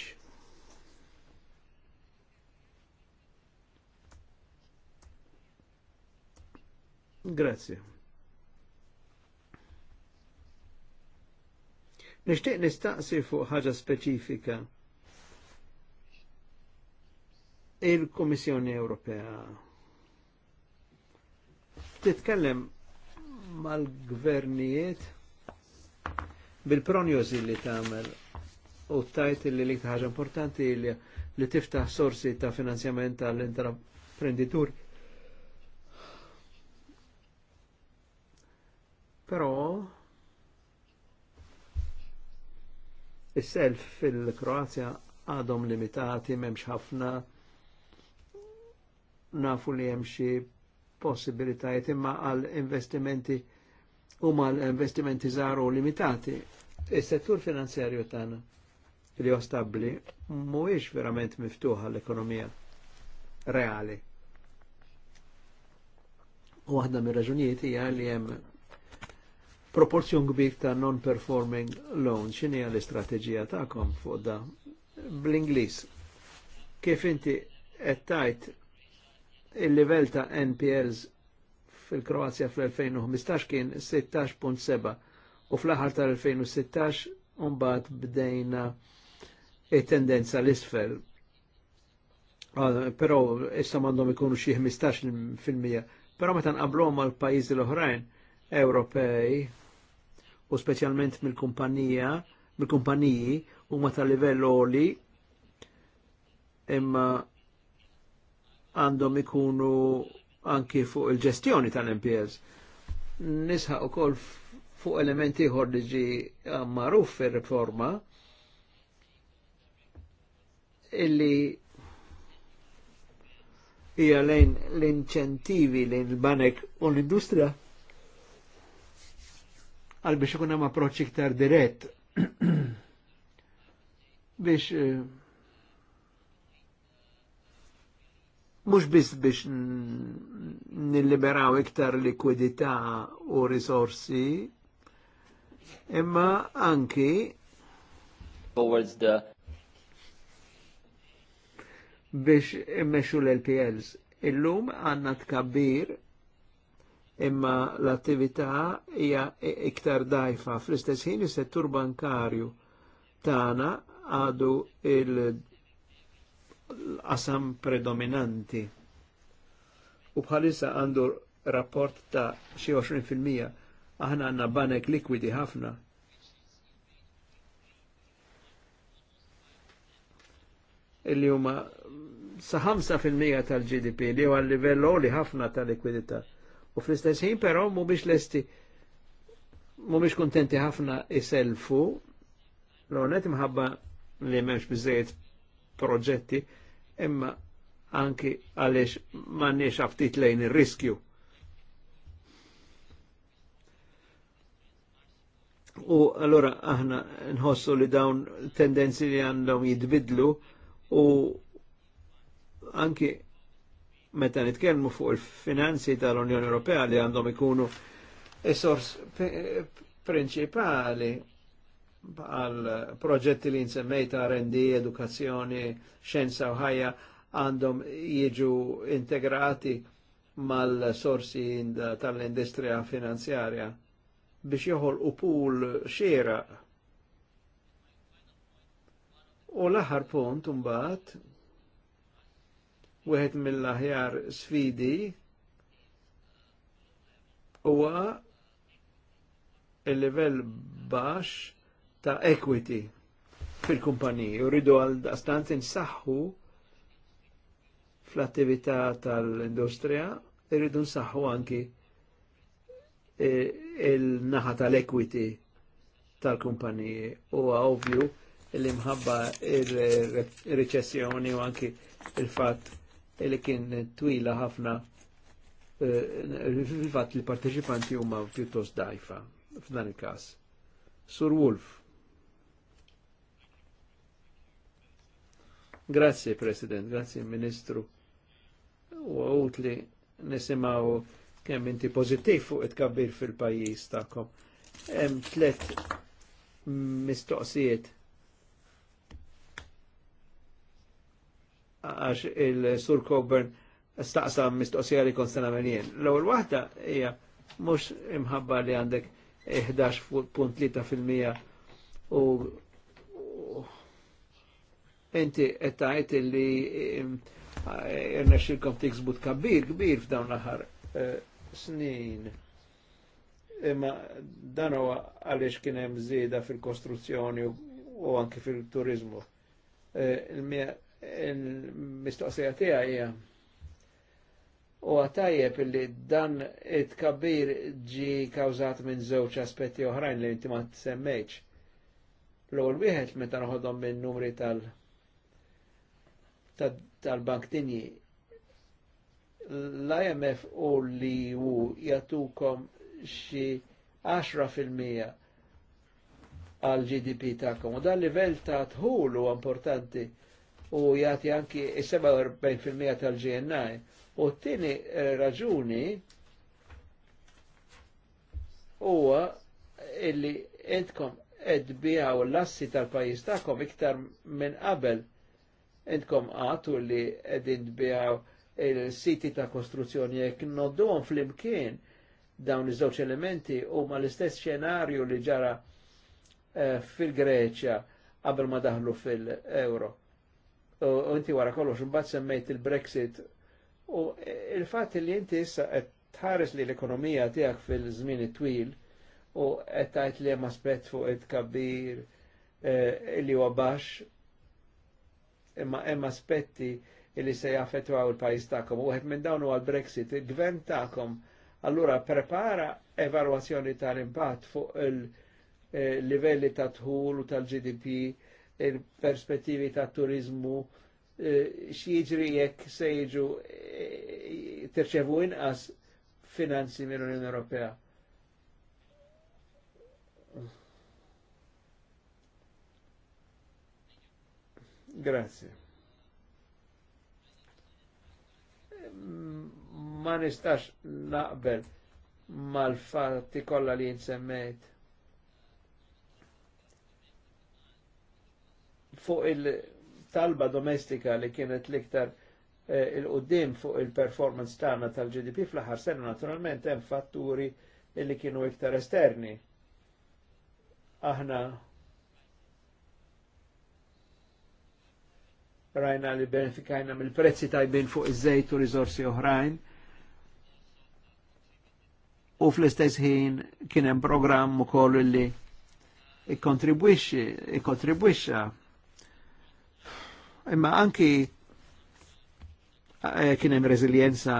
Grazie. Nishtiq nistaqsi fuq ħaġa speċifika. Il-Komissjoni Ewropea titkellem mal-gvernijiet bil-pronjosi li tagħmel u tajt li li ħaġa importanti li, li tiftaħ sorsi ta' finanzjament tal-intraprenditur. Però Is-self fil-Kroazja għadhom limitati, memx ħafna nafu li hemm xi possibilitajiet imma għal investimenti huma l investimenti żaru limitati. Is-settur finanzjarju tagħna li ostabli mhuwiex verament miftuħa l-ekonomija reali. U waħda mir-raġunijiet hija li hemm proporzjon kbir ta' non-performing loan, xini għal istrateġija ta'kom fuq da bl-Inglis. Kif inti għettajt il-level ta' NPLs fil-Kroazja fl-2015 kien 16.7 u fl-aħħar tal-2016 unbat bdejna tendenza l-isfel. Ah, Pero issa mandom ikunu xi 15 fil-mija. Pero meta nqablhom mal-pajjiżi l-oħrajn Ewropej u specialment mill-kumpanija, mill-kumpaniji huma ta' livell oli imma għandhom ikunu anki fuq il-ġestjoni tal-MPS. u kol fuq elementi ħordiġi maruf fil magħruf fir-riforma illi hija lejn l-inċentivi lejn il-banek u l-industrija għal biex ikun hemm approċċ iktar dirett biex eh, mhux biss biex nilliberaw iktar likwidità u risorsi imma anki towards the biex immexxu l-LPLs. Illum għandna tkabbir imma l-attività hija iktar dajfa. Fl-istess ħin is-settur bankarju tagħna għadu l qasam predominanti u bħalissa għandu rapport ta' xi 20% aħna għandna banek likwidi ħafna illi huma sa 5% tal-GDP li huwa livell li ħafna tal-likwidità u fl-istess ħin però mhumiex lesti mhumiex kuntenti ħafna iselfu l-onet imħabba li m'hemmx biżejjed proġetti imma anki għaliex m'għandniex aftit lejn ir-riskju. U allora aħna nħossu li dawn tendenzi li għandhom jidbidlu u anki meta nitkellmu fuq il-finanzi tal-Unjoni Ewropea li għandhom ikunu is-sors prinċipali għal proġetti li nsemmejta R&D, edukazzjoni, xenza u ħajja għandhom jiġu integrati mal-sorsi tal-industrija finanzjarja biex joħol u pool xera. U l-aħar punt, mbagħad, wieħed mill-aħjar sfidi huwa il-livell baxx ta' equity fil-kumpaniji. Uridu għal daqstant insaħħu fl-attività tal-industrija, irridu nsaħħu anki e, il-naħa tal-equity tal-kumpaniji. Huwa ovvju li mħabba il-reċessjoni u anki il-fatt li kien twila ħafna eh, fil-fat li parteċipanti huma pjuttost dajfa f'dan il-każ. Sur Wolf. Grazie President, grazie Ministru. U għut li nisimaw kemm inti pozittiv fuq it-kabbir fil-pajjiż tagħkom. Hemm tliet mistoqsijiet għax il-Sur Coburn staqsa mistoqsija li konsena menjen. l ewel wahda hija mux imħabba li għandek 11.3% u inti qed tgħid li eh, irnexxilkom tiksbut kabir, kbir f'dawn l-aħħar eh, snin. Imma dan huwa għaliex kienem zida fil-kostruzzjoni u anke fil-turizmu. Eh, il-mija il-mistoqsija tiegħi hija u għatajjeb li dan it kabir ġi kawżat minn żewġ aspetti oħrajn li inti ma semmejċ. L-ewwel wieħed meta noħodhom minn numri tal- tal-bank dinji l-IMF u li u jatukom xi 10% għal GDP ta'kom. U dan livell ta' tħul u importanti u jagħti anki 47% tal-GNI. U t-tieni eh, raġuni huwa illi entkom qed bijaw l-assi tal pajis ta'kom iktar minn qabel intkom għatu li qegħdin tbijaw il-siti ta' kostruzzjoni jekk noddhom fl-imkien dawn iż-żewġ elementi huma l-istess xenarju li ġara eh, fil-Greċja qabel ma daħlu fil-Euro u inti wara kollox mbagħad semmejt il-Brexit u il-fatt li inti issa qed tħares li l-ekonomija tiegħek fil-żmien it-twil u qed tgħid li hemm aspett fuq it-kabbir eh, li huwa baxx imma hemm aspetti li se jaffettwaw il-pajis tagħkom u wieħed minn dawn huwa l-Brexit, il-gvern tagħkom allura prepara evalwazzjoni tal-impatt fuq il-livelli eh, ta' tħul u tal-GDP il-perspettivi ta' turizmu eh, xieġri jekk se jiġu eh, terċevu inqas finanzi mill-Unjoni Ewropea. Grazie. Ma nistax naqbel mal-fatti kolla li nsemmejt fuq il-talba domestika li kienet liktar eh, il-qoddim fuq il-performance tagħna tal-GDP fl-aħħar sena naturalment hemm fatturi li kienu iktar esterni. Aħna rajna li benefikajna mill-prezzi tajbin fuq iż-żejt u riżorsi oħrajn. U fl-istess ħin kien hemm programm ukoll li ikkontribwixxi ikkontribwixxa imma anki eh, kienem rezilienza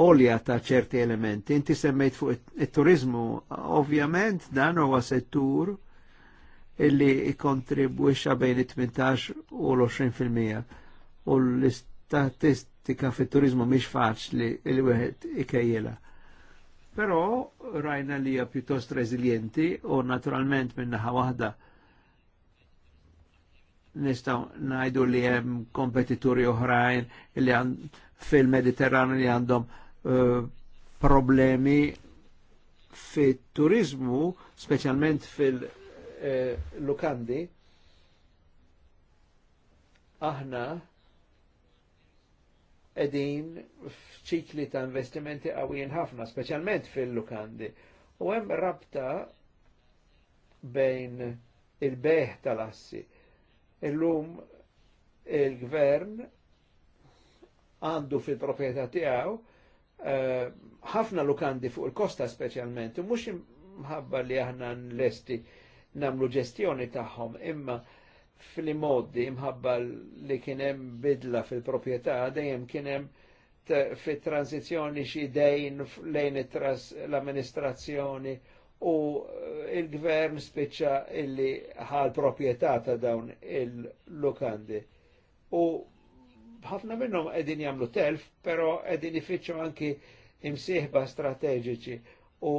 olja ta' ċerti elementi. Inti semmejt fuq il turizmu ovvjament dan huwa settur illi kontribwixxa bejn it-18 u l-20%. U l-istatistika fit-turizmu mhix faċli li wieħed ikejjela. Però rajna li hija pjuttost reżiljenti u naturalment minnaħa waħda nistaw najdu li hemm kompetituri oħrajn li fil-Mediterranu li għandhom eh, problemi fit-turizmu, speċjalment fil-lukandi, eh, aħna edin f'ċikli ta' investimenti għawin ħafna, speċjalment fil-lukandi. U hemm rabta bejn il-beħ tal-assi Illum il-gvern għandu fil-propieta tiegħu eh, ħafna uh, lukandi fuq il-kosta speċjalment, mhux mħabba li aħna nlesti namlu ġestjoni tagħhom, imma fil-modi imħabba li kienem bidla fil-propieta dejjem kienem fit-tranzizjoni xi dejn lejn l-amministrazzjoni u eh, il-gvern spiċċa illi ħal proprjetà ta' dawn il-lukandi. U ħafna minnhom qegħdin jagħmlu telf, però qegħdin ifittxu anki imsieħba strateġiċi. U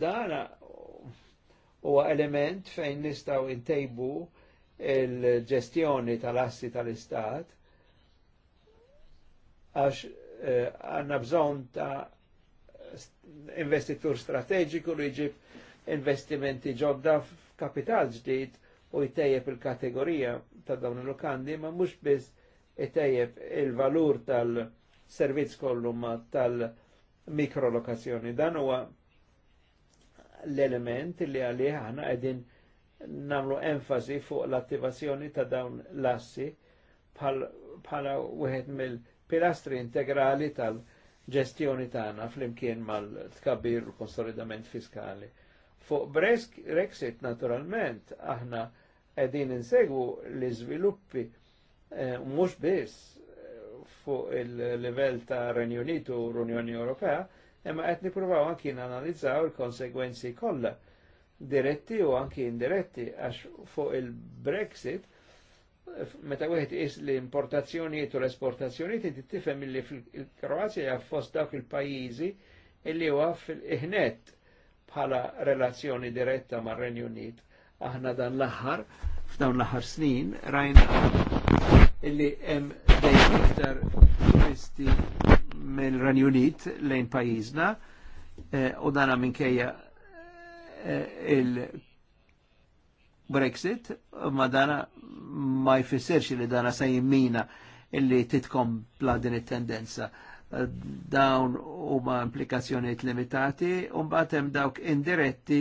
dana huwa element fejn nistgħu intejbu il-ġestjoni tal-assi tal-istat għax eh, għanna bżon ta' investitur strategiku li jġib investimenti ġodda f'kapital ġdid u jtejjeb il-kategorija ta' dawn il-lokandi ma' mhux biss jtejjeb il-valur tal-servizz kollu ma' tal-mikrolokazzjoni. Dan huwa l-element li għalih aħna qegħdin namlu enfasi fuq l-attivazzjoni ta' dawn l-assi bħala wieħed mill-pilastri integrali tal- ġestjoni tagħna flimkien mal-tkabbir u konsolidament fiskali. Fuq Brexit naturalment aħna qegħdin insegwu l iżviluppi eh, mhux biss eh, fuq il-livell ta' Renju Unitu u l-Unjoni Ewropea, imma qed nippruvaw anki nanalizzaw il-konsegwenzi kollha diretti u anki indiretti għax fuq il-Brexit meta wieħed is l importazzjoni u l esportazzjoni inti tifhem fil-Kroazja hija fost dawk il-pajjiżi illi huwa fil-iħnet bħala relazzjoni diretta mar-Renju Unit. Aħna dan l-aħħar f'dawn l-aħħar snin rajna illi hemm dejjem iktar turisti mill-Renju Unit lejn pajjiżna eh, u dana minkejja eh, il Brexit, ma dana ma jfisserx li dana se jimmina illi titkompla din it-tendenza. Eh, dawn huma implikazzjonijiet limitati, u mbagħad hemm dawk indiretti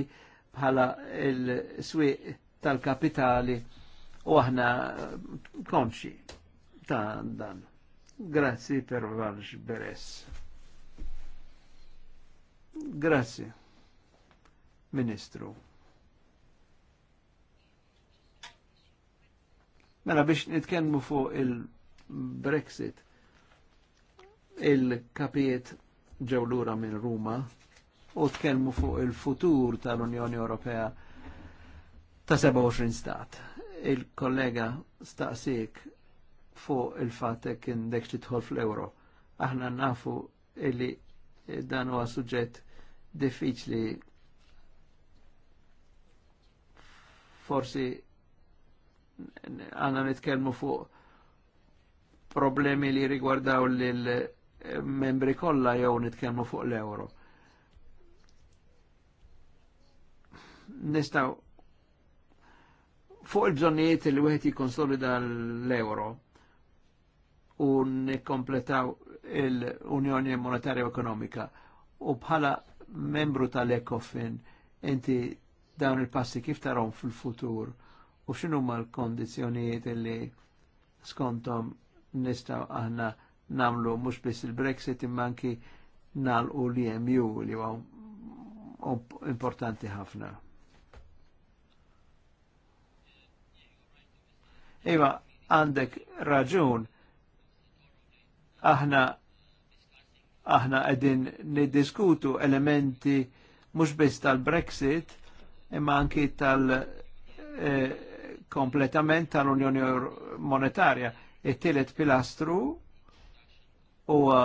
bħala il-swieq tal-kapitali u aħna konxi ta' dan. Grazzi per Valx Beres. Grazzi, Ministru. Mela biex nitkellmu fuq il-Brexit, il kapiet ġew lura minn Ruma u tkellmu fuq il-futur tal-Unjoni Ewropea ta' 27 stat. Il-kollega staqsik fuq il-fatt kien dek titħol fl-euro. Aħna nafu illi dan huwa suġġett diffiċli forsi għanna nitkelmu fuq problemi li rigwardaw l-membri eh, kollha jew nitkellmu fuq l-euro. Nistaw fuq il-bżonnijiet li wieħed jikkonsolida l-euro u nikkompletaw l-Unjoni Monetarja Ekonomika u bħala membru tal-ECOFIN inti dawn il-passi kif tarom fil-futur u x'inhu l kondizzjonijiet li skontom nistaw aħna namlu mhux biss il-Brexit imma anki nalqu l-EMU li huwa importanti ħafna. Iva, għandek raġun, aħna aħna għedin niddiskutu elementi mux biss tal-Brexit, imma anki tal- eh, kompletament tal-Unjoni Monetarja. It-tielet pilastru huwa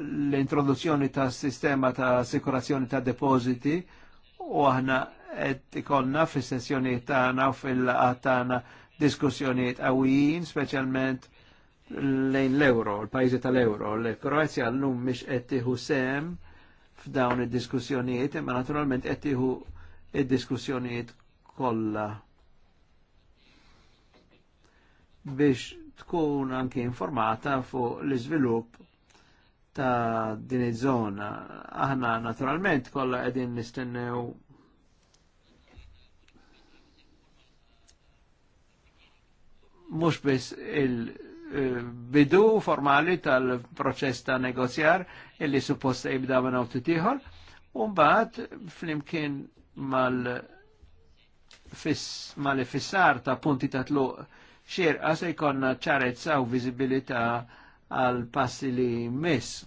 l-introduzzjoni ta' sistema ta' assikurazzjoni ta' depositi u aħna qed ikollna fis-sessjonijiet tagħna u fil-laqgħat tagħna diskussjonijiet qawwijin, speċjalment lejn l-euro, l-pajzi tal-euro, l-Kroazja l-lum mish qed tieħu sem f'dawn id-diskussjonijiet, imma naturalment qed tieħu id-diskussjonijiet kollha biex tkun anki informata fuq l-iżvilupp ta' din iż-żona. Aħna naturalment kollha qegħdin nistennew mhux biss il-bidu formali tal-proċess ta' negozjar illi suppost jibda minn awtu tieħor, u mbagħad flimkien mal-fissar mal ta' punti ta' tluq xirqa se jkonna ċarezza u viżibilità għal passi li miss.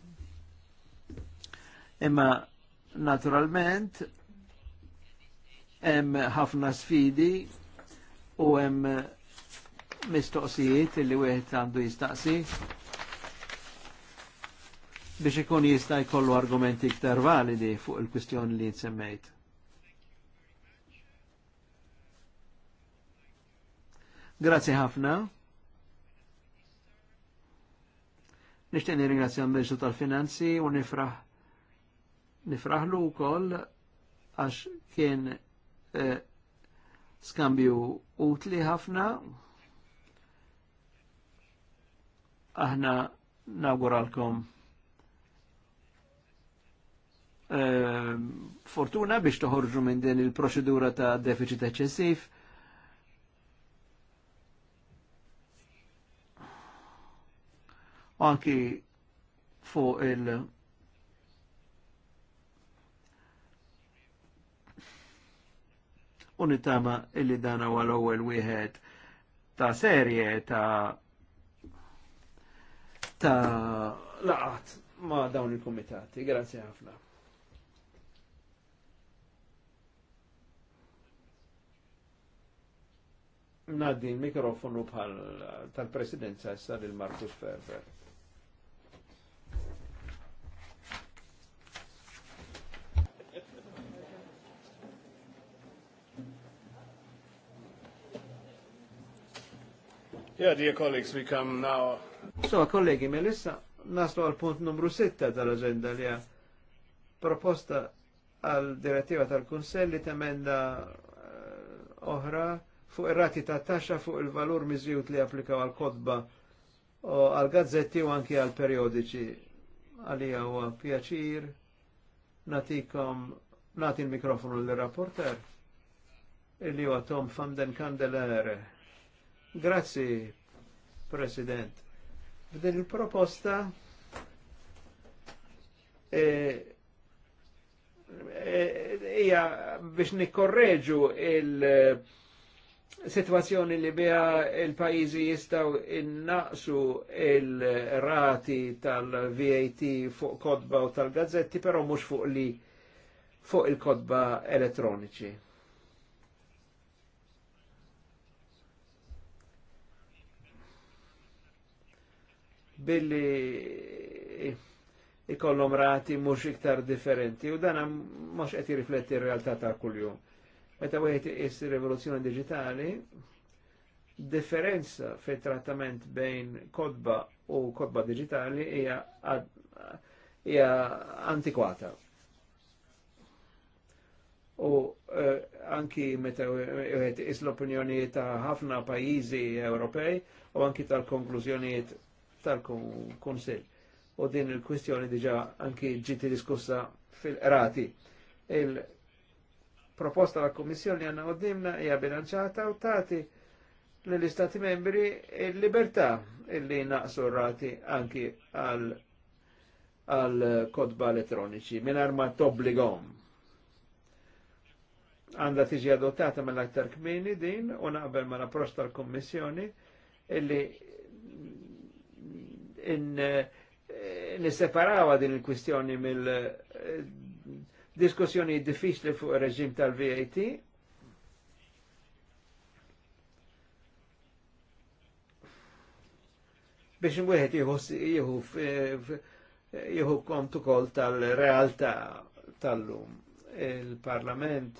Imma naturalment hemm ħafna sfidi u hemm mistoqsijiet li wieħed għandu jistaqsi biex ikun jista' jkollu argumenti iktar validi fuq il-kwistjoni li semmejt. Grazie ħafna. Nishtiq nirringrazzja l-Ministru tal-Finanzi u nifraħ nifraħlu wkoll għax kien eh, skambju utli ħafna. Aħna nawguralkom eh, fortuna biex toħorġu minn din il-proċedura ta' deficit eċċessiv anki fuq il- unitama illi dana għal ewwel wieħed ta' serje ta' ta' laqat ma' dawn il-komitati. Grazie ħafna. Naddi il-mikrofonu tal-presidenza issa lil Markus Ferber. Yeah, dear colleagues, we come now. So, kollegi, me lissa naslu għal punt numru 6 tal-agenda li għal proposta għal direttiva tal-Kunsell li temenda eh, oħra fuq ir-rati ta' taxxa fuq il-valur miżjut li applikaw għal kodba għal gazzetti u anki għal periodiċi. Għalija għu pjaċir natikom nati l-mikrofonu l-rapporter illi għu Tom Fanden Candelere. Grazzi, President. B'din il-proposta e, e, hija e, biex nikkorreġu il-situazzjoni li biha il-pajjiżi jistgħu innaqsu il-rati tal-VAT fuq kodba u tal-gazzetti, però mhux fuq li fuq il-kodba elettroniċi. billi ikollom rati mhux iktar differenti u dan mhux qed jirrifletti r-realtà ta' kuljum. Meta wieħed is rivoluzzjoni diġitali, differenza fit trattament bejn kodba u kodba diġitali hija antikwata. U uh, anki meta is l-opinjoni ta' ħafna pajjiżi Ewropej u anki tal-konklużjonijiet tal konsil U din il-kwistjoni diġa anki ġiti diskussa fil rati Il-proposta la Komissjoni għanna għoddimna hija bilanċata u tati l-Istati membri il-libertà illi naqsu rati anki għal għal kodba elettroniċi minar ma tobbligom. Għanda tiġi adottata mill aktar kmini din u naqbel ma l-approċ tal kommissjoni illi n-separawa eh, din il-kwistjoni mill-diskussjoni eh, diffiċli fuq il-reġim tal-VAT. biex mwieħed jieħu jieħu kontu kol tal-realtà tal-lum. Il-Parlament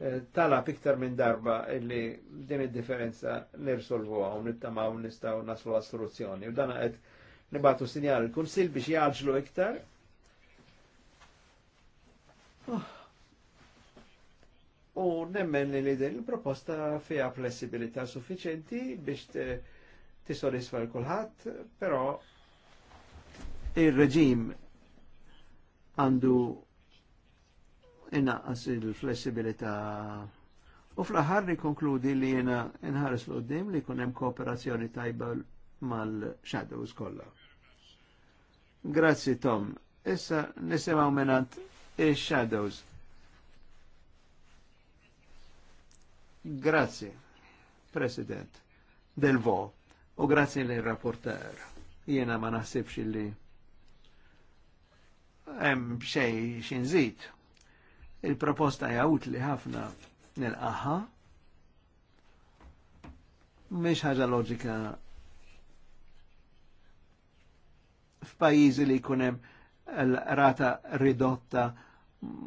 Eh, tala piktar minn darba illi din il differenza nirsolvuha u nittamaw nistgħu naslu għas-soluzzjoni. U dana għed nibatu sinjal il-Kunsil biex jaġlu iktar. Oh. U nemmen li din il-proposta fija flessibilità suffiċenti biex t tisodisfa l kulħat però il-reġim għandu inaqqas il-flessibilità U fl-aħħar konkludi li jena nħares l-qoddim li kunem kooperazzjoni tajba mal-shadows kollha. Grazzi Tom. Issa nisimaw minant il-shadows. Grazzi, President, del vo, u grazzi li rapporter Jena ma naħsibx li hemm xej xinżid Il-proposta jgħut li ħafna nil-qaħħa, mhix ħaġa loġika f'pajjiżi li jkun hemm l-rata ridotta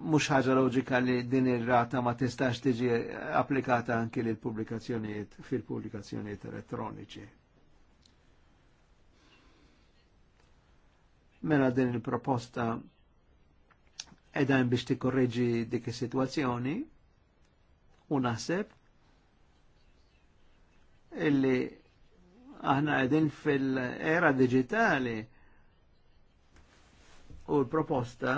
mhux ħaġa loġika li din ir-rata ma tistax tiġi applikata anki lil pubblikazzjonijiet fil-pubblikazzjonijiet elettroniċi. Mela din il-proposta edan biex korreġi dik is-sitwazzjoni u naħseb illi aħna qegħdin fil-era digitali u l-proposta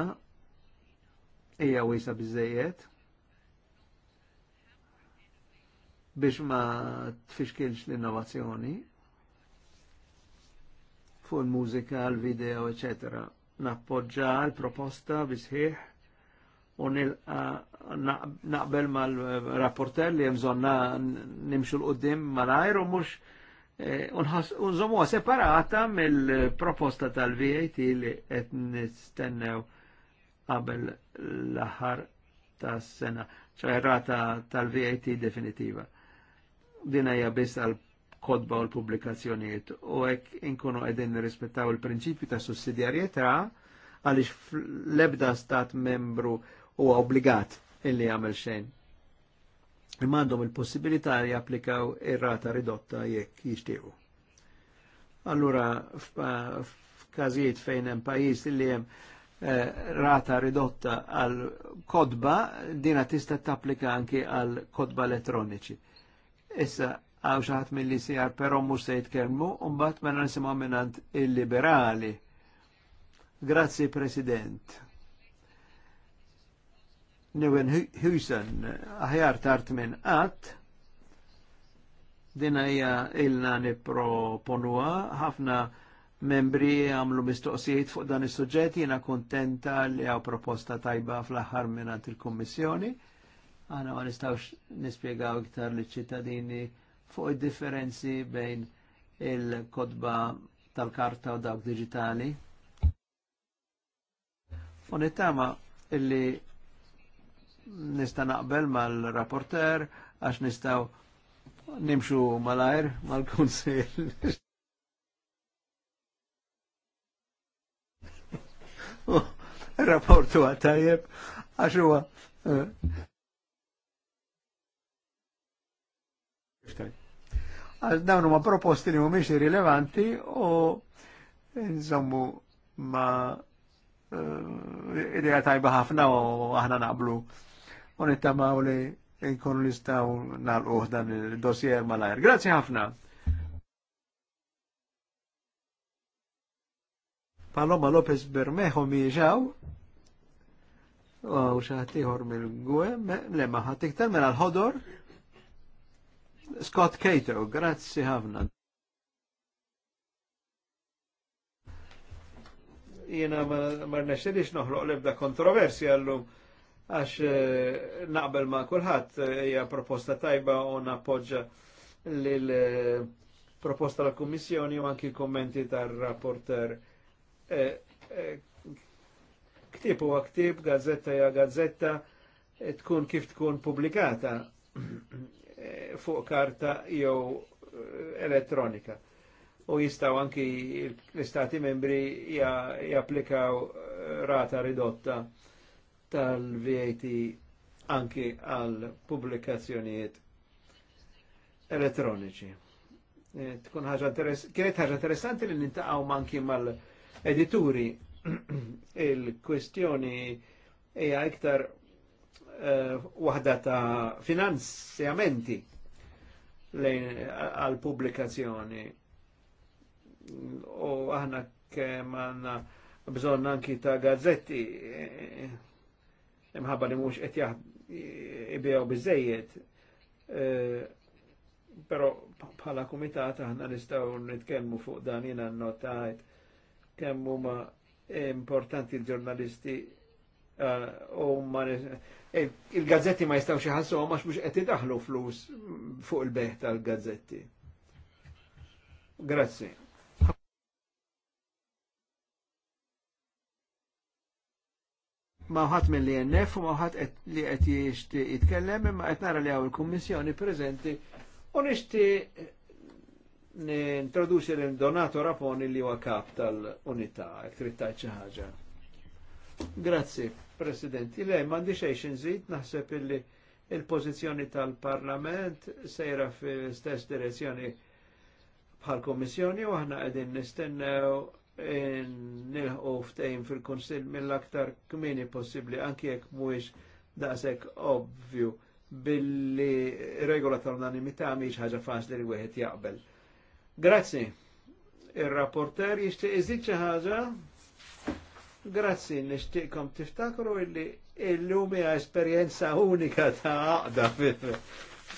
hija wisa bizzejiet biex ma tfixkilx l-innovazzjoni fuq il-mużika, l-video, eccetera nappoġġa l-proposta bisħiħ u naqbel mal-rapporter li jemżonna nimxu l-qoddim mal-ajr u mux e, unżomuwa separata mill-proposta tal-VAT li qed nistennew qabel l-aħħar tas-sena, ċajrata tal-VAT definitiva. Dina hija biss għal kodba u l-publikazzjoniet u hekk inkunu qegħdin nirrispettaw il-prinċipju ta' sussidjarjetà għaliex l-ebda stat membru huwa obbligat illi jagħmel xejn. Imma għandhom il-possibilità japplikaw ir-rata ridotta jekk jixtiequ. Allura f'każijiet fejn hemm pajjiż illi hemm eh, rata ridotta għal kodba dina tista' tapplika anki għal kodba elettroniċi. Issa għaw xaħat mill-li sijar, per ommu se jitkelmu, unbat menna nisimaw minnant il-liberali. Grazzi, President. Newen Husen, aħjar tart minn qatt, dina hija ilna niproponua, ħafna membri għamlu mistoqsijiet fuq dan is-suġġett, jiena kontenta li hawn proposta tajba fl-aħħar minn il-Kummissjoni. Għana ma nistawx nispiegaw iktar li ċittadini fuq id-differenzi bejn il-kodba tal-karta u dawk digitali. U illi nista naqbel mal-rapporter għax nistaw nimxu mal-ajr mal-kunsil. Il-rapportu għatajjeb għax huwa. Eh, għal dawn huma proposti li mhumiex irrilevanti u nżommu ma eh, idea tajba ħafna u aħna naqblu u nittamaw li nkunu nistgħu nagħlquh dan id dossier malajr. Grazzi ħafna. Paloma Lopez Bermejo mi ġaw, u xaħtiħor mill gwe lemma ħatiktar iktar mela l-ħodor. Scott Cato, grazzi ħafna. Jena ma rnexxilix l lebda kontroversi għallum għax eh, naqbel ma kulħadd eh, hija proposta tajba u nappoġġa lil eh, proposta la Kummissjoni u anki kommenti tar-rapporter. Ktib u għaktib, gazzetta ja gazzetta, tkun kif tkun publikata. fuq karta jew eh, elettronika. U jistaw anki l-istati membri japplikaw eh, rata ridotta tal-VAT anki għal pubblikazzjonijiet elettroniċi. Eh, tkun ħaġa kienet ħaġa interessanti li nintaqaw manki mal-edituri il-kwestjoni hija iktar uh, waħda ta' finanzjamenti lejn għal pubblikazzjoni. U aħna kemm għandna bżonn anki ta' gazzetti imħabba li mhux qed jibgħu biżejjed. E, però bħala kumitat aħna nistgħu nitkellmu fuq dan jiena notajt kemm huma importanti l-ġurnalisti Eh, eh, il-gazzetti ma jistawx jħassu għax mux qed idaħlu flus fuq il-beħ tal-gazzetti. Grazzi. maħat minn li jennef u maħat li qed jiexti jitkellem imma qed nara li għaw il-kommissjoni prezenti u nixti eh, introduċi l-Donato Raponi li huwa kap tal-unità, jek ħagġa. ħaġa. Grazzi, President. Le, mandi xejn zid, naħseb illi il-pozizjoni tal-Parlament sejra fil-stess direzzjoni bħal-Komissjoni u aħna qegħdin nistennew nilħu ftejn fil-Konsil mill-aktar kmini possibbli anki jekk mhuwiex daqshekk ovvju billi regola tal-unanimità mhix ħaġa faċli li wieħed jaqbel. Grazzi. Ir-rapporter jixtieq iżid xi ħaġa? Grazzi, nishtiqkom tiftakru illi illum hija esperjenza unika ta' għaqda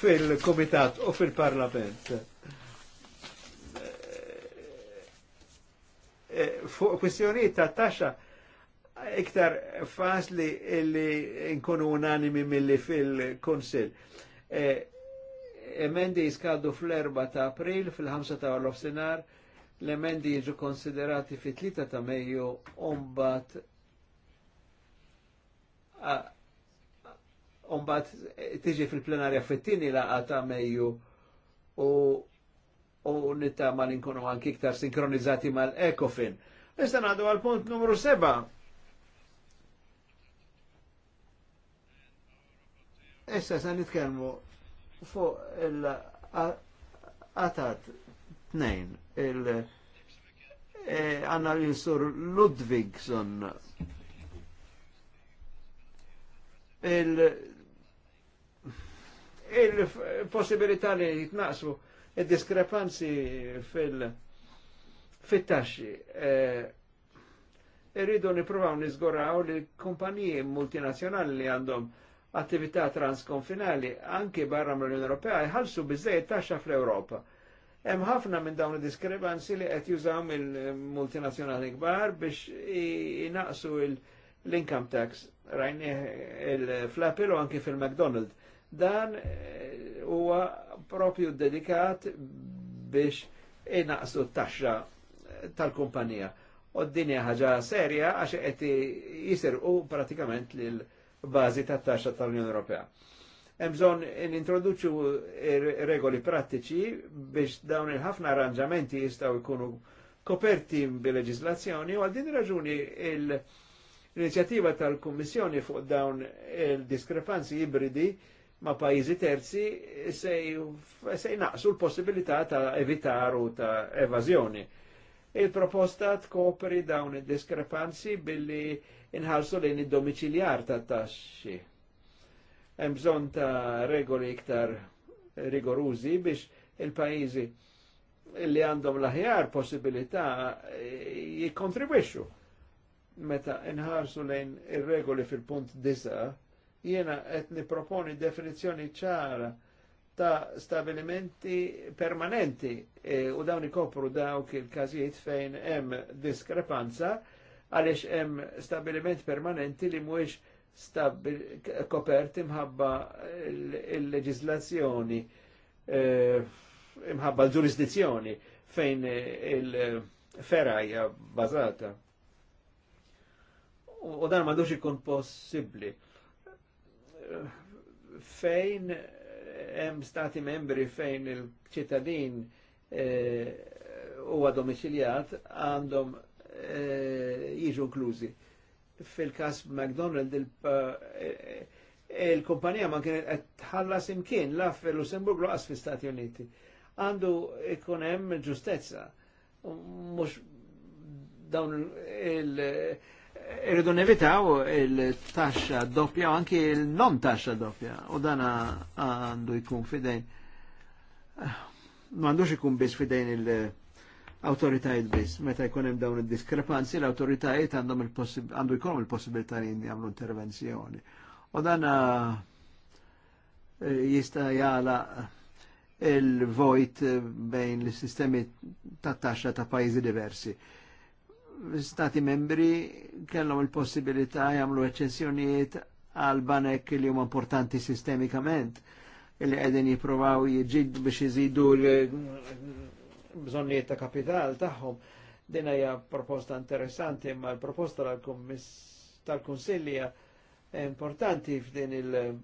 fil-Komitat u fil-Parlament. Eh, eh, fuq kwistjonijiet ta' taxxa iktar fasli illi nkunu unanimi milli fil-Konsil. Eh, emendi jiskaldu fl-4 ta' april, fil-5 ta' l-ofsinar, L-emendi jiġu konsiderati fit tlita ta' meju umbat umbat tiġi fil-plenarja fit-tini laqa ta' meju u u nitta ma ninkunu anki iktar sinkronizzati mal-ECOFIN. Issa għadu għal-punt numru 7. Issa sa nitkelmu fuq il-qatat 2 il- għanna e, l-sur Ludwigson. Il, il-possibilità li jitnaqsu il-diskrepanzi fil- fit e, Irridu e, niprovaw nizgoraw li kumpaniji multinazjonali li għandhom attività transkonfinali anki barra mill-Unjoni Ewropea jħalsu bizzej taxxa fl-Ewropa Hemm ħafna minn dawn id-diskrepanzi li qed jużaw mill-multinazzjonali kbar biex jnaqsu l-income tax rajni il-flapil u anki fil-McDonald. Dan eh, huwa propju dedikat biex jnaqsu t-taxxa eh, tal-kumpanija. U d-dinja ħaġa serja għax qed u pratikament l bażi tat-taxxa tal-Unjoni Ewropea. Emżon nintroduċu regoli prattiċi biex dawn il-ħafna arranġamenti jistaw ikunu koperti bil-leġislazzjoni u għal din raġuni l inizjativa tal-Kummissjoni fuq dawn il-diskrepanzi ibridi ma' pajizi terzi se naqsu l-possibilità ta' evitar u ta' evazjoni. Il-proposta tkopri dawn il-diskrepanzi billi inħarsu lejn id-domiciliar ta' taxxi hemm bżonn ta' regoli iktar rigorużi biex il-pajjiżi li għandhom l-aħjar possibilità eh, jikkontribwixxu. Meta inħarsu lejn ir-regoli fil-punt disa, jiena qed niproponi definizzjoni ċara ta' stabilimenti permanenti e, u dawn ikopru dawk il-każijiet fejn hemm diskrepanza għaliex hemm stabiliment permanenti li mhuwiex koperti mħabba il leġizlazzjoni eh, mħabba l-ġurisdizzjoni fejn il-ferajja bazata. U dan mandux ikun possibli. Fejn hemm stati membri fejn il-ċittadin eh, huwa e, għandhom eh, jiġu inklużi fil-kas McDonald eh, eh, il-kumpanija ma kienet tħallas imkien la fil-Lussemburg laqas fil stati Uniti. Għandu ikun hemm ġustezza mhux dawn il- Irridu nevitaw il-taxxa doppja u anki il-non taxxa doppja u dana għandu jkun fidejn. Ma għandux jkun biss fidejn il- autoritajiet biss. Meta jkun hemm dawn id-diskrepanzi, l-autoritajiet għandhom għandu jkollhom il-possibilità li jagħmlu intervenzjoni. U dan eh, jista' jala eh, il-vojt eh, bejn l-sistemi ta' taxxa ta' pajjiżi diversi. Stati membri kellhom il-possibilità jagħmlu eċċessjonijiet għal banek li huma importanti sistemikament li qegħdin jippruvaw jiġġieldu biex iżidu bżonnijiet ta' kapital tagħhom. Din hija proposta interessanti, ma l-proposta tal-Kunsilja importanti f'din il-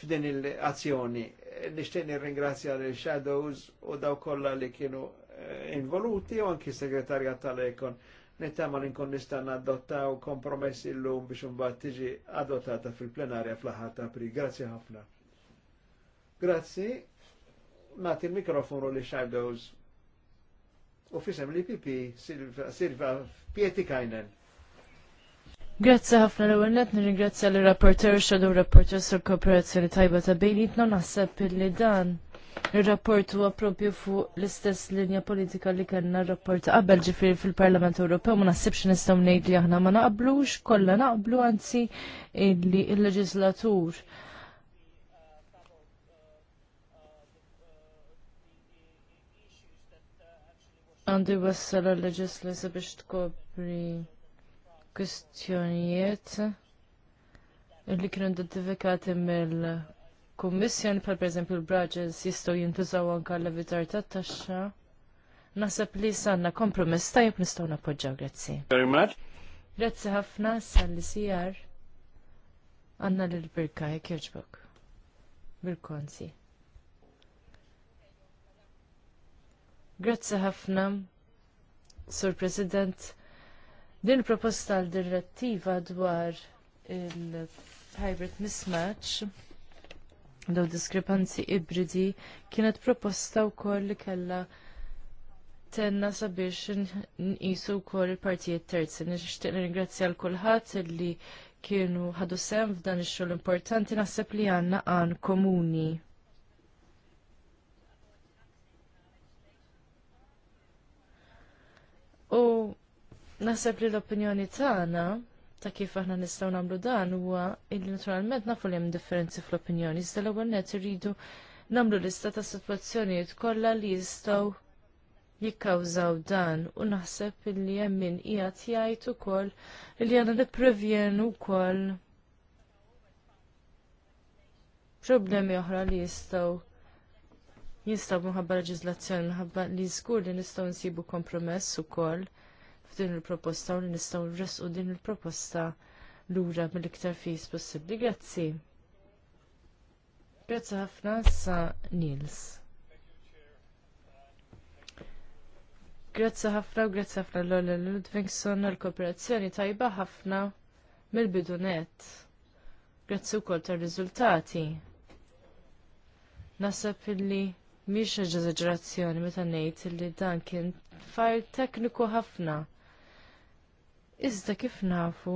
f'din il-azzjoni. Nixtieq nirringrazzja l shadows u daw kollha li kienu eh, involuti u anki segretarja tal-Ekon. Nittama li nkun nistan adottaw kompromessi llum biex mbagħad tiġi adottata fil-plenarja fl-aħħar ta' april. Grazzi ħafna. Grazzi nagħti l-mikrofonu li Shadows u fisem li pipi Silva Pieti Kajnen.
Grazzi ħafna l-ewwel net nirringrazzja l rapporter xadu Rapporter sur kooperazzjoni tajba ta' non naħseb li dan ir-rapport huwa propju fuq l-istess linja politika li kellna r-rapport qabel ġifieri fil-Parlament Ewropew ma naħsibx nistgħu ngħid li aħna ma naqblux, kollha naqblu anzi illi il-leġislatur il leġislatur għandu jwassal għal-leġislaza biex tkopri kustjonijiet li kienu identifikati mill-Kummissjoni pal eżempju l-Braġels jistgħu jintużaw anke l-evitar tat-taxxa. Naħseb li sanna kompromess tajjeb nistgħu nappoġġaw grazzi. Very much. Grazzi ħafna salli sijar għanna l-birka jek jogħġbok. Birkonzi. Grazzi ħafna, Sur President. Din proposta l direttiva dwar il-hybrid mismatch daw diskrepanzi ibridi kienet proposta wkoll li kellha tenna sabiex nqisu wkoll il-partijiet terzi. Nixtieq ringrazzja l kulħadd li kienu ħadu sem f'dan ix-xogħol importanti naħseb li għandna għan komuni. U naħseb li l-opinjoni tagħna ta' kif aħna nistgħu nagħmlu dan huwa illi naturalment nafu li hemm differenzi fl-opinjoni, iżda l-ewwel nett irridu nagħmlu lista ta' sitwazzjonijiet kollha li jistgħu jikkawżaw dan u naħseb illi hemm min qiegħed jgħid ukoll li għandna nipprevjenu wkoll problemi oħra li jistgħu jinstab minħabba leġiżlazzjoni minħabba li żgur li nistgħu nsibu kompromess ukoll f'din il-proposta u li nistgħu nresqu din il-proposta lura mill-iktar fis possibbli. Grazzi. Grazzi ħafna sa Nils. Grazzi ħafna u grazzi ħafna l-Ola Ludvingson għal kooperazzjoni tajba ħafna mill-bidunet. Grazzi wkoll tar-riżultati. Nasab illi miex eġeżerazzjoni meta ngħid li dan kien fajl tekniku ħafna. Iżda kif nafu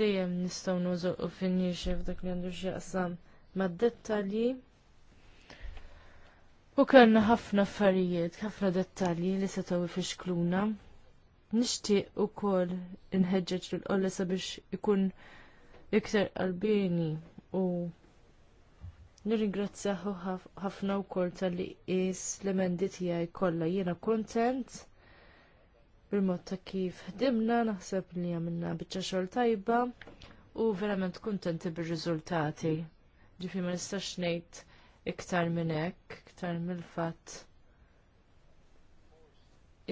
dejjem nistgħu u finixi f'dak li għandu x'jaqsam mad-dettalji. U kellna ħafna affarijiet, ħafna dettalji li setgħu ifixkluna. Nixtieq ukoll inħeġġeġ lil qolla sabiex ikun iktar qalbini u Nirringrazzjaħu ħafna wkoll tal-li qis l-emendi tiegħi kollha jiena kuntent bil-mod ta' kif ħdimna naħseb li għamilna biċċa xogħol tajba u verament kuntenti bir-riżultati. Ġifi ma nistax ngħid iktar minn hekk, iktar mill-fatt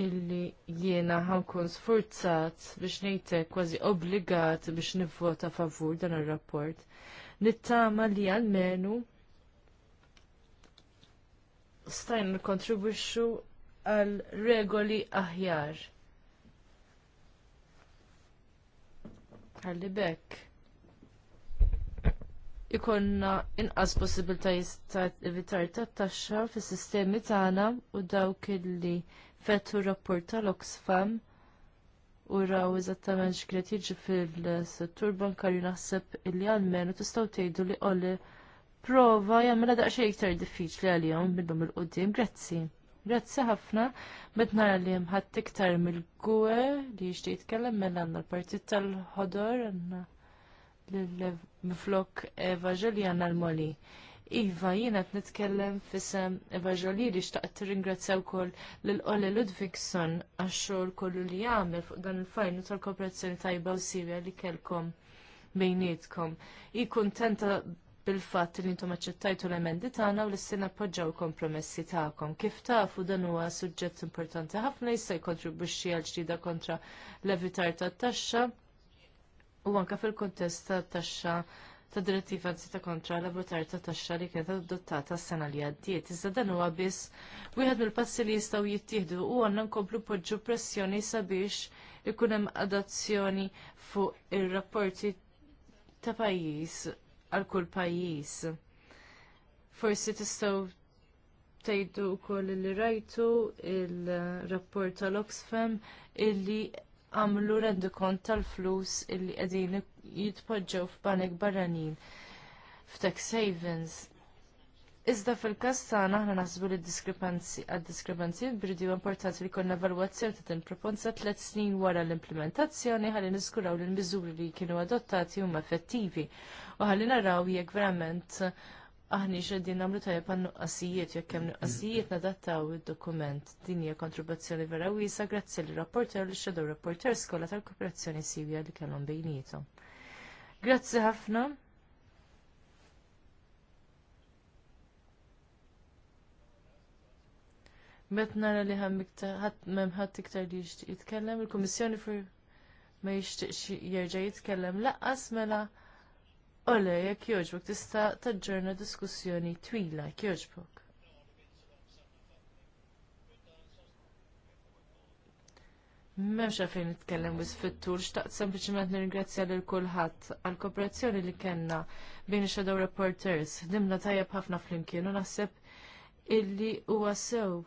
illi jiena ħankun sfurzat biex hekk kważi obbligat biex nivvota favur dan ir rapport Nittama li għalmenu stajn nikontribwixxu għal regoli aħjar. Għalli bekk. Ikonna inqas possibiltajiet ta' evitar ta' taxxa fis sistemi tagħna u dawk illi fettu rapport tal-Oxfam u raw eżattament x'kienet jiġi fil-settur bankarju naħseb illi għalmenu tistgħu tgħidu li qolli prova jagħmilha mela daqsxejn iktar diffiċli għalihom minnhom il qoddim Grazzi. Grazzi ħafna, bet nara li mħatt iktar mill-gwe li jixtieq jitkellem mela għanna l-partit tal-ħodor għanna l-flok Evaġeli għanna l-moli. Iva, jiena qed nitkellem fisem Evaġeli li xtaqt ringrazzja wkoll lil-Olli Ludvigson għax-xogħol kollu li jagħmel fuq dan il-fajnu tal-kooperazzjoni tajba u sirja li kellkom bejnietkom. I kontenta bil-fatt li intom aċċettajtu l-emendi tagħna u li se nappoġġaw il-kompromessi tagħkom. Kif tafu dan huwa suġġett importanti ħafna jista' jkontribwixxi għal ġdida kontra l-evitar tat-taxxa u anke fil-kuntest tat-taxxa ta' direttiva ta' kontra l evitar ta' taxxa li kienet adottata s-sena li għaddiet. Iżda dan huwa biss wieħed mill-passi li jistgħu jittieħdu u għandna nkomplu poġġu pressjoni sabiex ikun hemm adozzjoni fuq ir-rapporti ta' pajjiż għal kull pajjiż. Forsi tistgħu tgħidu wkoll li rajtu il-rapport tal-Oxfam illi għamlu rendu kont tal-flus illi qegħdin jitpoġġew f'banek barranin f'tax savings. Iżda fil-każ tagħna aħna naħsbu li diskrepanzi għad-diskrepanzi bridu importanti li konna evalwazzjoni ta' din proponza tliet snin wara l-implementazzjoni ħalli niskuraw li l-miżuri li kienu adottati huma effettivi u ħalli naraw jekk verament aħni xeddin namlu tajab għan nuqqasijiet, jekk hemm nuqqasijiet nadattaw id-dokument. Din hija kontribuzzjoni vera wiesa grazzi l-rapporter li xedu rapporter skola tal-kooperazzjoni Sivja li kellhom bejnietom. Grazzi ħafna. Met nara li ħadd ħadd iktar li jixtieq jitkellem, il-Kummissjoni fur ma jixtieqx jerġa' jitkellem laqqas mela ole jekk jogħġbok tista' taġġorna diskussjoni twila jekk jogħġbok. M'hemmx għalfejn nitkellem wis fit-tul, xtaqt sempliċement nirringrazzja lil kulħadd għall kooperazzjoni li kellna bejn ix-shadow reporters, dimna tajjeb ħafna flimkien u naħseb illi huwa sew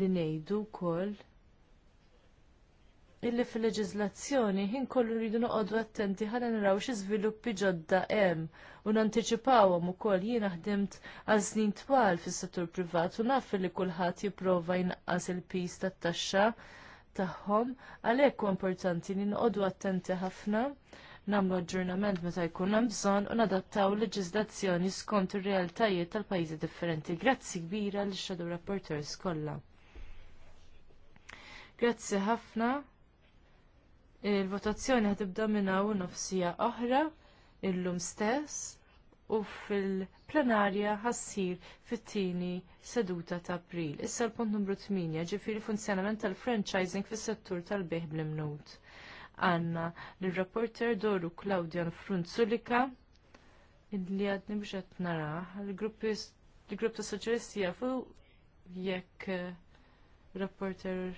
li ngħidu wkoll illi fil-leġizlazzjoni ħin kollu rridu noqogħdu attenti ħalli naraw xi żviluppi ġodda hemm u nantiċipawhom ukoll jiena ħdimt għal snin twal fis-settur privat u naf li kulħadd jipprova jinqas il-pis tat-taxxa tagħhom għalhekk huwa importanti li noqogħdu attenti ħafna nagħmlu aġġurnament meta jkun hemm bżonn u nadattaw leġizlazzjoni skont ir-realtajiet tal-pajjiżi differenti. Grazzi kbira l shadow Rapporteurs kollha. Grazzi ħafna. Il-votazzjoni ħatibda minna u nofsija oħra illum stess u fil-plenarja ħassir fit-tieni seduta ta' april. Issa l-punt numru 8 ġifiri funzjonament tal-franchising fis-settur tal-beħ bl-imnut. Għanna l-rapporter Doru Claudian Frunzulika illi għadni biex qed naraħ l-grupp ta' soċjalisti jafu jekk eh, rapporter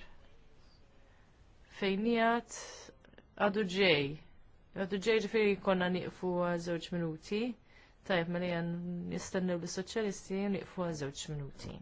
fejnijat għadu ġej. Għadu ġej ġifiri konna niqfu għazewċ minuti. Tajb, ma mela li għan nistennew l-soċjalisti niqfu għazewċ minuti.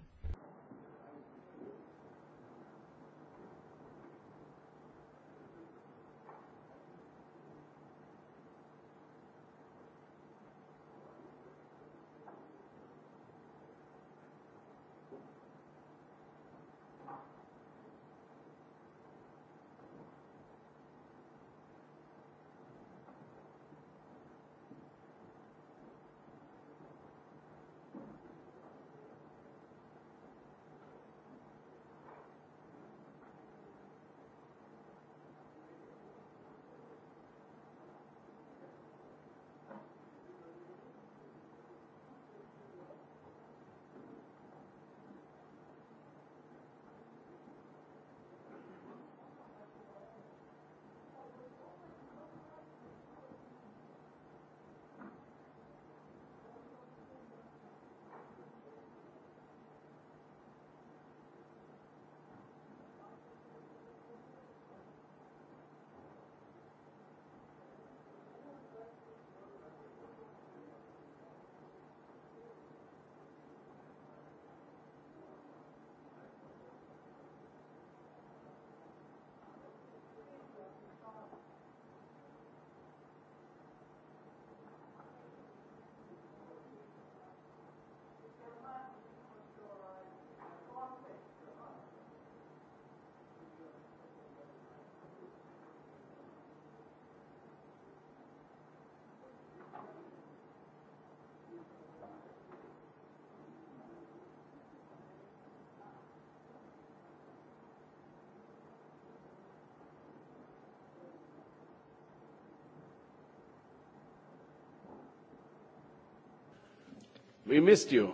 We missed you.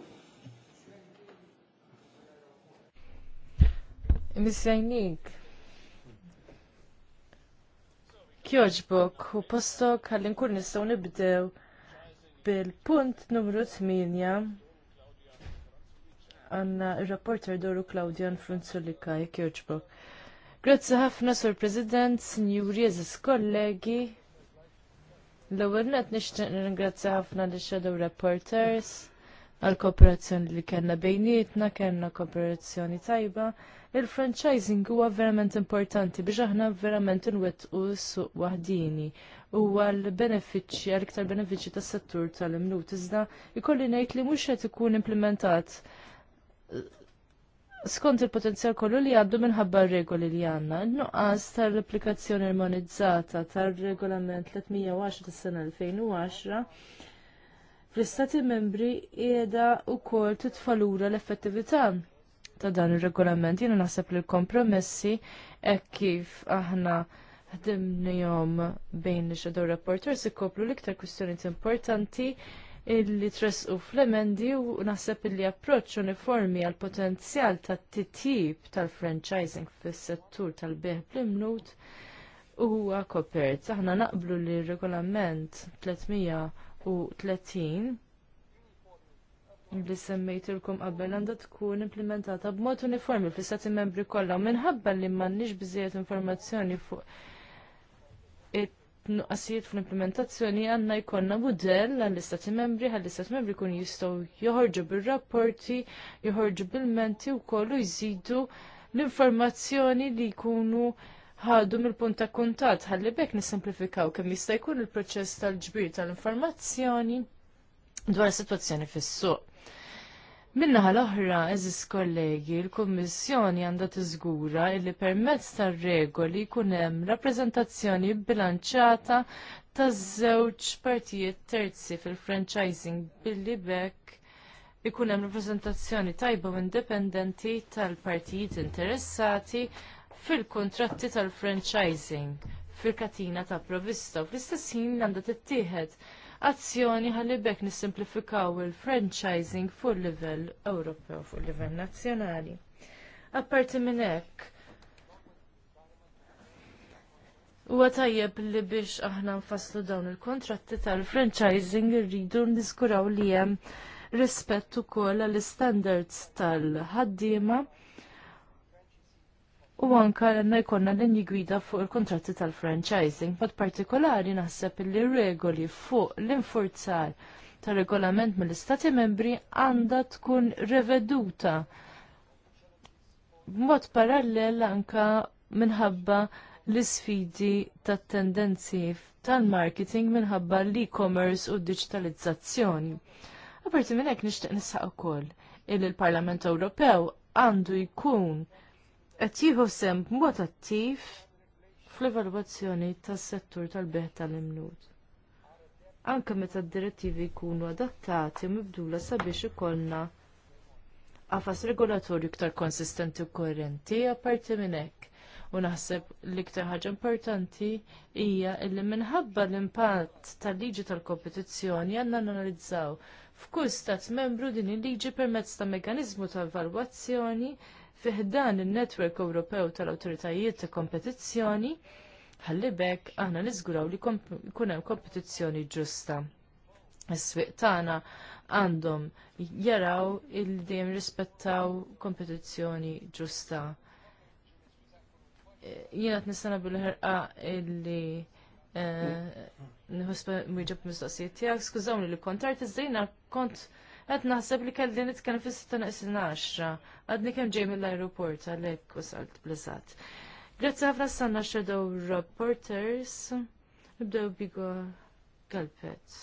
Missajnik. Kjoġbok, u posto kallin kur nistaw nibdew bil-punt numru 8 għanna il-rapporter Doru Klaudjan Frunzulika, kjoġbok. Grazzi ħafna, Sor President, Signori, Eżis kollegi. l għurnet net ringrazzi ħafna lix shadow reporters għal-kooperazzjoni li kellna bejnietna, kellna kooperazzjoni tajba. Il-franchising huwa verament importanti biex aħna verament nwettqu suq waħdini u għal-benefiċċji għal-iktar benefiċċji tas-settur tal-imnut. Iżda ikolli ngħid li mhux qed ikun implementat eh, skont il-potenzjal kollu li għaddu minħabba regoli li għanna. Nuqqas tal-applikazzjoni armonizzata tal-regolament 310 tas sena 2010 fl-istati membri u wkoll titfalura l-effettività ta' dan ir-regolament. Jiena naħseb li l-kompromessi hekk kif aħna jom bejn li xadow si koplu l-iktar kwistjonijiet importanti illi tres fl-emendi u naħseb li approċċ uniformi għal potenzjal ta' titjib tal-franchising fis-settur tal-beħ bl-imnut huwa kopert. Aħna naqblu li regolament 300 30 li semmejtilkom qabel għandha tkun implementata b'mod uniformi fl-istati membri kollha minħabba li m'għandniex biżejjed informazzjoni fuq it-nuqqasijiet fl-implementazzjoni għandna jkollna mudell għall-istati membri għall-istati membri kun jistgħu joħorġu bir-rapporti, joħorġu bil-menti wkoll kollu jżidu l-informazzjoni li jkunu ħadu mill-punt ta' kuntat ħalli bekk nisimplifikaw kemm jista' jkun il-proċess tal-ġbir tal-informazzjoni dwar is-sitwazzjoni fis-suq. Minnaħa l-oħra, eżis kollegi, l-Kommissjoni għandha tiżgura li permezz tar-regoli jkun hemm rappreżentazzjoni bilanċata taż-żewġ partijiet terzi fil-franchising billi bekk ikun hemm rappreżentazzjoni tajba u indipendenti tal-partijiet interessati fil-kontratti tal-franchising fil-katina ta' provvista u fl-istess ħin għandha tittieħed azzjoni ħalli bekk nissimplifikaw il-franchising fuq livell Ewropew fuq livell nazzjonali. Apparti minn hekk, Huwa tajjeb li biex aħna nfasslu dawn il-kontratti tal-franchising irridu niżguraw li hemm rispett ukoll għall-standards tal-ħaddiema. tal ħaddiema U anka għanna jkonna l gwida fuq il-kontratti tal-franchising, mod partikolari naħseb li regoli fuq l-infurzar tal-regolament mill-Istati membri għanda tkun reveduta. Mod parallel anka minħabba l-sfidi tat tendenzi tal-marketing minħabba l-e-commerce u digitalizzazzjoni. Għaparti minn hekk nixtieq nisaq ukoll il-Parlament Ewropew għandu jkun qed jieħu sem b'mod attiv fl-evalwazzjoni tas-settur tal-beħ tal-imnud. Anke meta d-direttivi jkunu adattati u mibdula sabiex ikollna qafas regolatorju iktar konsistenti u koerenti apparti minn hekk. U naħseb l-iktar ħaġa importanti hija li minħabba l-impatt tal-liġi tal-kompetizzjoni għandna analizzaw f'kull stat membru din il-liġi permezz ta' mekanizmu ta' evalwazzjoni fiħdan il-Netwerk Ewropew tal-Awtoritajiet ta' Kompetizzjoni ħalli bekk aħna niżguraw li kunem hemm kompetizzjoni ġusta. Is-swieq tagħna għandhom jaraw il dejjem rispettaw kompetizzjoni ġusta. Eh, jiena qed nistenna bil-ħerqa illi eh, nħosba mwieġeb mistoqsijiet tiegħek, skużawni li kontart iżdejna kont Għad naħseb li kelli nitkellem fis-6 naqsin Għadni kemm ġej mill-ajruport għalhekk u salt bliżat. Grazzi ħafna s-sanna xedow reporters. Nibdew bigo galpet.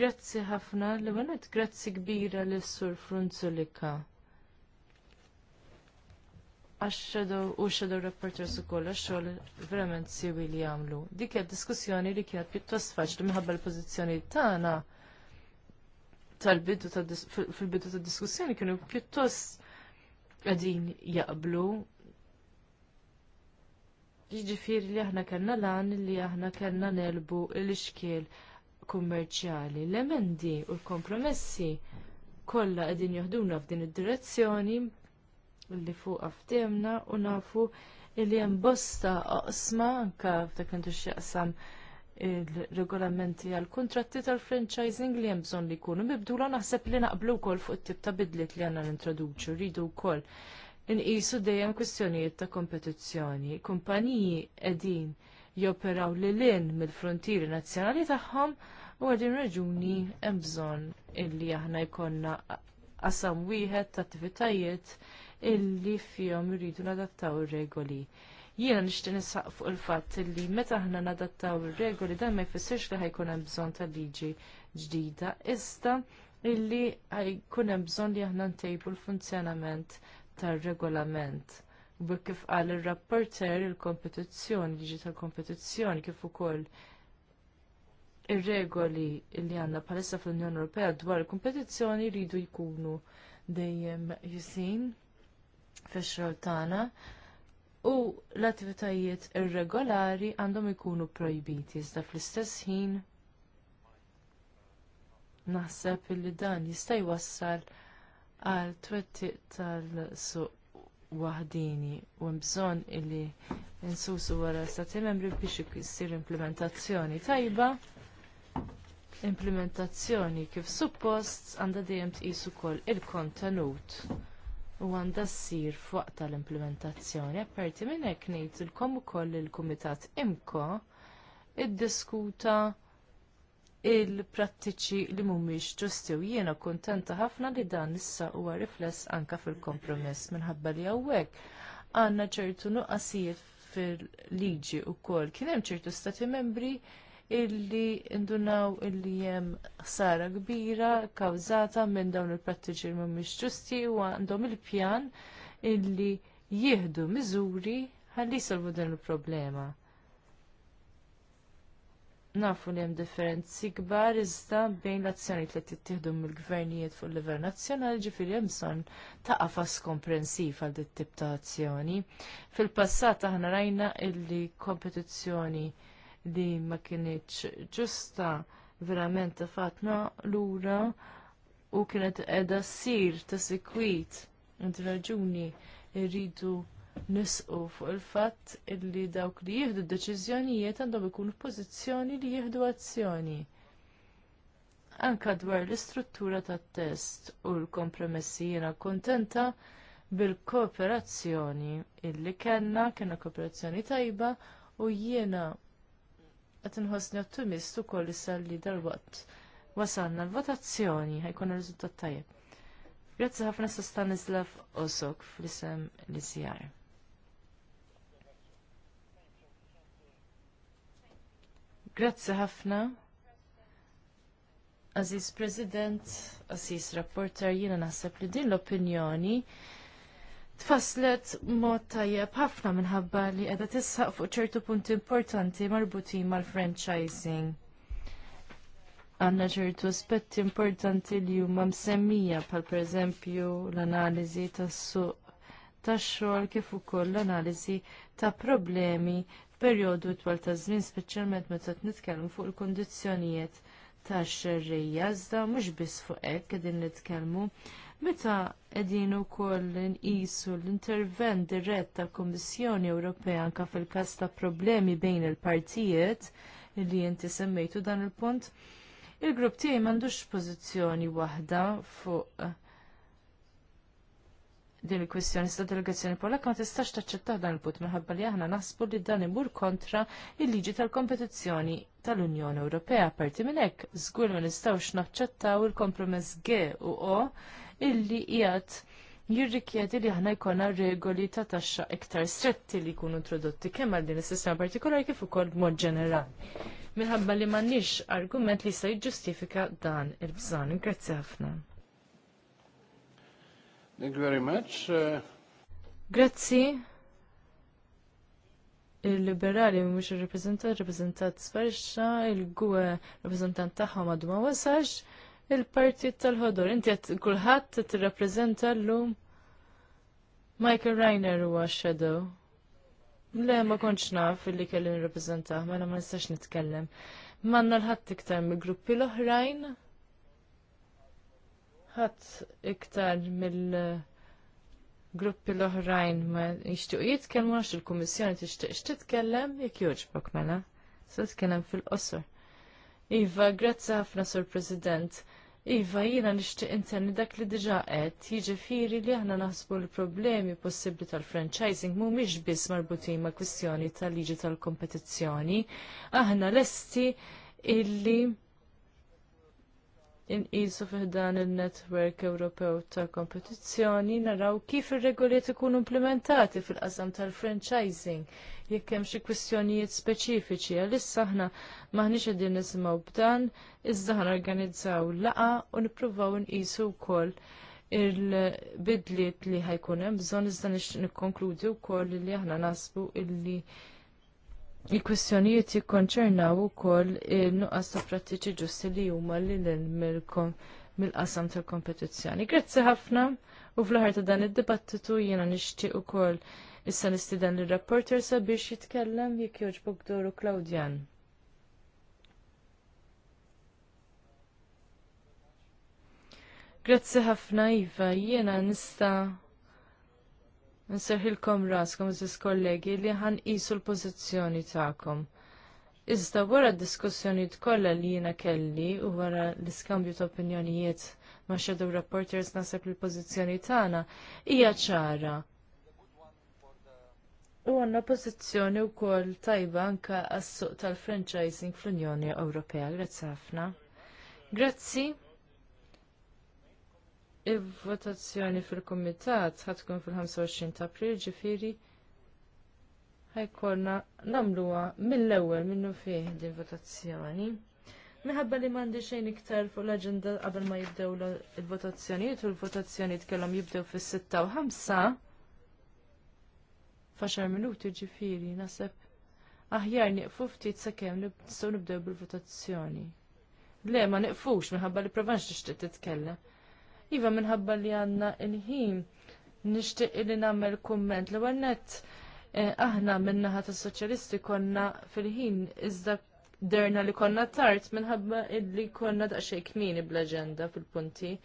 Grazzi ħafna li għanet grazzi kbira li sur Frunzulika. Għaxxedu u xedu reporter su kolla xol verament siwi li għamlu. Dikja diskussjoni li kienet pjuttost faċli minħabba l-pozizjoni tagħna tal-bidu fil-bidu tad diskussjoni kienu pjuttost qegħdin jaqblu Jiġifieri li aħna kellna lan li aħna kellna nelbu l-iskil kummerċjali. L-emendi u l-kompromessi kollha qegħdin juhduna f'din id-direzzjoni li fuq għaftemna u nafu li hemm bosta oqsma anke f'dak kentu xieqsam il-regolamenti għal kuntratti tal-franchising li hemm bżonn li jkunu mibdula naħseb li naqblu wkoll fuq it-tip ta' bidliet li għandna nintroduċu rridu wkoll inqisu dejjem kwistjonijiet ta' kompetizzjoni. Kumpaniji qegħdin joperaw li lin mill-frontieri nazzjonali tagħhom u għadin raġuni hemm bżonn illi aħna jkollna qasam wieħed ta' attivitajiet illi fihom iridu nadattaw ir-regoli. Jiena nixtieq nisaq fuq il-fatt li meta aħna nadattaw ir-regoli dan ma jfissirx li ħajkun hemm bżonn ta' liġi ġdida, iżda illi ħajkun hemm bżonn li aħna ntejbu l-funzjonament tar-regolament. U kif qal ir-rapporter il-kompetizzjoni, liġi tal-kompetizzjoni kif ukoll ir-regoli li għandna bħalissa fl-Unjoni Ewropea dwar il-kompetizzjoni jridu jkunu dejjem jisin fix-xogħol tagħna u l-attivitajiet irregolari għandhom ikunu projbiti iżda fl-istess ħin naħseb li dan jista' jwassal għal twettiq tal-suq waħdini u hemm bżonn illi nsusu wara stati membri biex issir implementazzjoni tajba implementazzjoni kif suppost għandha dejjem tqisu wkoll il-kontenut u għandha ssir fuq tal-implementazzjoni. Apparti minn hekk ilkom ukoll il-Kumitat Imko iddiskuta il-prattiċi li mhumiex ġusti u jiena kuntenta ħafna li dan issa huwa rifless anke fil-kompromess minħabba li hawnhekk għandna ċertu nuqqasijiet fil-liġi wkoll kien hemm ċertu stati membri illi ndunaw illi jem ħsara kbira kkawżata minn dawn il-prattiċi li mhumiex ġusti u għandhom il-pjan illi jieħdu miżuri ħalli jsolvu din il-problema. Nafu li hemm differenzi kbar iżda bejn l-azzjonijiet li tittieħdu mill-gvernijiet fuq livell nazzjonali ġifieri hemm bżonn ta' qafas komprensiv għal dit tip ta' azzjoni. Fil-passat aħna rajna illi kompetizzjoni li ma kienieċ ġusta verament fatna lura u kienet edha ssir ta' sikwit int raġuni rridu nisqu fuq il-fatt illi dawk li jieħdu deċiżjonijiet għandhom ikunu f'pożizzjoni li jieħdu azzjoni. Anka dwar l-istruttura tat-test u l-kompromessi jiena kontenta bil-kooperazzjoni illi kellna, kena kooperazzjoni tajba u jiena qed inħossni ottimist ukoll issa li dalwaqt wasalna l-votazzjoni ħajkun ir-riżultat tajjeb. Grazzi ħafna sa Stanislav Osok fl-isem l isjar Grazzi ħafna. Aziz President, Aziz Rapporter, jiena naħseb li din l-opinjoni tfaslet mod tajjeb ħafna minħabba li qiegħda tisħaq fuq ċertu punti importanti marbutin mal-franchising. Għanna ċertu aspetti importanti li huma msemmija bħal pereżempju l-analiżi tas-suq tax-xogħol kif ukoll l-analiżi ta' problemi f'perjodu twal ta' żmien speċjalment meta nitkellmu fuq il-kundizzjonijiet tax xerrija iżda mhux biss fuq hekk qegħdin nitkellmu meta qegħdin ukoll nqisu l-intervent dirett tal-Kummissjoni Ewropea anka fil-każ ta' problemi bejn il-partijiet li inti semmejtu dan il-punt, il-grupp tiegħi m'għandux pożizzjoni waħda fuq eh, din il kwestjoni sta' delegazzjoni polakka ma tistax taċċettaw dan il-punt minħabba li aħna naħsbu li dan imur kontra il-liġi tal-kompetizzjoni tal-Unjoni Ewropea. Parti minn hekk, żgur ma nistgħux naċċettaw il-kompromess G u O illi qiegħed jirrikjedi li aħna jkollna regoli ta' taxxa iktar stretti li jkunu introdotti kemm għal din is-sistema partikolari kif ukoll b'mod ġenerali. Minħabba li m'għandniex argument li se jiġġustifika dan il-bżonn. Grazzi ħafna.
Thank you very much. Uh,
Grazzi. Il-liberali mhux ir-rappreżentat, rappreżentat Sparixxa, il-gwe rappreżentant tagħhom għadu ma wasax il-partit tal-ħodur. Inti għed kullħat t reprezenta l-lum Michael Reiner huwa shadow. Le, ma konċ naf li kelli nirrapprezentaħ, mela ma nistax nitkellem. Manna l-ħadd iktar mill-gruppi l-oħrajn. Ħadd iktar mill- gruppi l-oħrajn ma jixtiequ jitkellmu għax il-Kummissjoni tixtieq titkellem jekk jogħġbok mela. Se tkellem fil-qosor. Iva, grazzi ħafna, Sur President. Iva, jina nishtiq intenni dak li diġa qed, jiġifieri li aħna naħsbu l-problemi possibbli tal-franchising mhumiex biss marbutin ma' kwistjoni tal-liġi tal-kompetizzjoni. Aħna lesti illi inqisu fiħdan il-Network Ewropew tal kompetizzjoni naraw kif ir-regoliet ikunu implementati fil-qasam tal-franchising jekk hemm xi kwistjonijiet speċifiċi għalissa aħna maħniex qegħdin nisimgħu b'dan, iżda aħna organizzaw laqa u nippruvaw nqisu wkoll il-bidliet li ħajkun hemm bżonn iżda nikkonkludi wkoll li aħna nasbu illi il-kwistjonijiet jikkonċernaw ukoll il-nuqqas ta' prattiċi ġusti li huma lil mill-qasam tal-kompetizzjoni. Grazzi ħafna u fl-ħar ta' dan id-dibattitu jiena nixtieq ukoll Issa nistidan il-rapporter sabiex jitkellem jekk joġbok doru Klaudjan. Grazzi ħafna Iva, jiena nista nserħilkom raskom ziz kollegi li ħan isu l-pozizjoni ta'kom. Iżda wara d-diskussjoni kollha li jiena kelli u wara l-iskambju ta' opinjonijiet ma' shadow reporters nasab il-pożizzjoni tagħna hija ċara U għanna pozizjoni u kol tajba anka għas-suq tal-franchising fl-Unjoni Ewropea. Grazzi ħafna. Grazzi. Il-votazzjoni fil-Komitat ħatkun fil-25 ta' april ġifiri ħajkorna namluwa mill-ewwel minnu fih din votazzjoni. Minħabba li mandi xejn iktar fuq l-aġenda qabel ma jibdew il-votazzjonijiet u l-votazzjoni kellhom jibdew fis-6 u 5 faċar minuti ġifiri naseb aħjar nieqfu ftit sakemm li nistgħu nibdew bil-votazzjoni. Le, ma nieqfux minħabba li provanx nixtieq titkellem. Iva minħabba li għandna il-ħin nixtieq li nagħmel kumment li għannet eh, aħna min-naħa tas soċjalisti konna fil-ħin iżda derna li konna tard minħabba li konna daqsxejn kmini bl-aġenda fil-punti.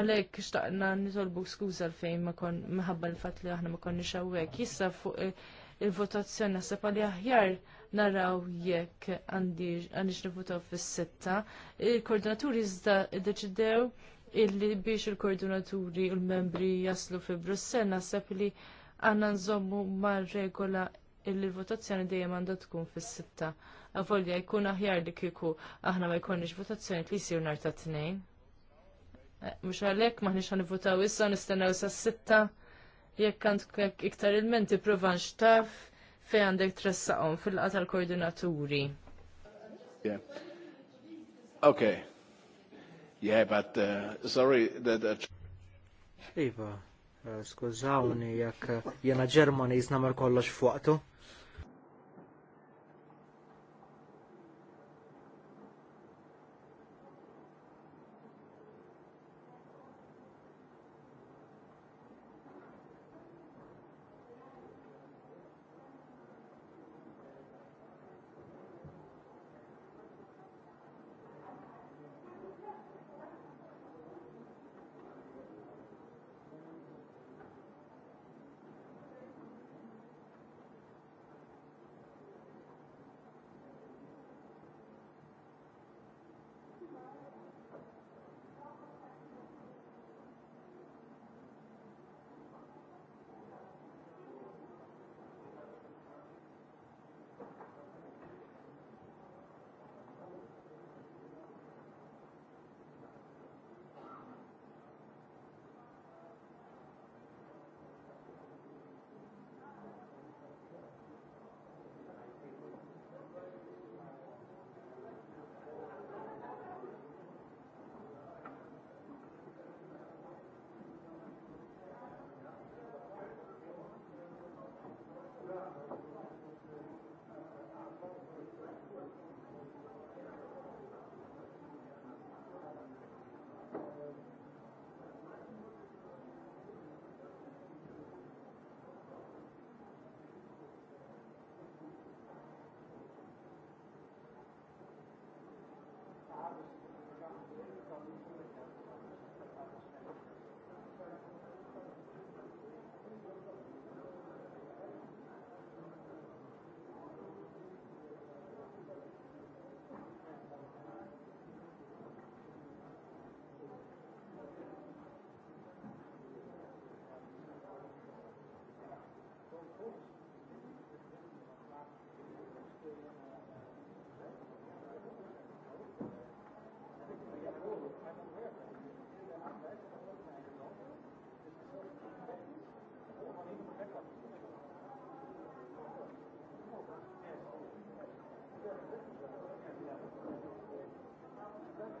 Għalhekk xtaqna nitolbu skuża fejn ma kon maħabba l-fatt li aħna ma konniex hawnhekk. Jissa fuq eh, il-votazzjoni naħseb li aħjar naraw jekk għandix nifutaw fis-sitta. Il-koordinaturi iżda iddeċidew illi biex il-koordinaturi u l-membri jaslu fi Brussel naħseb li għanna nżommu mar regola li l-votazzjoni dejjem għandha tkun fis-sitta. Avolja jkun aħjar li kieku aħna ma jkollniex votazzjoni li jsiru nhar ta' tnejn. Mux għalek maħni għan votaw issa nistennaw sa' sitta jekk għandek iktar il-menti provan xtaf fej għandek tressaqom fil-qa tal-koordinaturi.
Yeah. Okay. Yeah, but uh, sorry that...
Iva, uh... Iva, skużawni jekk jena Ġermani jiznamer kollox fuqtu. Thank you.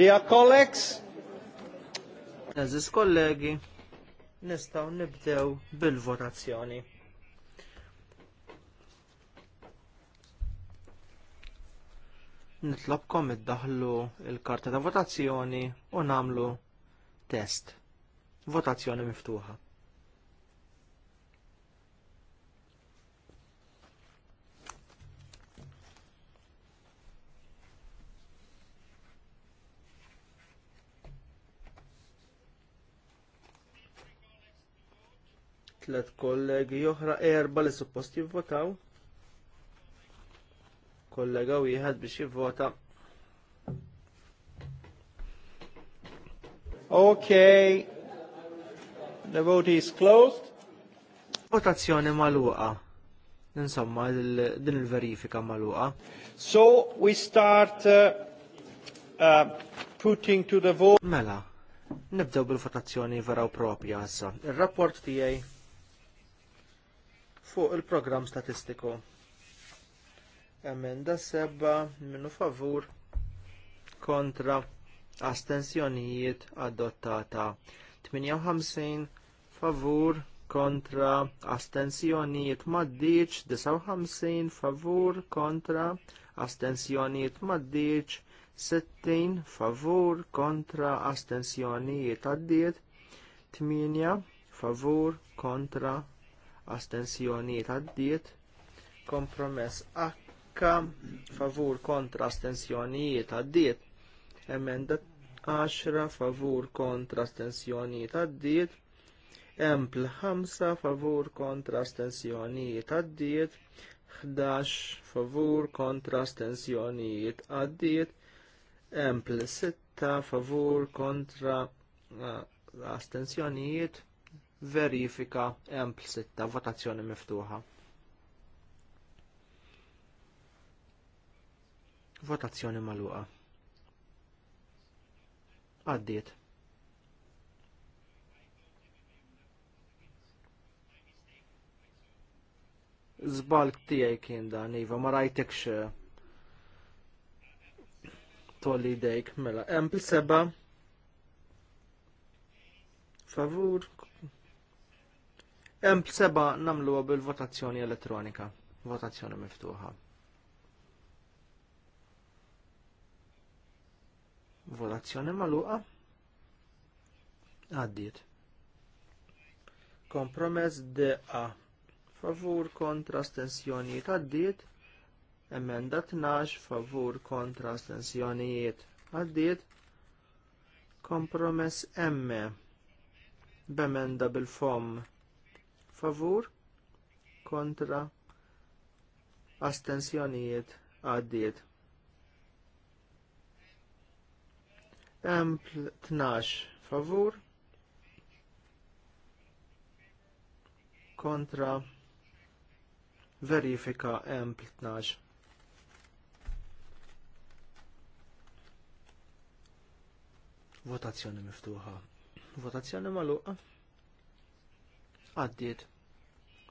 Dear colleagues, Eżis kollegi, nistaw nibdew bil-votazzjoni. Nitlobkom iddaħlu il-karta ta' votazzjoni u namlu test. Votazzjoni miftuħa. tlet kollegi oħra erba li suppost jivvotaw. Kollega wieħed biex jivvota. Ok. The vote is closed. Votazzjoni maluqa. Insomma, din il-verifika maluqa. So we start uh, uh, putting to the vote. Mela, nibdew bil-votazzjoni vera u propja għassa. Il-rapport tijaj fuq il-programm statistiku. Emenda seba minnu favur kontra astensjonijiet adottata. 58 favur kontra astensjonijiet maddiċ, 59 favur kontra astensjonijiet maddiċ, 60 favur kontra astensjonijiet addiet. 8 favur kontra astensjoni għaddiet. Kompromess H favur kontra astensjonijiet għaddiet. Emenda 10 favur kontra astensjonijiet għaddiet. Empl 5 favur kontra astensjonijiet għaddiet. 11 favur kontra astensjonijiet għaddiet. Empl 6 favur kontra eh, astensjonijiet verifika empl sitta votazzjoni miftuħa. Votazzjoni maluqa. Għaddiet. Zbalk tiegħi kien dan iva, ma rajtekx eh, tolli dejk mela. Empl seba' favur Hemm seba nagħmluha bil-votazzjoni elettronika, votazzjoni miftuħa. Votazzjoni magħluqa. Għaddiet. Kompromess DA. Favur kontra stensjonijiet għaddiet. Emenda 12 favur kontra stensjonijiet għaddiet. Kompromess M. Bemenda bil-fom favur kontra astensjonijiet għaddiet. Ampl 12 favur kontra verifika ampl 12. Votazzjoni miftuħa. Votazzjoni maluqa. Għaddiet.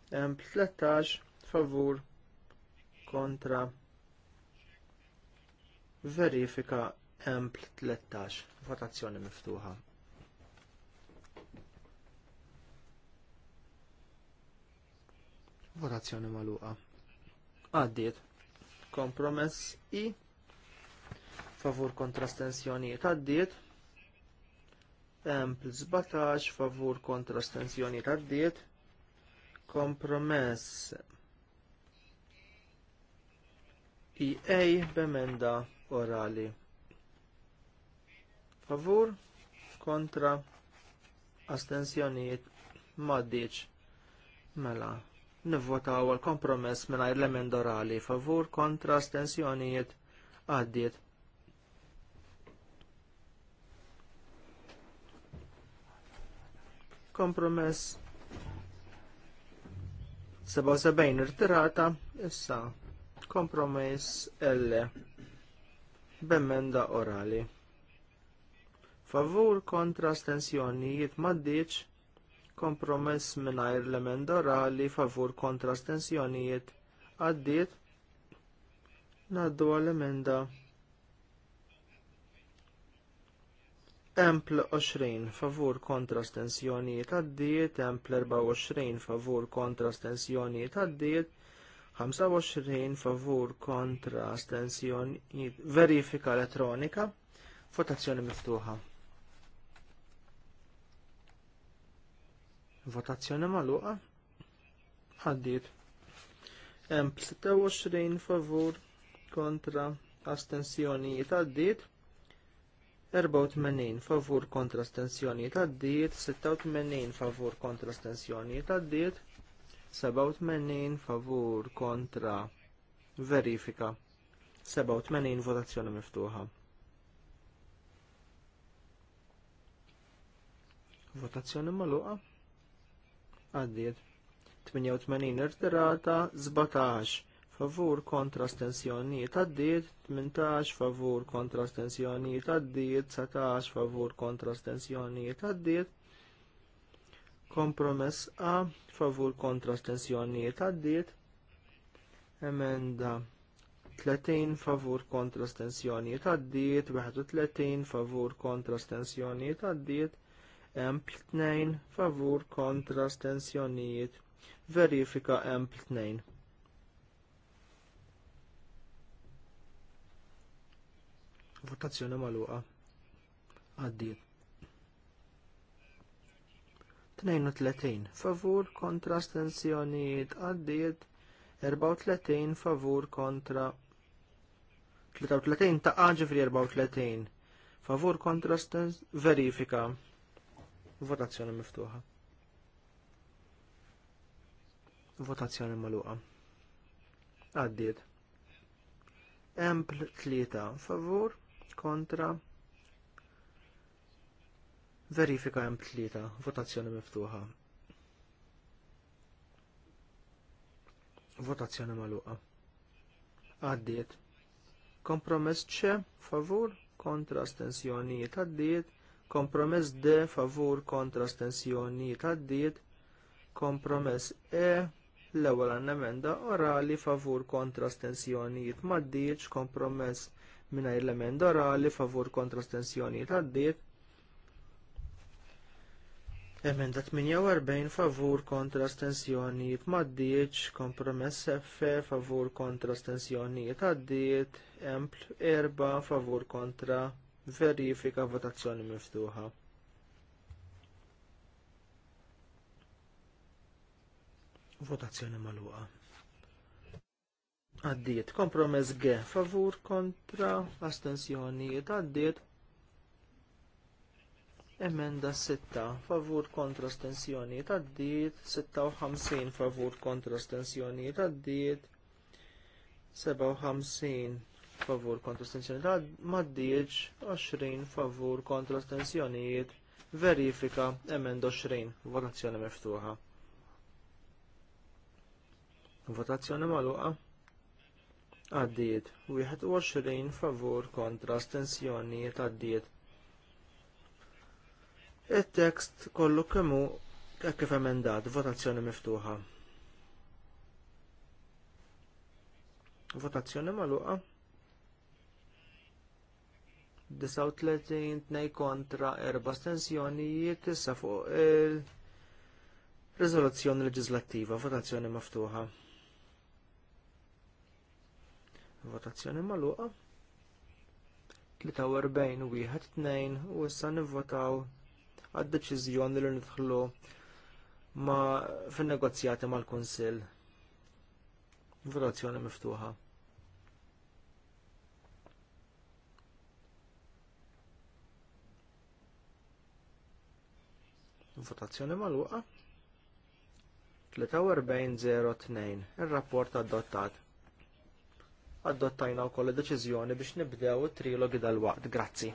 13 favur kontra verifika empl 13 votazzjoni miftuħa votazzjoni magħluqa. għaddiet kompromess i favur kontra stensjonijiet għaddiet empl 17 favur kontra stensjonijiet għaddiet Kompromess EA b'emenda orali. Favur kontra astensjonijiet maddiċ. Mela, nivvotaw għal kompromess mingħajr l-emenda orali. Favur kontra astensjonijiet għaddiet. kompromess 77 irtirata, issa kompromess L b'emmenda orali. Favur kontra stensjonijiet maddiċ, kompromess mingħajr l-emenda orali favur kontra stensjonijiet għaddiet, naddu għal-emenda Empl 20 favur kontra stensjonijiet għaddiet, Empl 24 favur kontra stensjonijiet għaddiet, 25 favur kontra stensjonijiet verifika elettronika, votazzjoni miftuħa. Votazzjoni magħluqa? għaddiet. Empl 26 favur kontra astensjonijiet għaddiet. 84 favur kontra stenzjoni ta' diet, 86 favur kontra stenzjoni ta' diet, 87 favur kontra verifika, 87 votazzjoni miftuħa. Votazzjoni maluqa? Għaddiet. 88 irtirata, 17 favur kontra stensjonijiet għaddiet, 18 favur kontra stensjonijiet għaddiet, 19 favur kontra stensjonijiet għaddiet, kompromess A favur kontra stensjonijiet għaddiet, emenda 30 favur kontra stensjonijiet għaddiet, 31 favur kontra stensjonijiet għaddiet, M2 favur kontra stensjonijiet verifika hemm 2 Votazzjoni magħluqa. Għaddiet. 32 favur kontra stenzjoniet għaddiet 34 favur kontra 33 ta' ġifri 34 favur kontra stenzjoniet verifika votazzjoni miftuħa votazzjoni maluqa għaddiet empl 3 favur kontra. Verifika hemm tlieta, votazzjoni miftuħa. Votazzjoni magħluqa. Għaddiet. Kompromess ċe, favur, kontra stensjoni għaddiet. Kompromess D, favur, kontra stensjoni għaddiet. Kompromess E, l-ewwel emenda orali favur kontra stensjonijiet maddiċ kompromess mingħajr l-emenda orali favur kontra astensjonijiet għaddiet. Emenda 48 favur kontra astensjonijiet maddiċ, kompromess F favur kontra astensjonijiet għaddiet, empl erba favur kontra verifika votazzjoni miftuħa. Votazzjoni maluqa. Għaddiet kompromess G favur kontra astensjoni, għaddiet emenda 6 favur kontra astensjoni, għaddiet 56 favur kontra astensjoni, għaddiet 57 favur kontra astensjoni, għaddiet, 20 favur kontra astensjoni, verifika emenda 20 votazzjoni miftuħa votazzjoni maluqa għaddiet, 21 favur kontra astensjonijiet għaddiet. it tekst kollu kemm hu hekk kif emendat, votazzjoni miftuħa. Votazzjoni magħluqa. 39 tnej kontra 4 astensjonijiet issa fuq il-riżoluzzjoni leġislattiva, votazzjoni miftuħa. Votazzjoni maluqa. 43 wieħed 2 u issa nivvotaw għad-deċiżjoni li nidħlu ma fin-negozjati mal-Kunsill. Votazzjoni miftuħa. votazzjoni magħluqa. 43-02 ir rapport adottat adottajna wkoll deċiżjoni biex nibdew it-trilogi dal-waqt. Grazzi.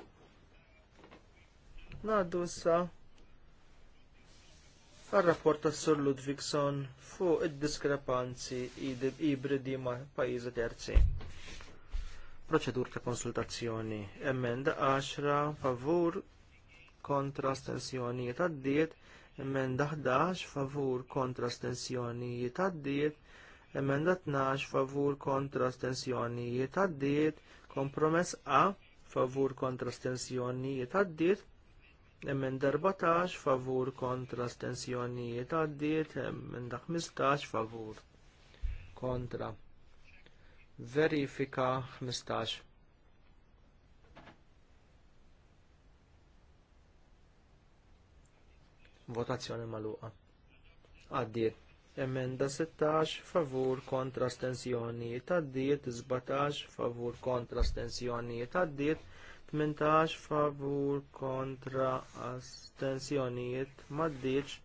Naddu issa għal rapport tas Sur Ludwigson fuq id-diskrepanzi ibridi ma' pajjiżi terzi. Proċedur ta' konsultazzjoni. Emenda 10 favur kontra stensjonijiet għaddiet, emenda 11 favur kontra stensjonijiet għaddiet, Emenda 12 favur kontra stensjonijiet għaddiet. Kompromess A favur kontra stensjonijiet għaddiet. Emenda 14 favur kontra stensjonijiet għaddiet. Emenda 15 favur kontra. Verifika 15. Votazzjoni maluqa. Addiet. Emenda 16 favur kontra stensjoni tad-diet, 17 favur kontra stensjoni tad-diet, 18 favur kontra astensjonijiet maddiċ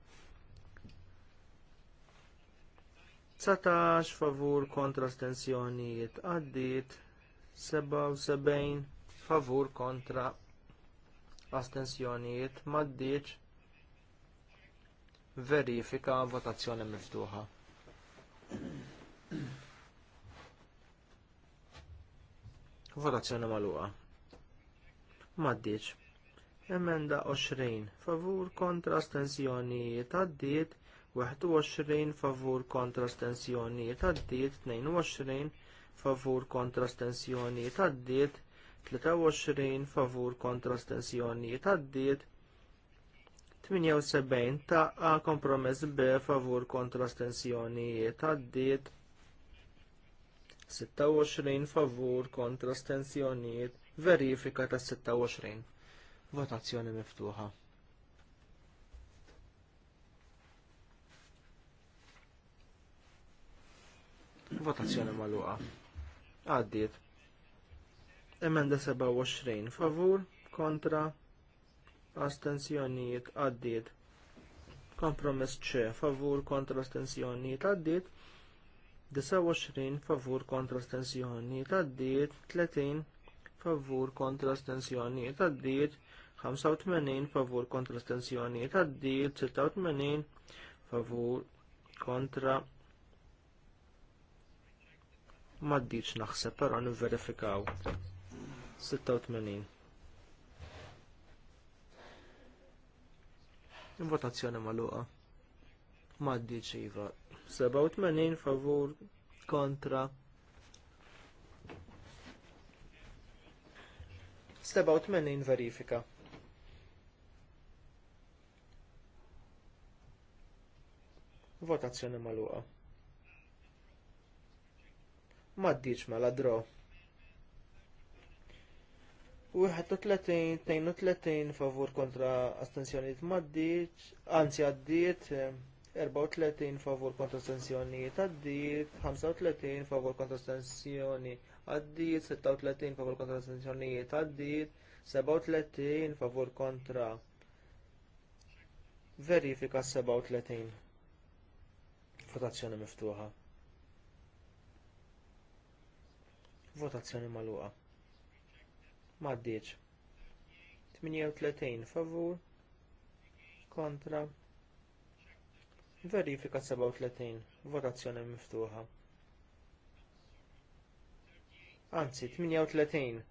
19 favur kontra astensjonijiet għaddit 77 favur kontra astensjonijiet maddiċ verifika votazzjoni miftuħa. Votazzjoni magħluqa. Maddiċ. Emenda 20 favur kontra astensjoni tad-diet 21 favur kontra stensjoni tad-diet, 22 favur kontra stensjoni tad-diet, 23 favur kontra stensjoni tad-diet, 78 ta' kompromess B favur kontra stensjonijiet għaddiet 26 favur kontra stensjonijiet verifika ta' 26 votazzjoni miftuħa votazzjoni magħluqa. għaddiet emenda 27 favur kontra astenzjonijiet għaddiet. Kompromess ċe favur kontra astensjonijiet għaddiet. 29 favur kontra astensjonijiet għaddiet. 30 favur kontra astensjonijiet għaddiet. 85 favur kontra astensjonijiet għaddiet. 86 favur kontra maddiċ naħseb, pero niverifikaw. 86. Votazzjoni magħluqa. Maddiċ iva. 87 favur kontra 87 verifika. Votazzjoni magħluqa. Maddiċ mela draw. 31, 32 favur kontra astensjoniet maddiċ, anzi għaddiet, 34 favur kontra astensjoniet għaddiet, 35 favur kontra astensjoni għaddiet, 36 favur kontra astensjoniet għaddiet, 37 favur kontra verifika 37. Votazzjoni miftuħa. Votazzjoni magħluqa maddiċ. 38 favur kontra verifika 37 votazzjoni miftuħa. Anzi, 38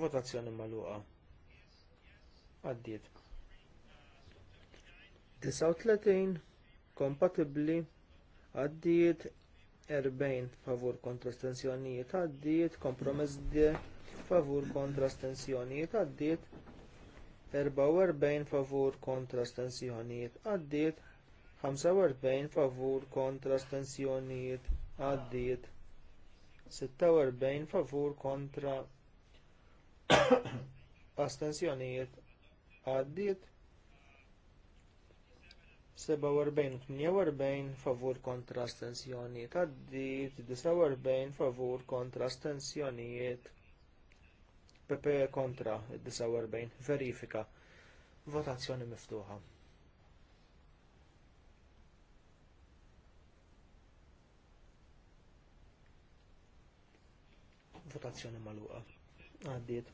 Votazzjoni magħluqa. Għaddiet. 39 kompatibbli għaddiet 40 favur kontra stensjonijiet għaddiet kompromess D favur kontra stensjonijiet għaddiet 44 favur kontra stensjonijiet għaddiet 45 favur kontra stensjonijiet għaddiet 46 favur kontra astensjonijiet għaddiet 47-48 favur kontra astensjoni taddit, 49 favur kontra astensjonijiet, PP kontra 49, verifika, votazzjoni miftuħa. Votazzjoni magħluqa. Għaddiet.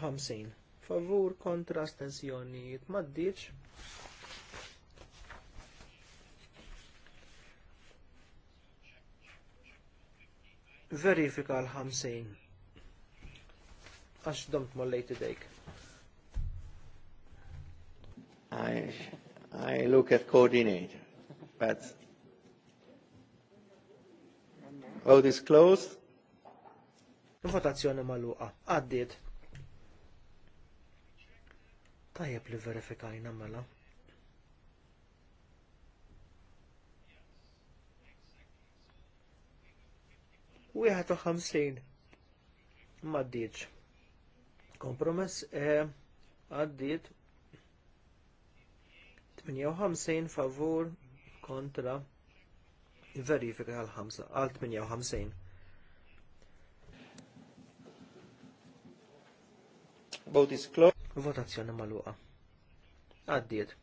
50. Favur kontra astensjonijiet maddiċ. Verifika l-50. Għax domt mollejt idejk.
I, I look at coordinator, but
vote is closed.
Votazzjoni maluqa. Għaddit. Tajjeb li verifikajna mela. Wieħed u ħamsin. Maddiċ. Kompromess e għaddiet 58 favur kontra verifika għal-5 għal-58. Vote is closed. Votazzjoni maluqa. Għaddiet.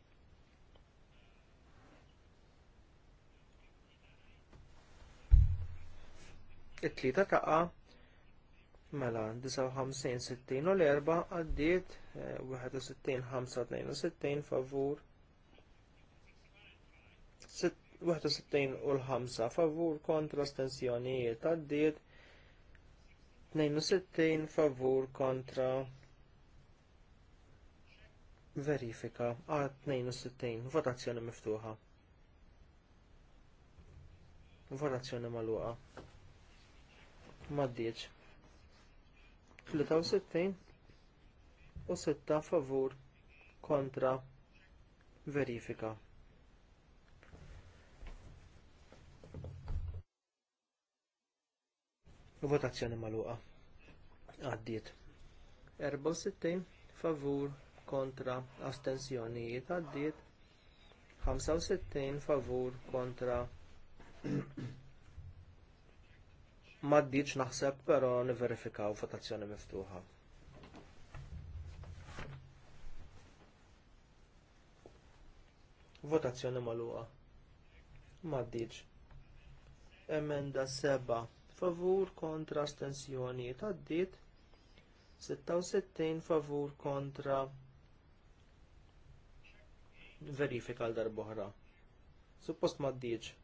It-tlieta taqa mela 59-60 u l-erba għaddiet 61-5-62 eh, favur 61 u l-5 favur kontra stensjonijiet għaddiet 62 favur kontra verifika għal 62 votazzjoni miftuħa. Votazzjoni magħluqa. Maddiċ. 63 u 6 favur kontra verifika. Votazzjoni magħluqa. Għaddiet. 64 favur kontra astensjonijiet għaddiet 65 favur kontra maddiċ naħseb pero niverifikaw votazzjoni miftuħa. Votazzjoni magħluqa. Maddiċ. Emenda seba favur kontra astensjonijiet għaddiet 66 favur kontra verifika għal darbohra. Suppost ma d-dieċ.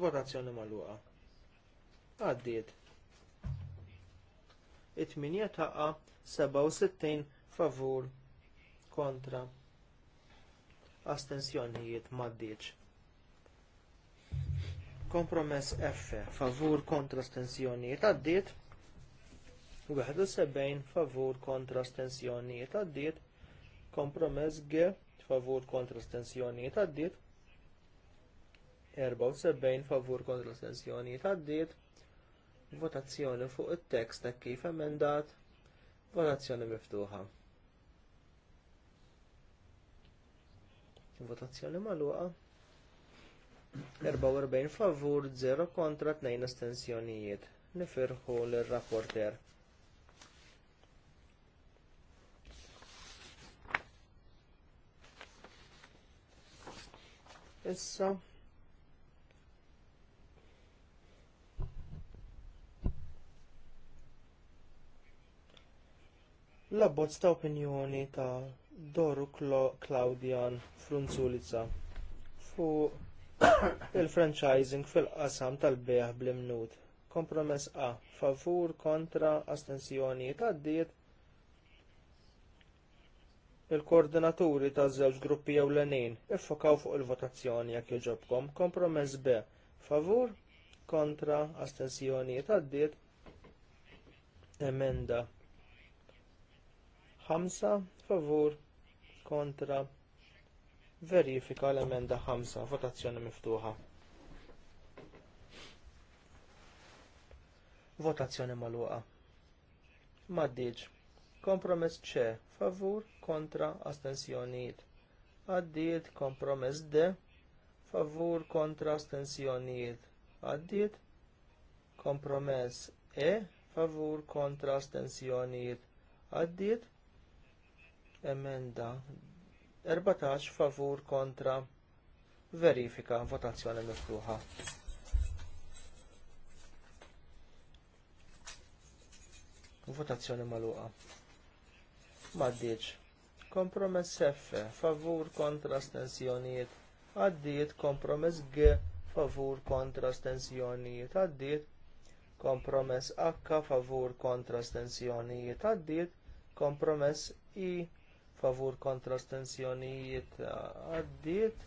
Votazzjoni mal-luqa. Għaddiet. It-minja taqa 67 favur kontra astensjonijiet ma Kompromess F, favur kontra stensjonijiet għaddiet. 71 favur kontra stensjonijiet għaddiet. Kompromess G, favur kontra stensjonijiet għaddiet. 74 favur kontra stensjonijiet għaddiet. Votazzjoni fuq it-tekst ta' kif emendat. Votazzjoni miftuħa. Votazzjoni magħluqa. 44 favur, 0 kontra, 2 astensjonijiet. Nifirħu l-rapporter. Issa. L-abbozz ta' opinjoni ta' Doru Claudian Frunzulica fuq Il-franchising fil-qasam tal-beħ bl-imnud. Kompromess A. Favur kontra astensjoni għaddiet. diet Il-koordinaturi taż żewġ gruppi jew lenin iffokaw fuq il-votazzjoni jekk jġobkom. Kompromess B. Favur kontra astensjoni tad-diet. Emenda. 5 favur kontra verifika l-emenda 5, votazzjoni miftuħa. Votazzjoni magħluqa. Maddiġ. Kompromess ċe, favur, kontra, astensjonijiet. Għaddiet, kompromess D, favur, kontra, astensjonijiet. Għaddiet, kompromess E, favur, kontra, astensjonijiet. Għaddiet, emenda 14 favur kontra verifika votazzjoni miftuħa. Votazzjoni magħluqa. Maddiċ. Kompromess F, favur kontra stensjoniet. addiet, kompromess G, favur kontra stensjoniet. Għaddiet kompromess H, favur kontra stensjoniet. Għaddiet kompromess I, favur kontra stensjonijiet għaddiet,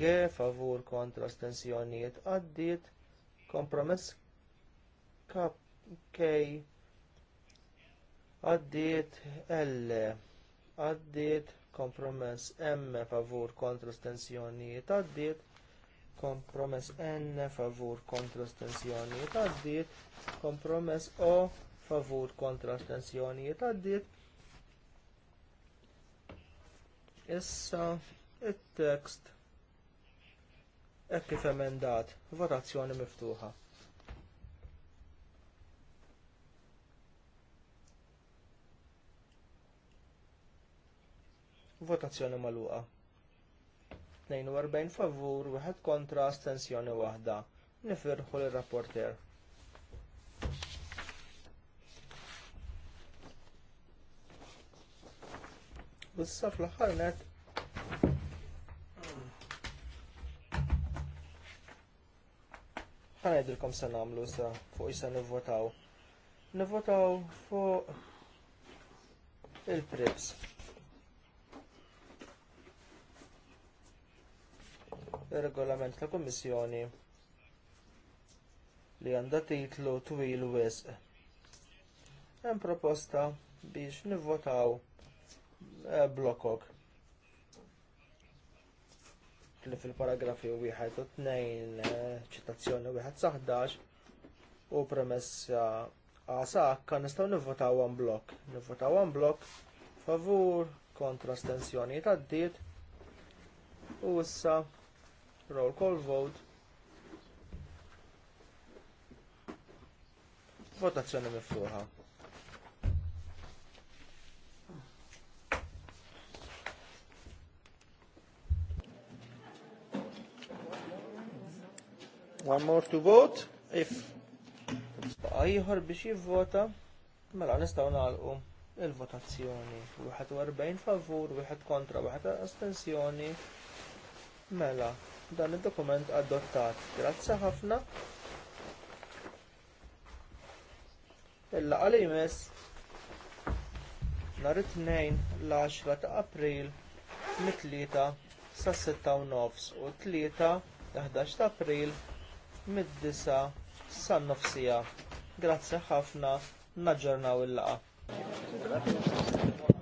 G favur kontra stensjonijiet għaddiet, kompromess K għaddiet L għaddiet kompromess M favur kontra stensjonijiet għaddiet, kompromess N favur kontra stensjonijiet għaddiet, kompromess O favur kontra stensjonijiet għaddiet, Issa, il-tekst hekk kif emendat, votazzjoni miftuħa. Votazzjoni magħluqa. 42 favur, wieħed kontra, astensjoni waħda. Nifirħu lir rapporter Issa fl-aħħar net ħanajdilkom se nagħmlu sa fuq issa nivvotaw. Nivvotaw fuq il-prips. Il-regolament ta' Kommissjoni li għandha titlu twil wisq. Hemm proposta biex nivvotaw Eh, blokok. Li fil-paragrafi wieħed u tnejn eh, ċitazzjoni wieħed saħdax u premessa għasa akka nistgħu nivvotaw għan blok. Nivvotaw għan blok favur kontra stenzjoni ta' d-diet u issa roll call vote votazzjoni mifruħa. One more to vote, if... ieħor biex jivvota, mela nistgħu nagħlqu il-votazzjoni. 41 favur, 1 kontra, 1 astensjoni. Mela, dan id dokument adottat. Grazzi ħafna. Illa għalimis nhar it-tnejn l-10 ta' April mit-tlieta sa' 6 u nofs u tlieta 11 ta' April mid-disa san nofsija. Grazzi ħafna, naġġornaw il laqgħa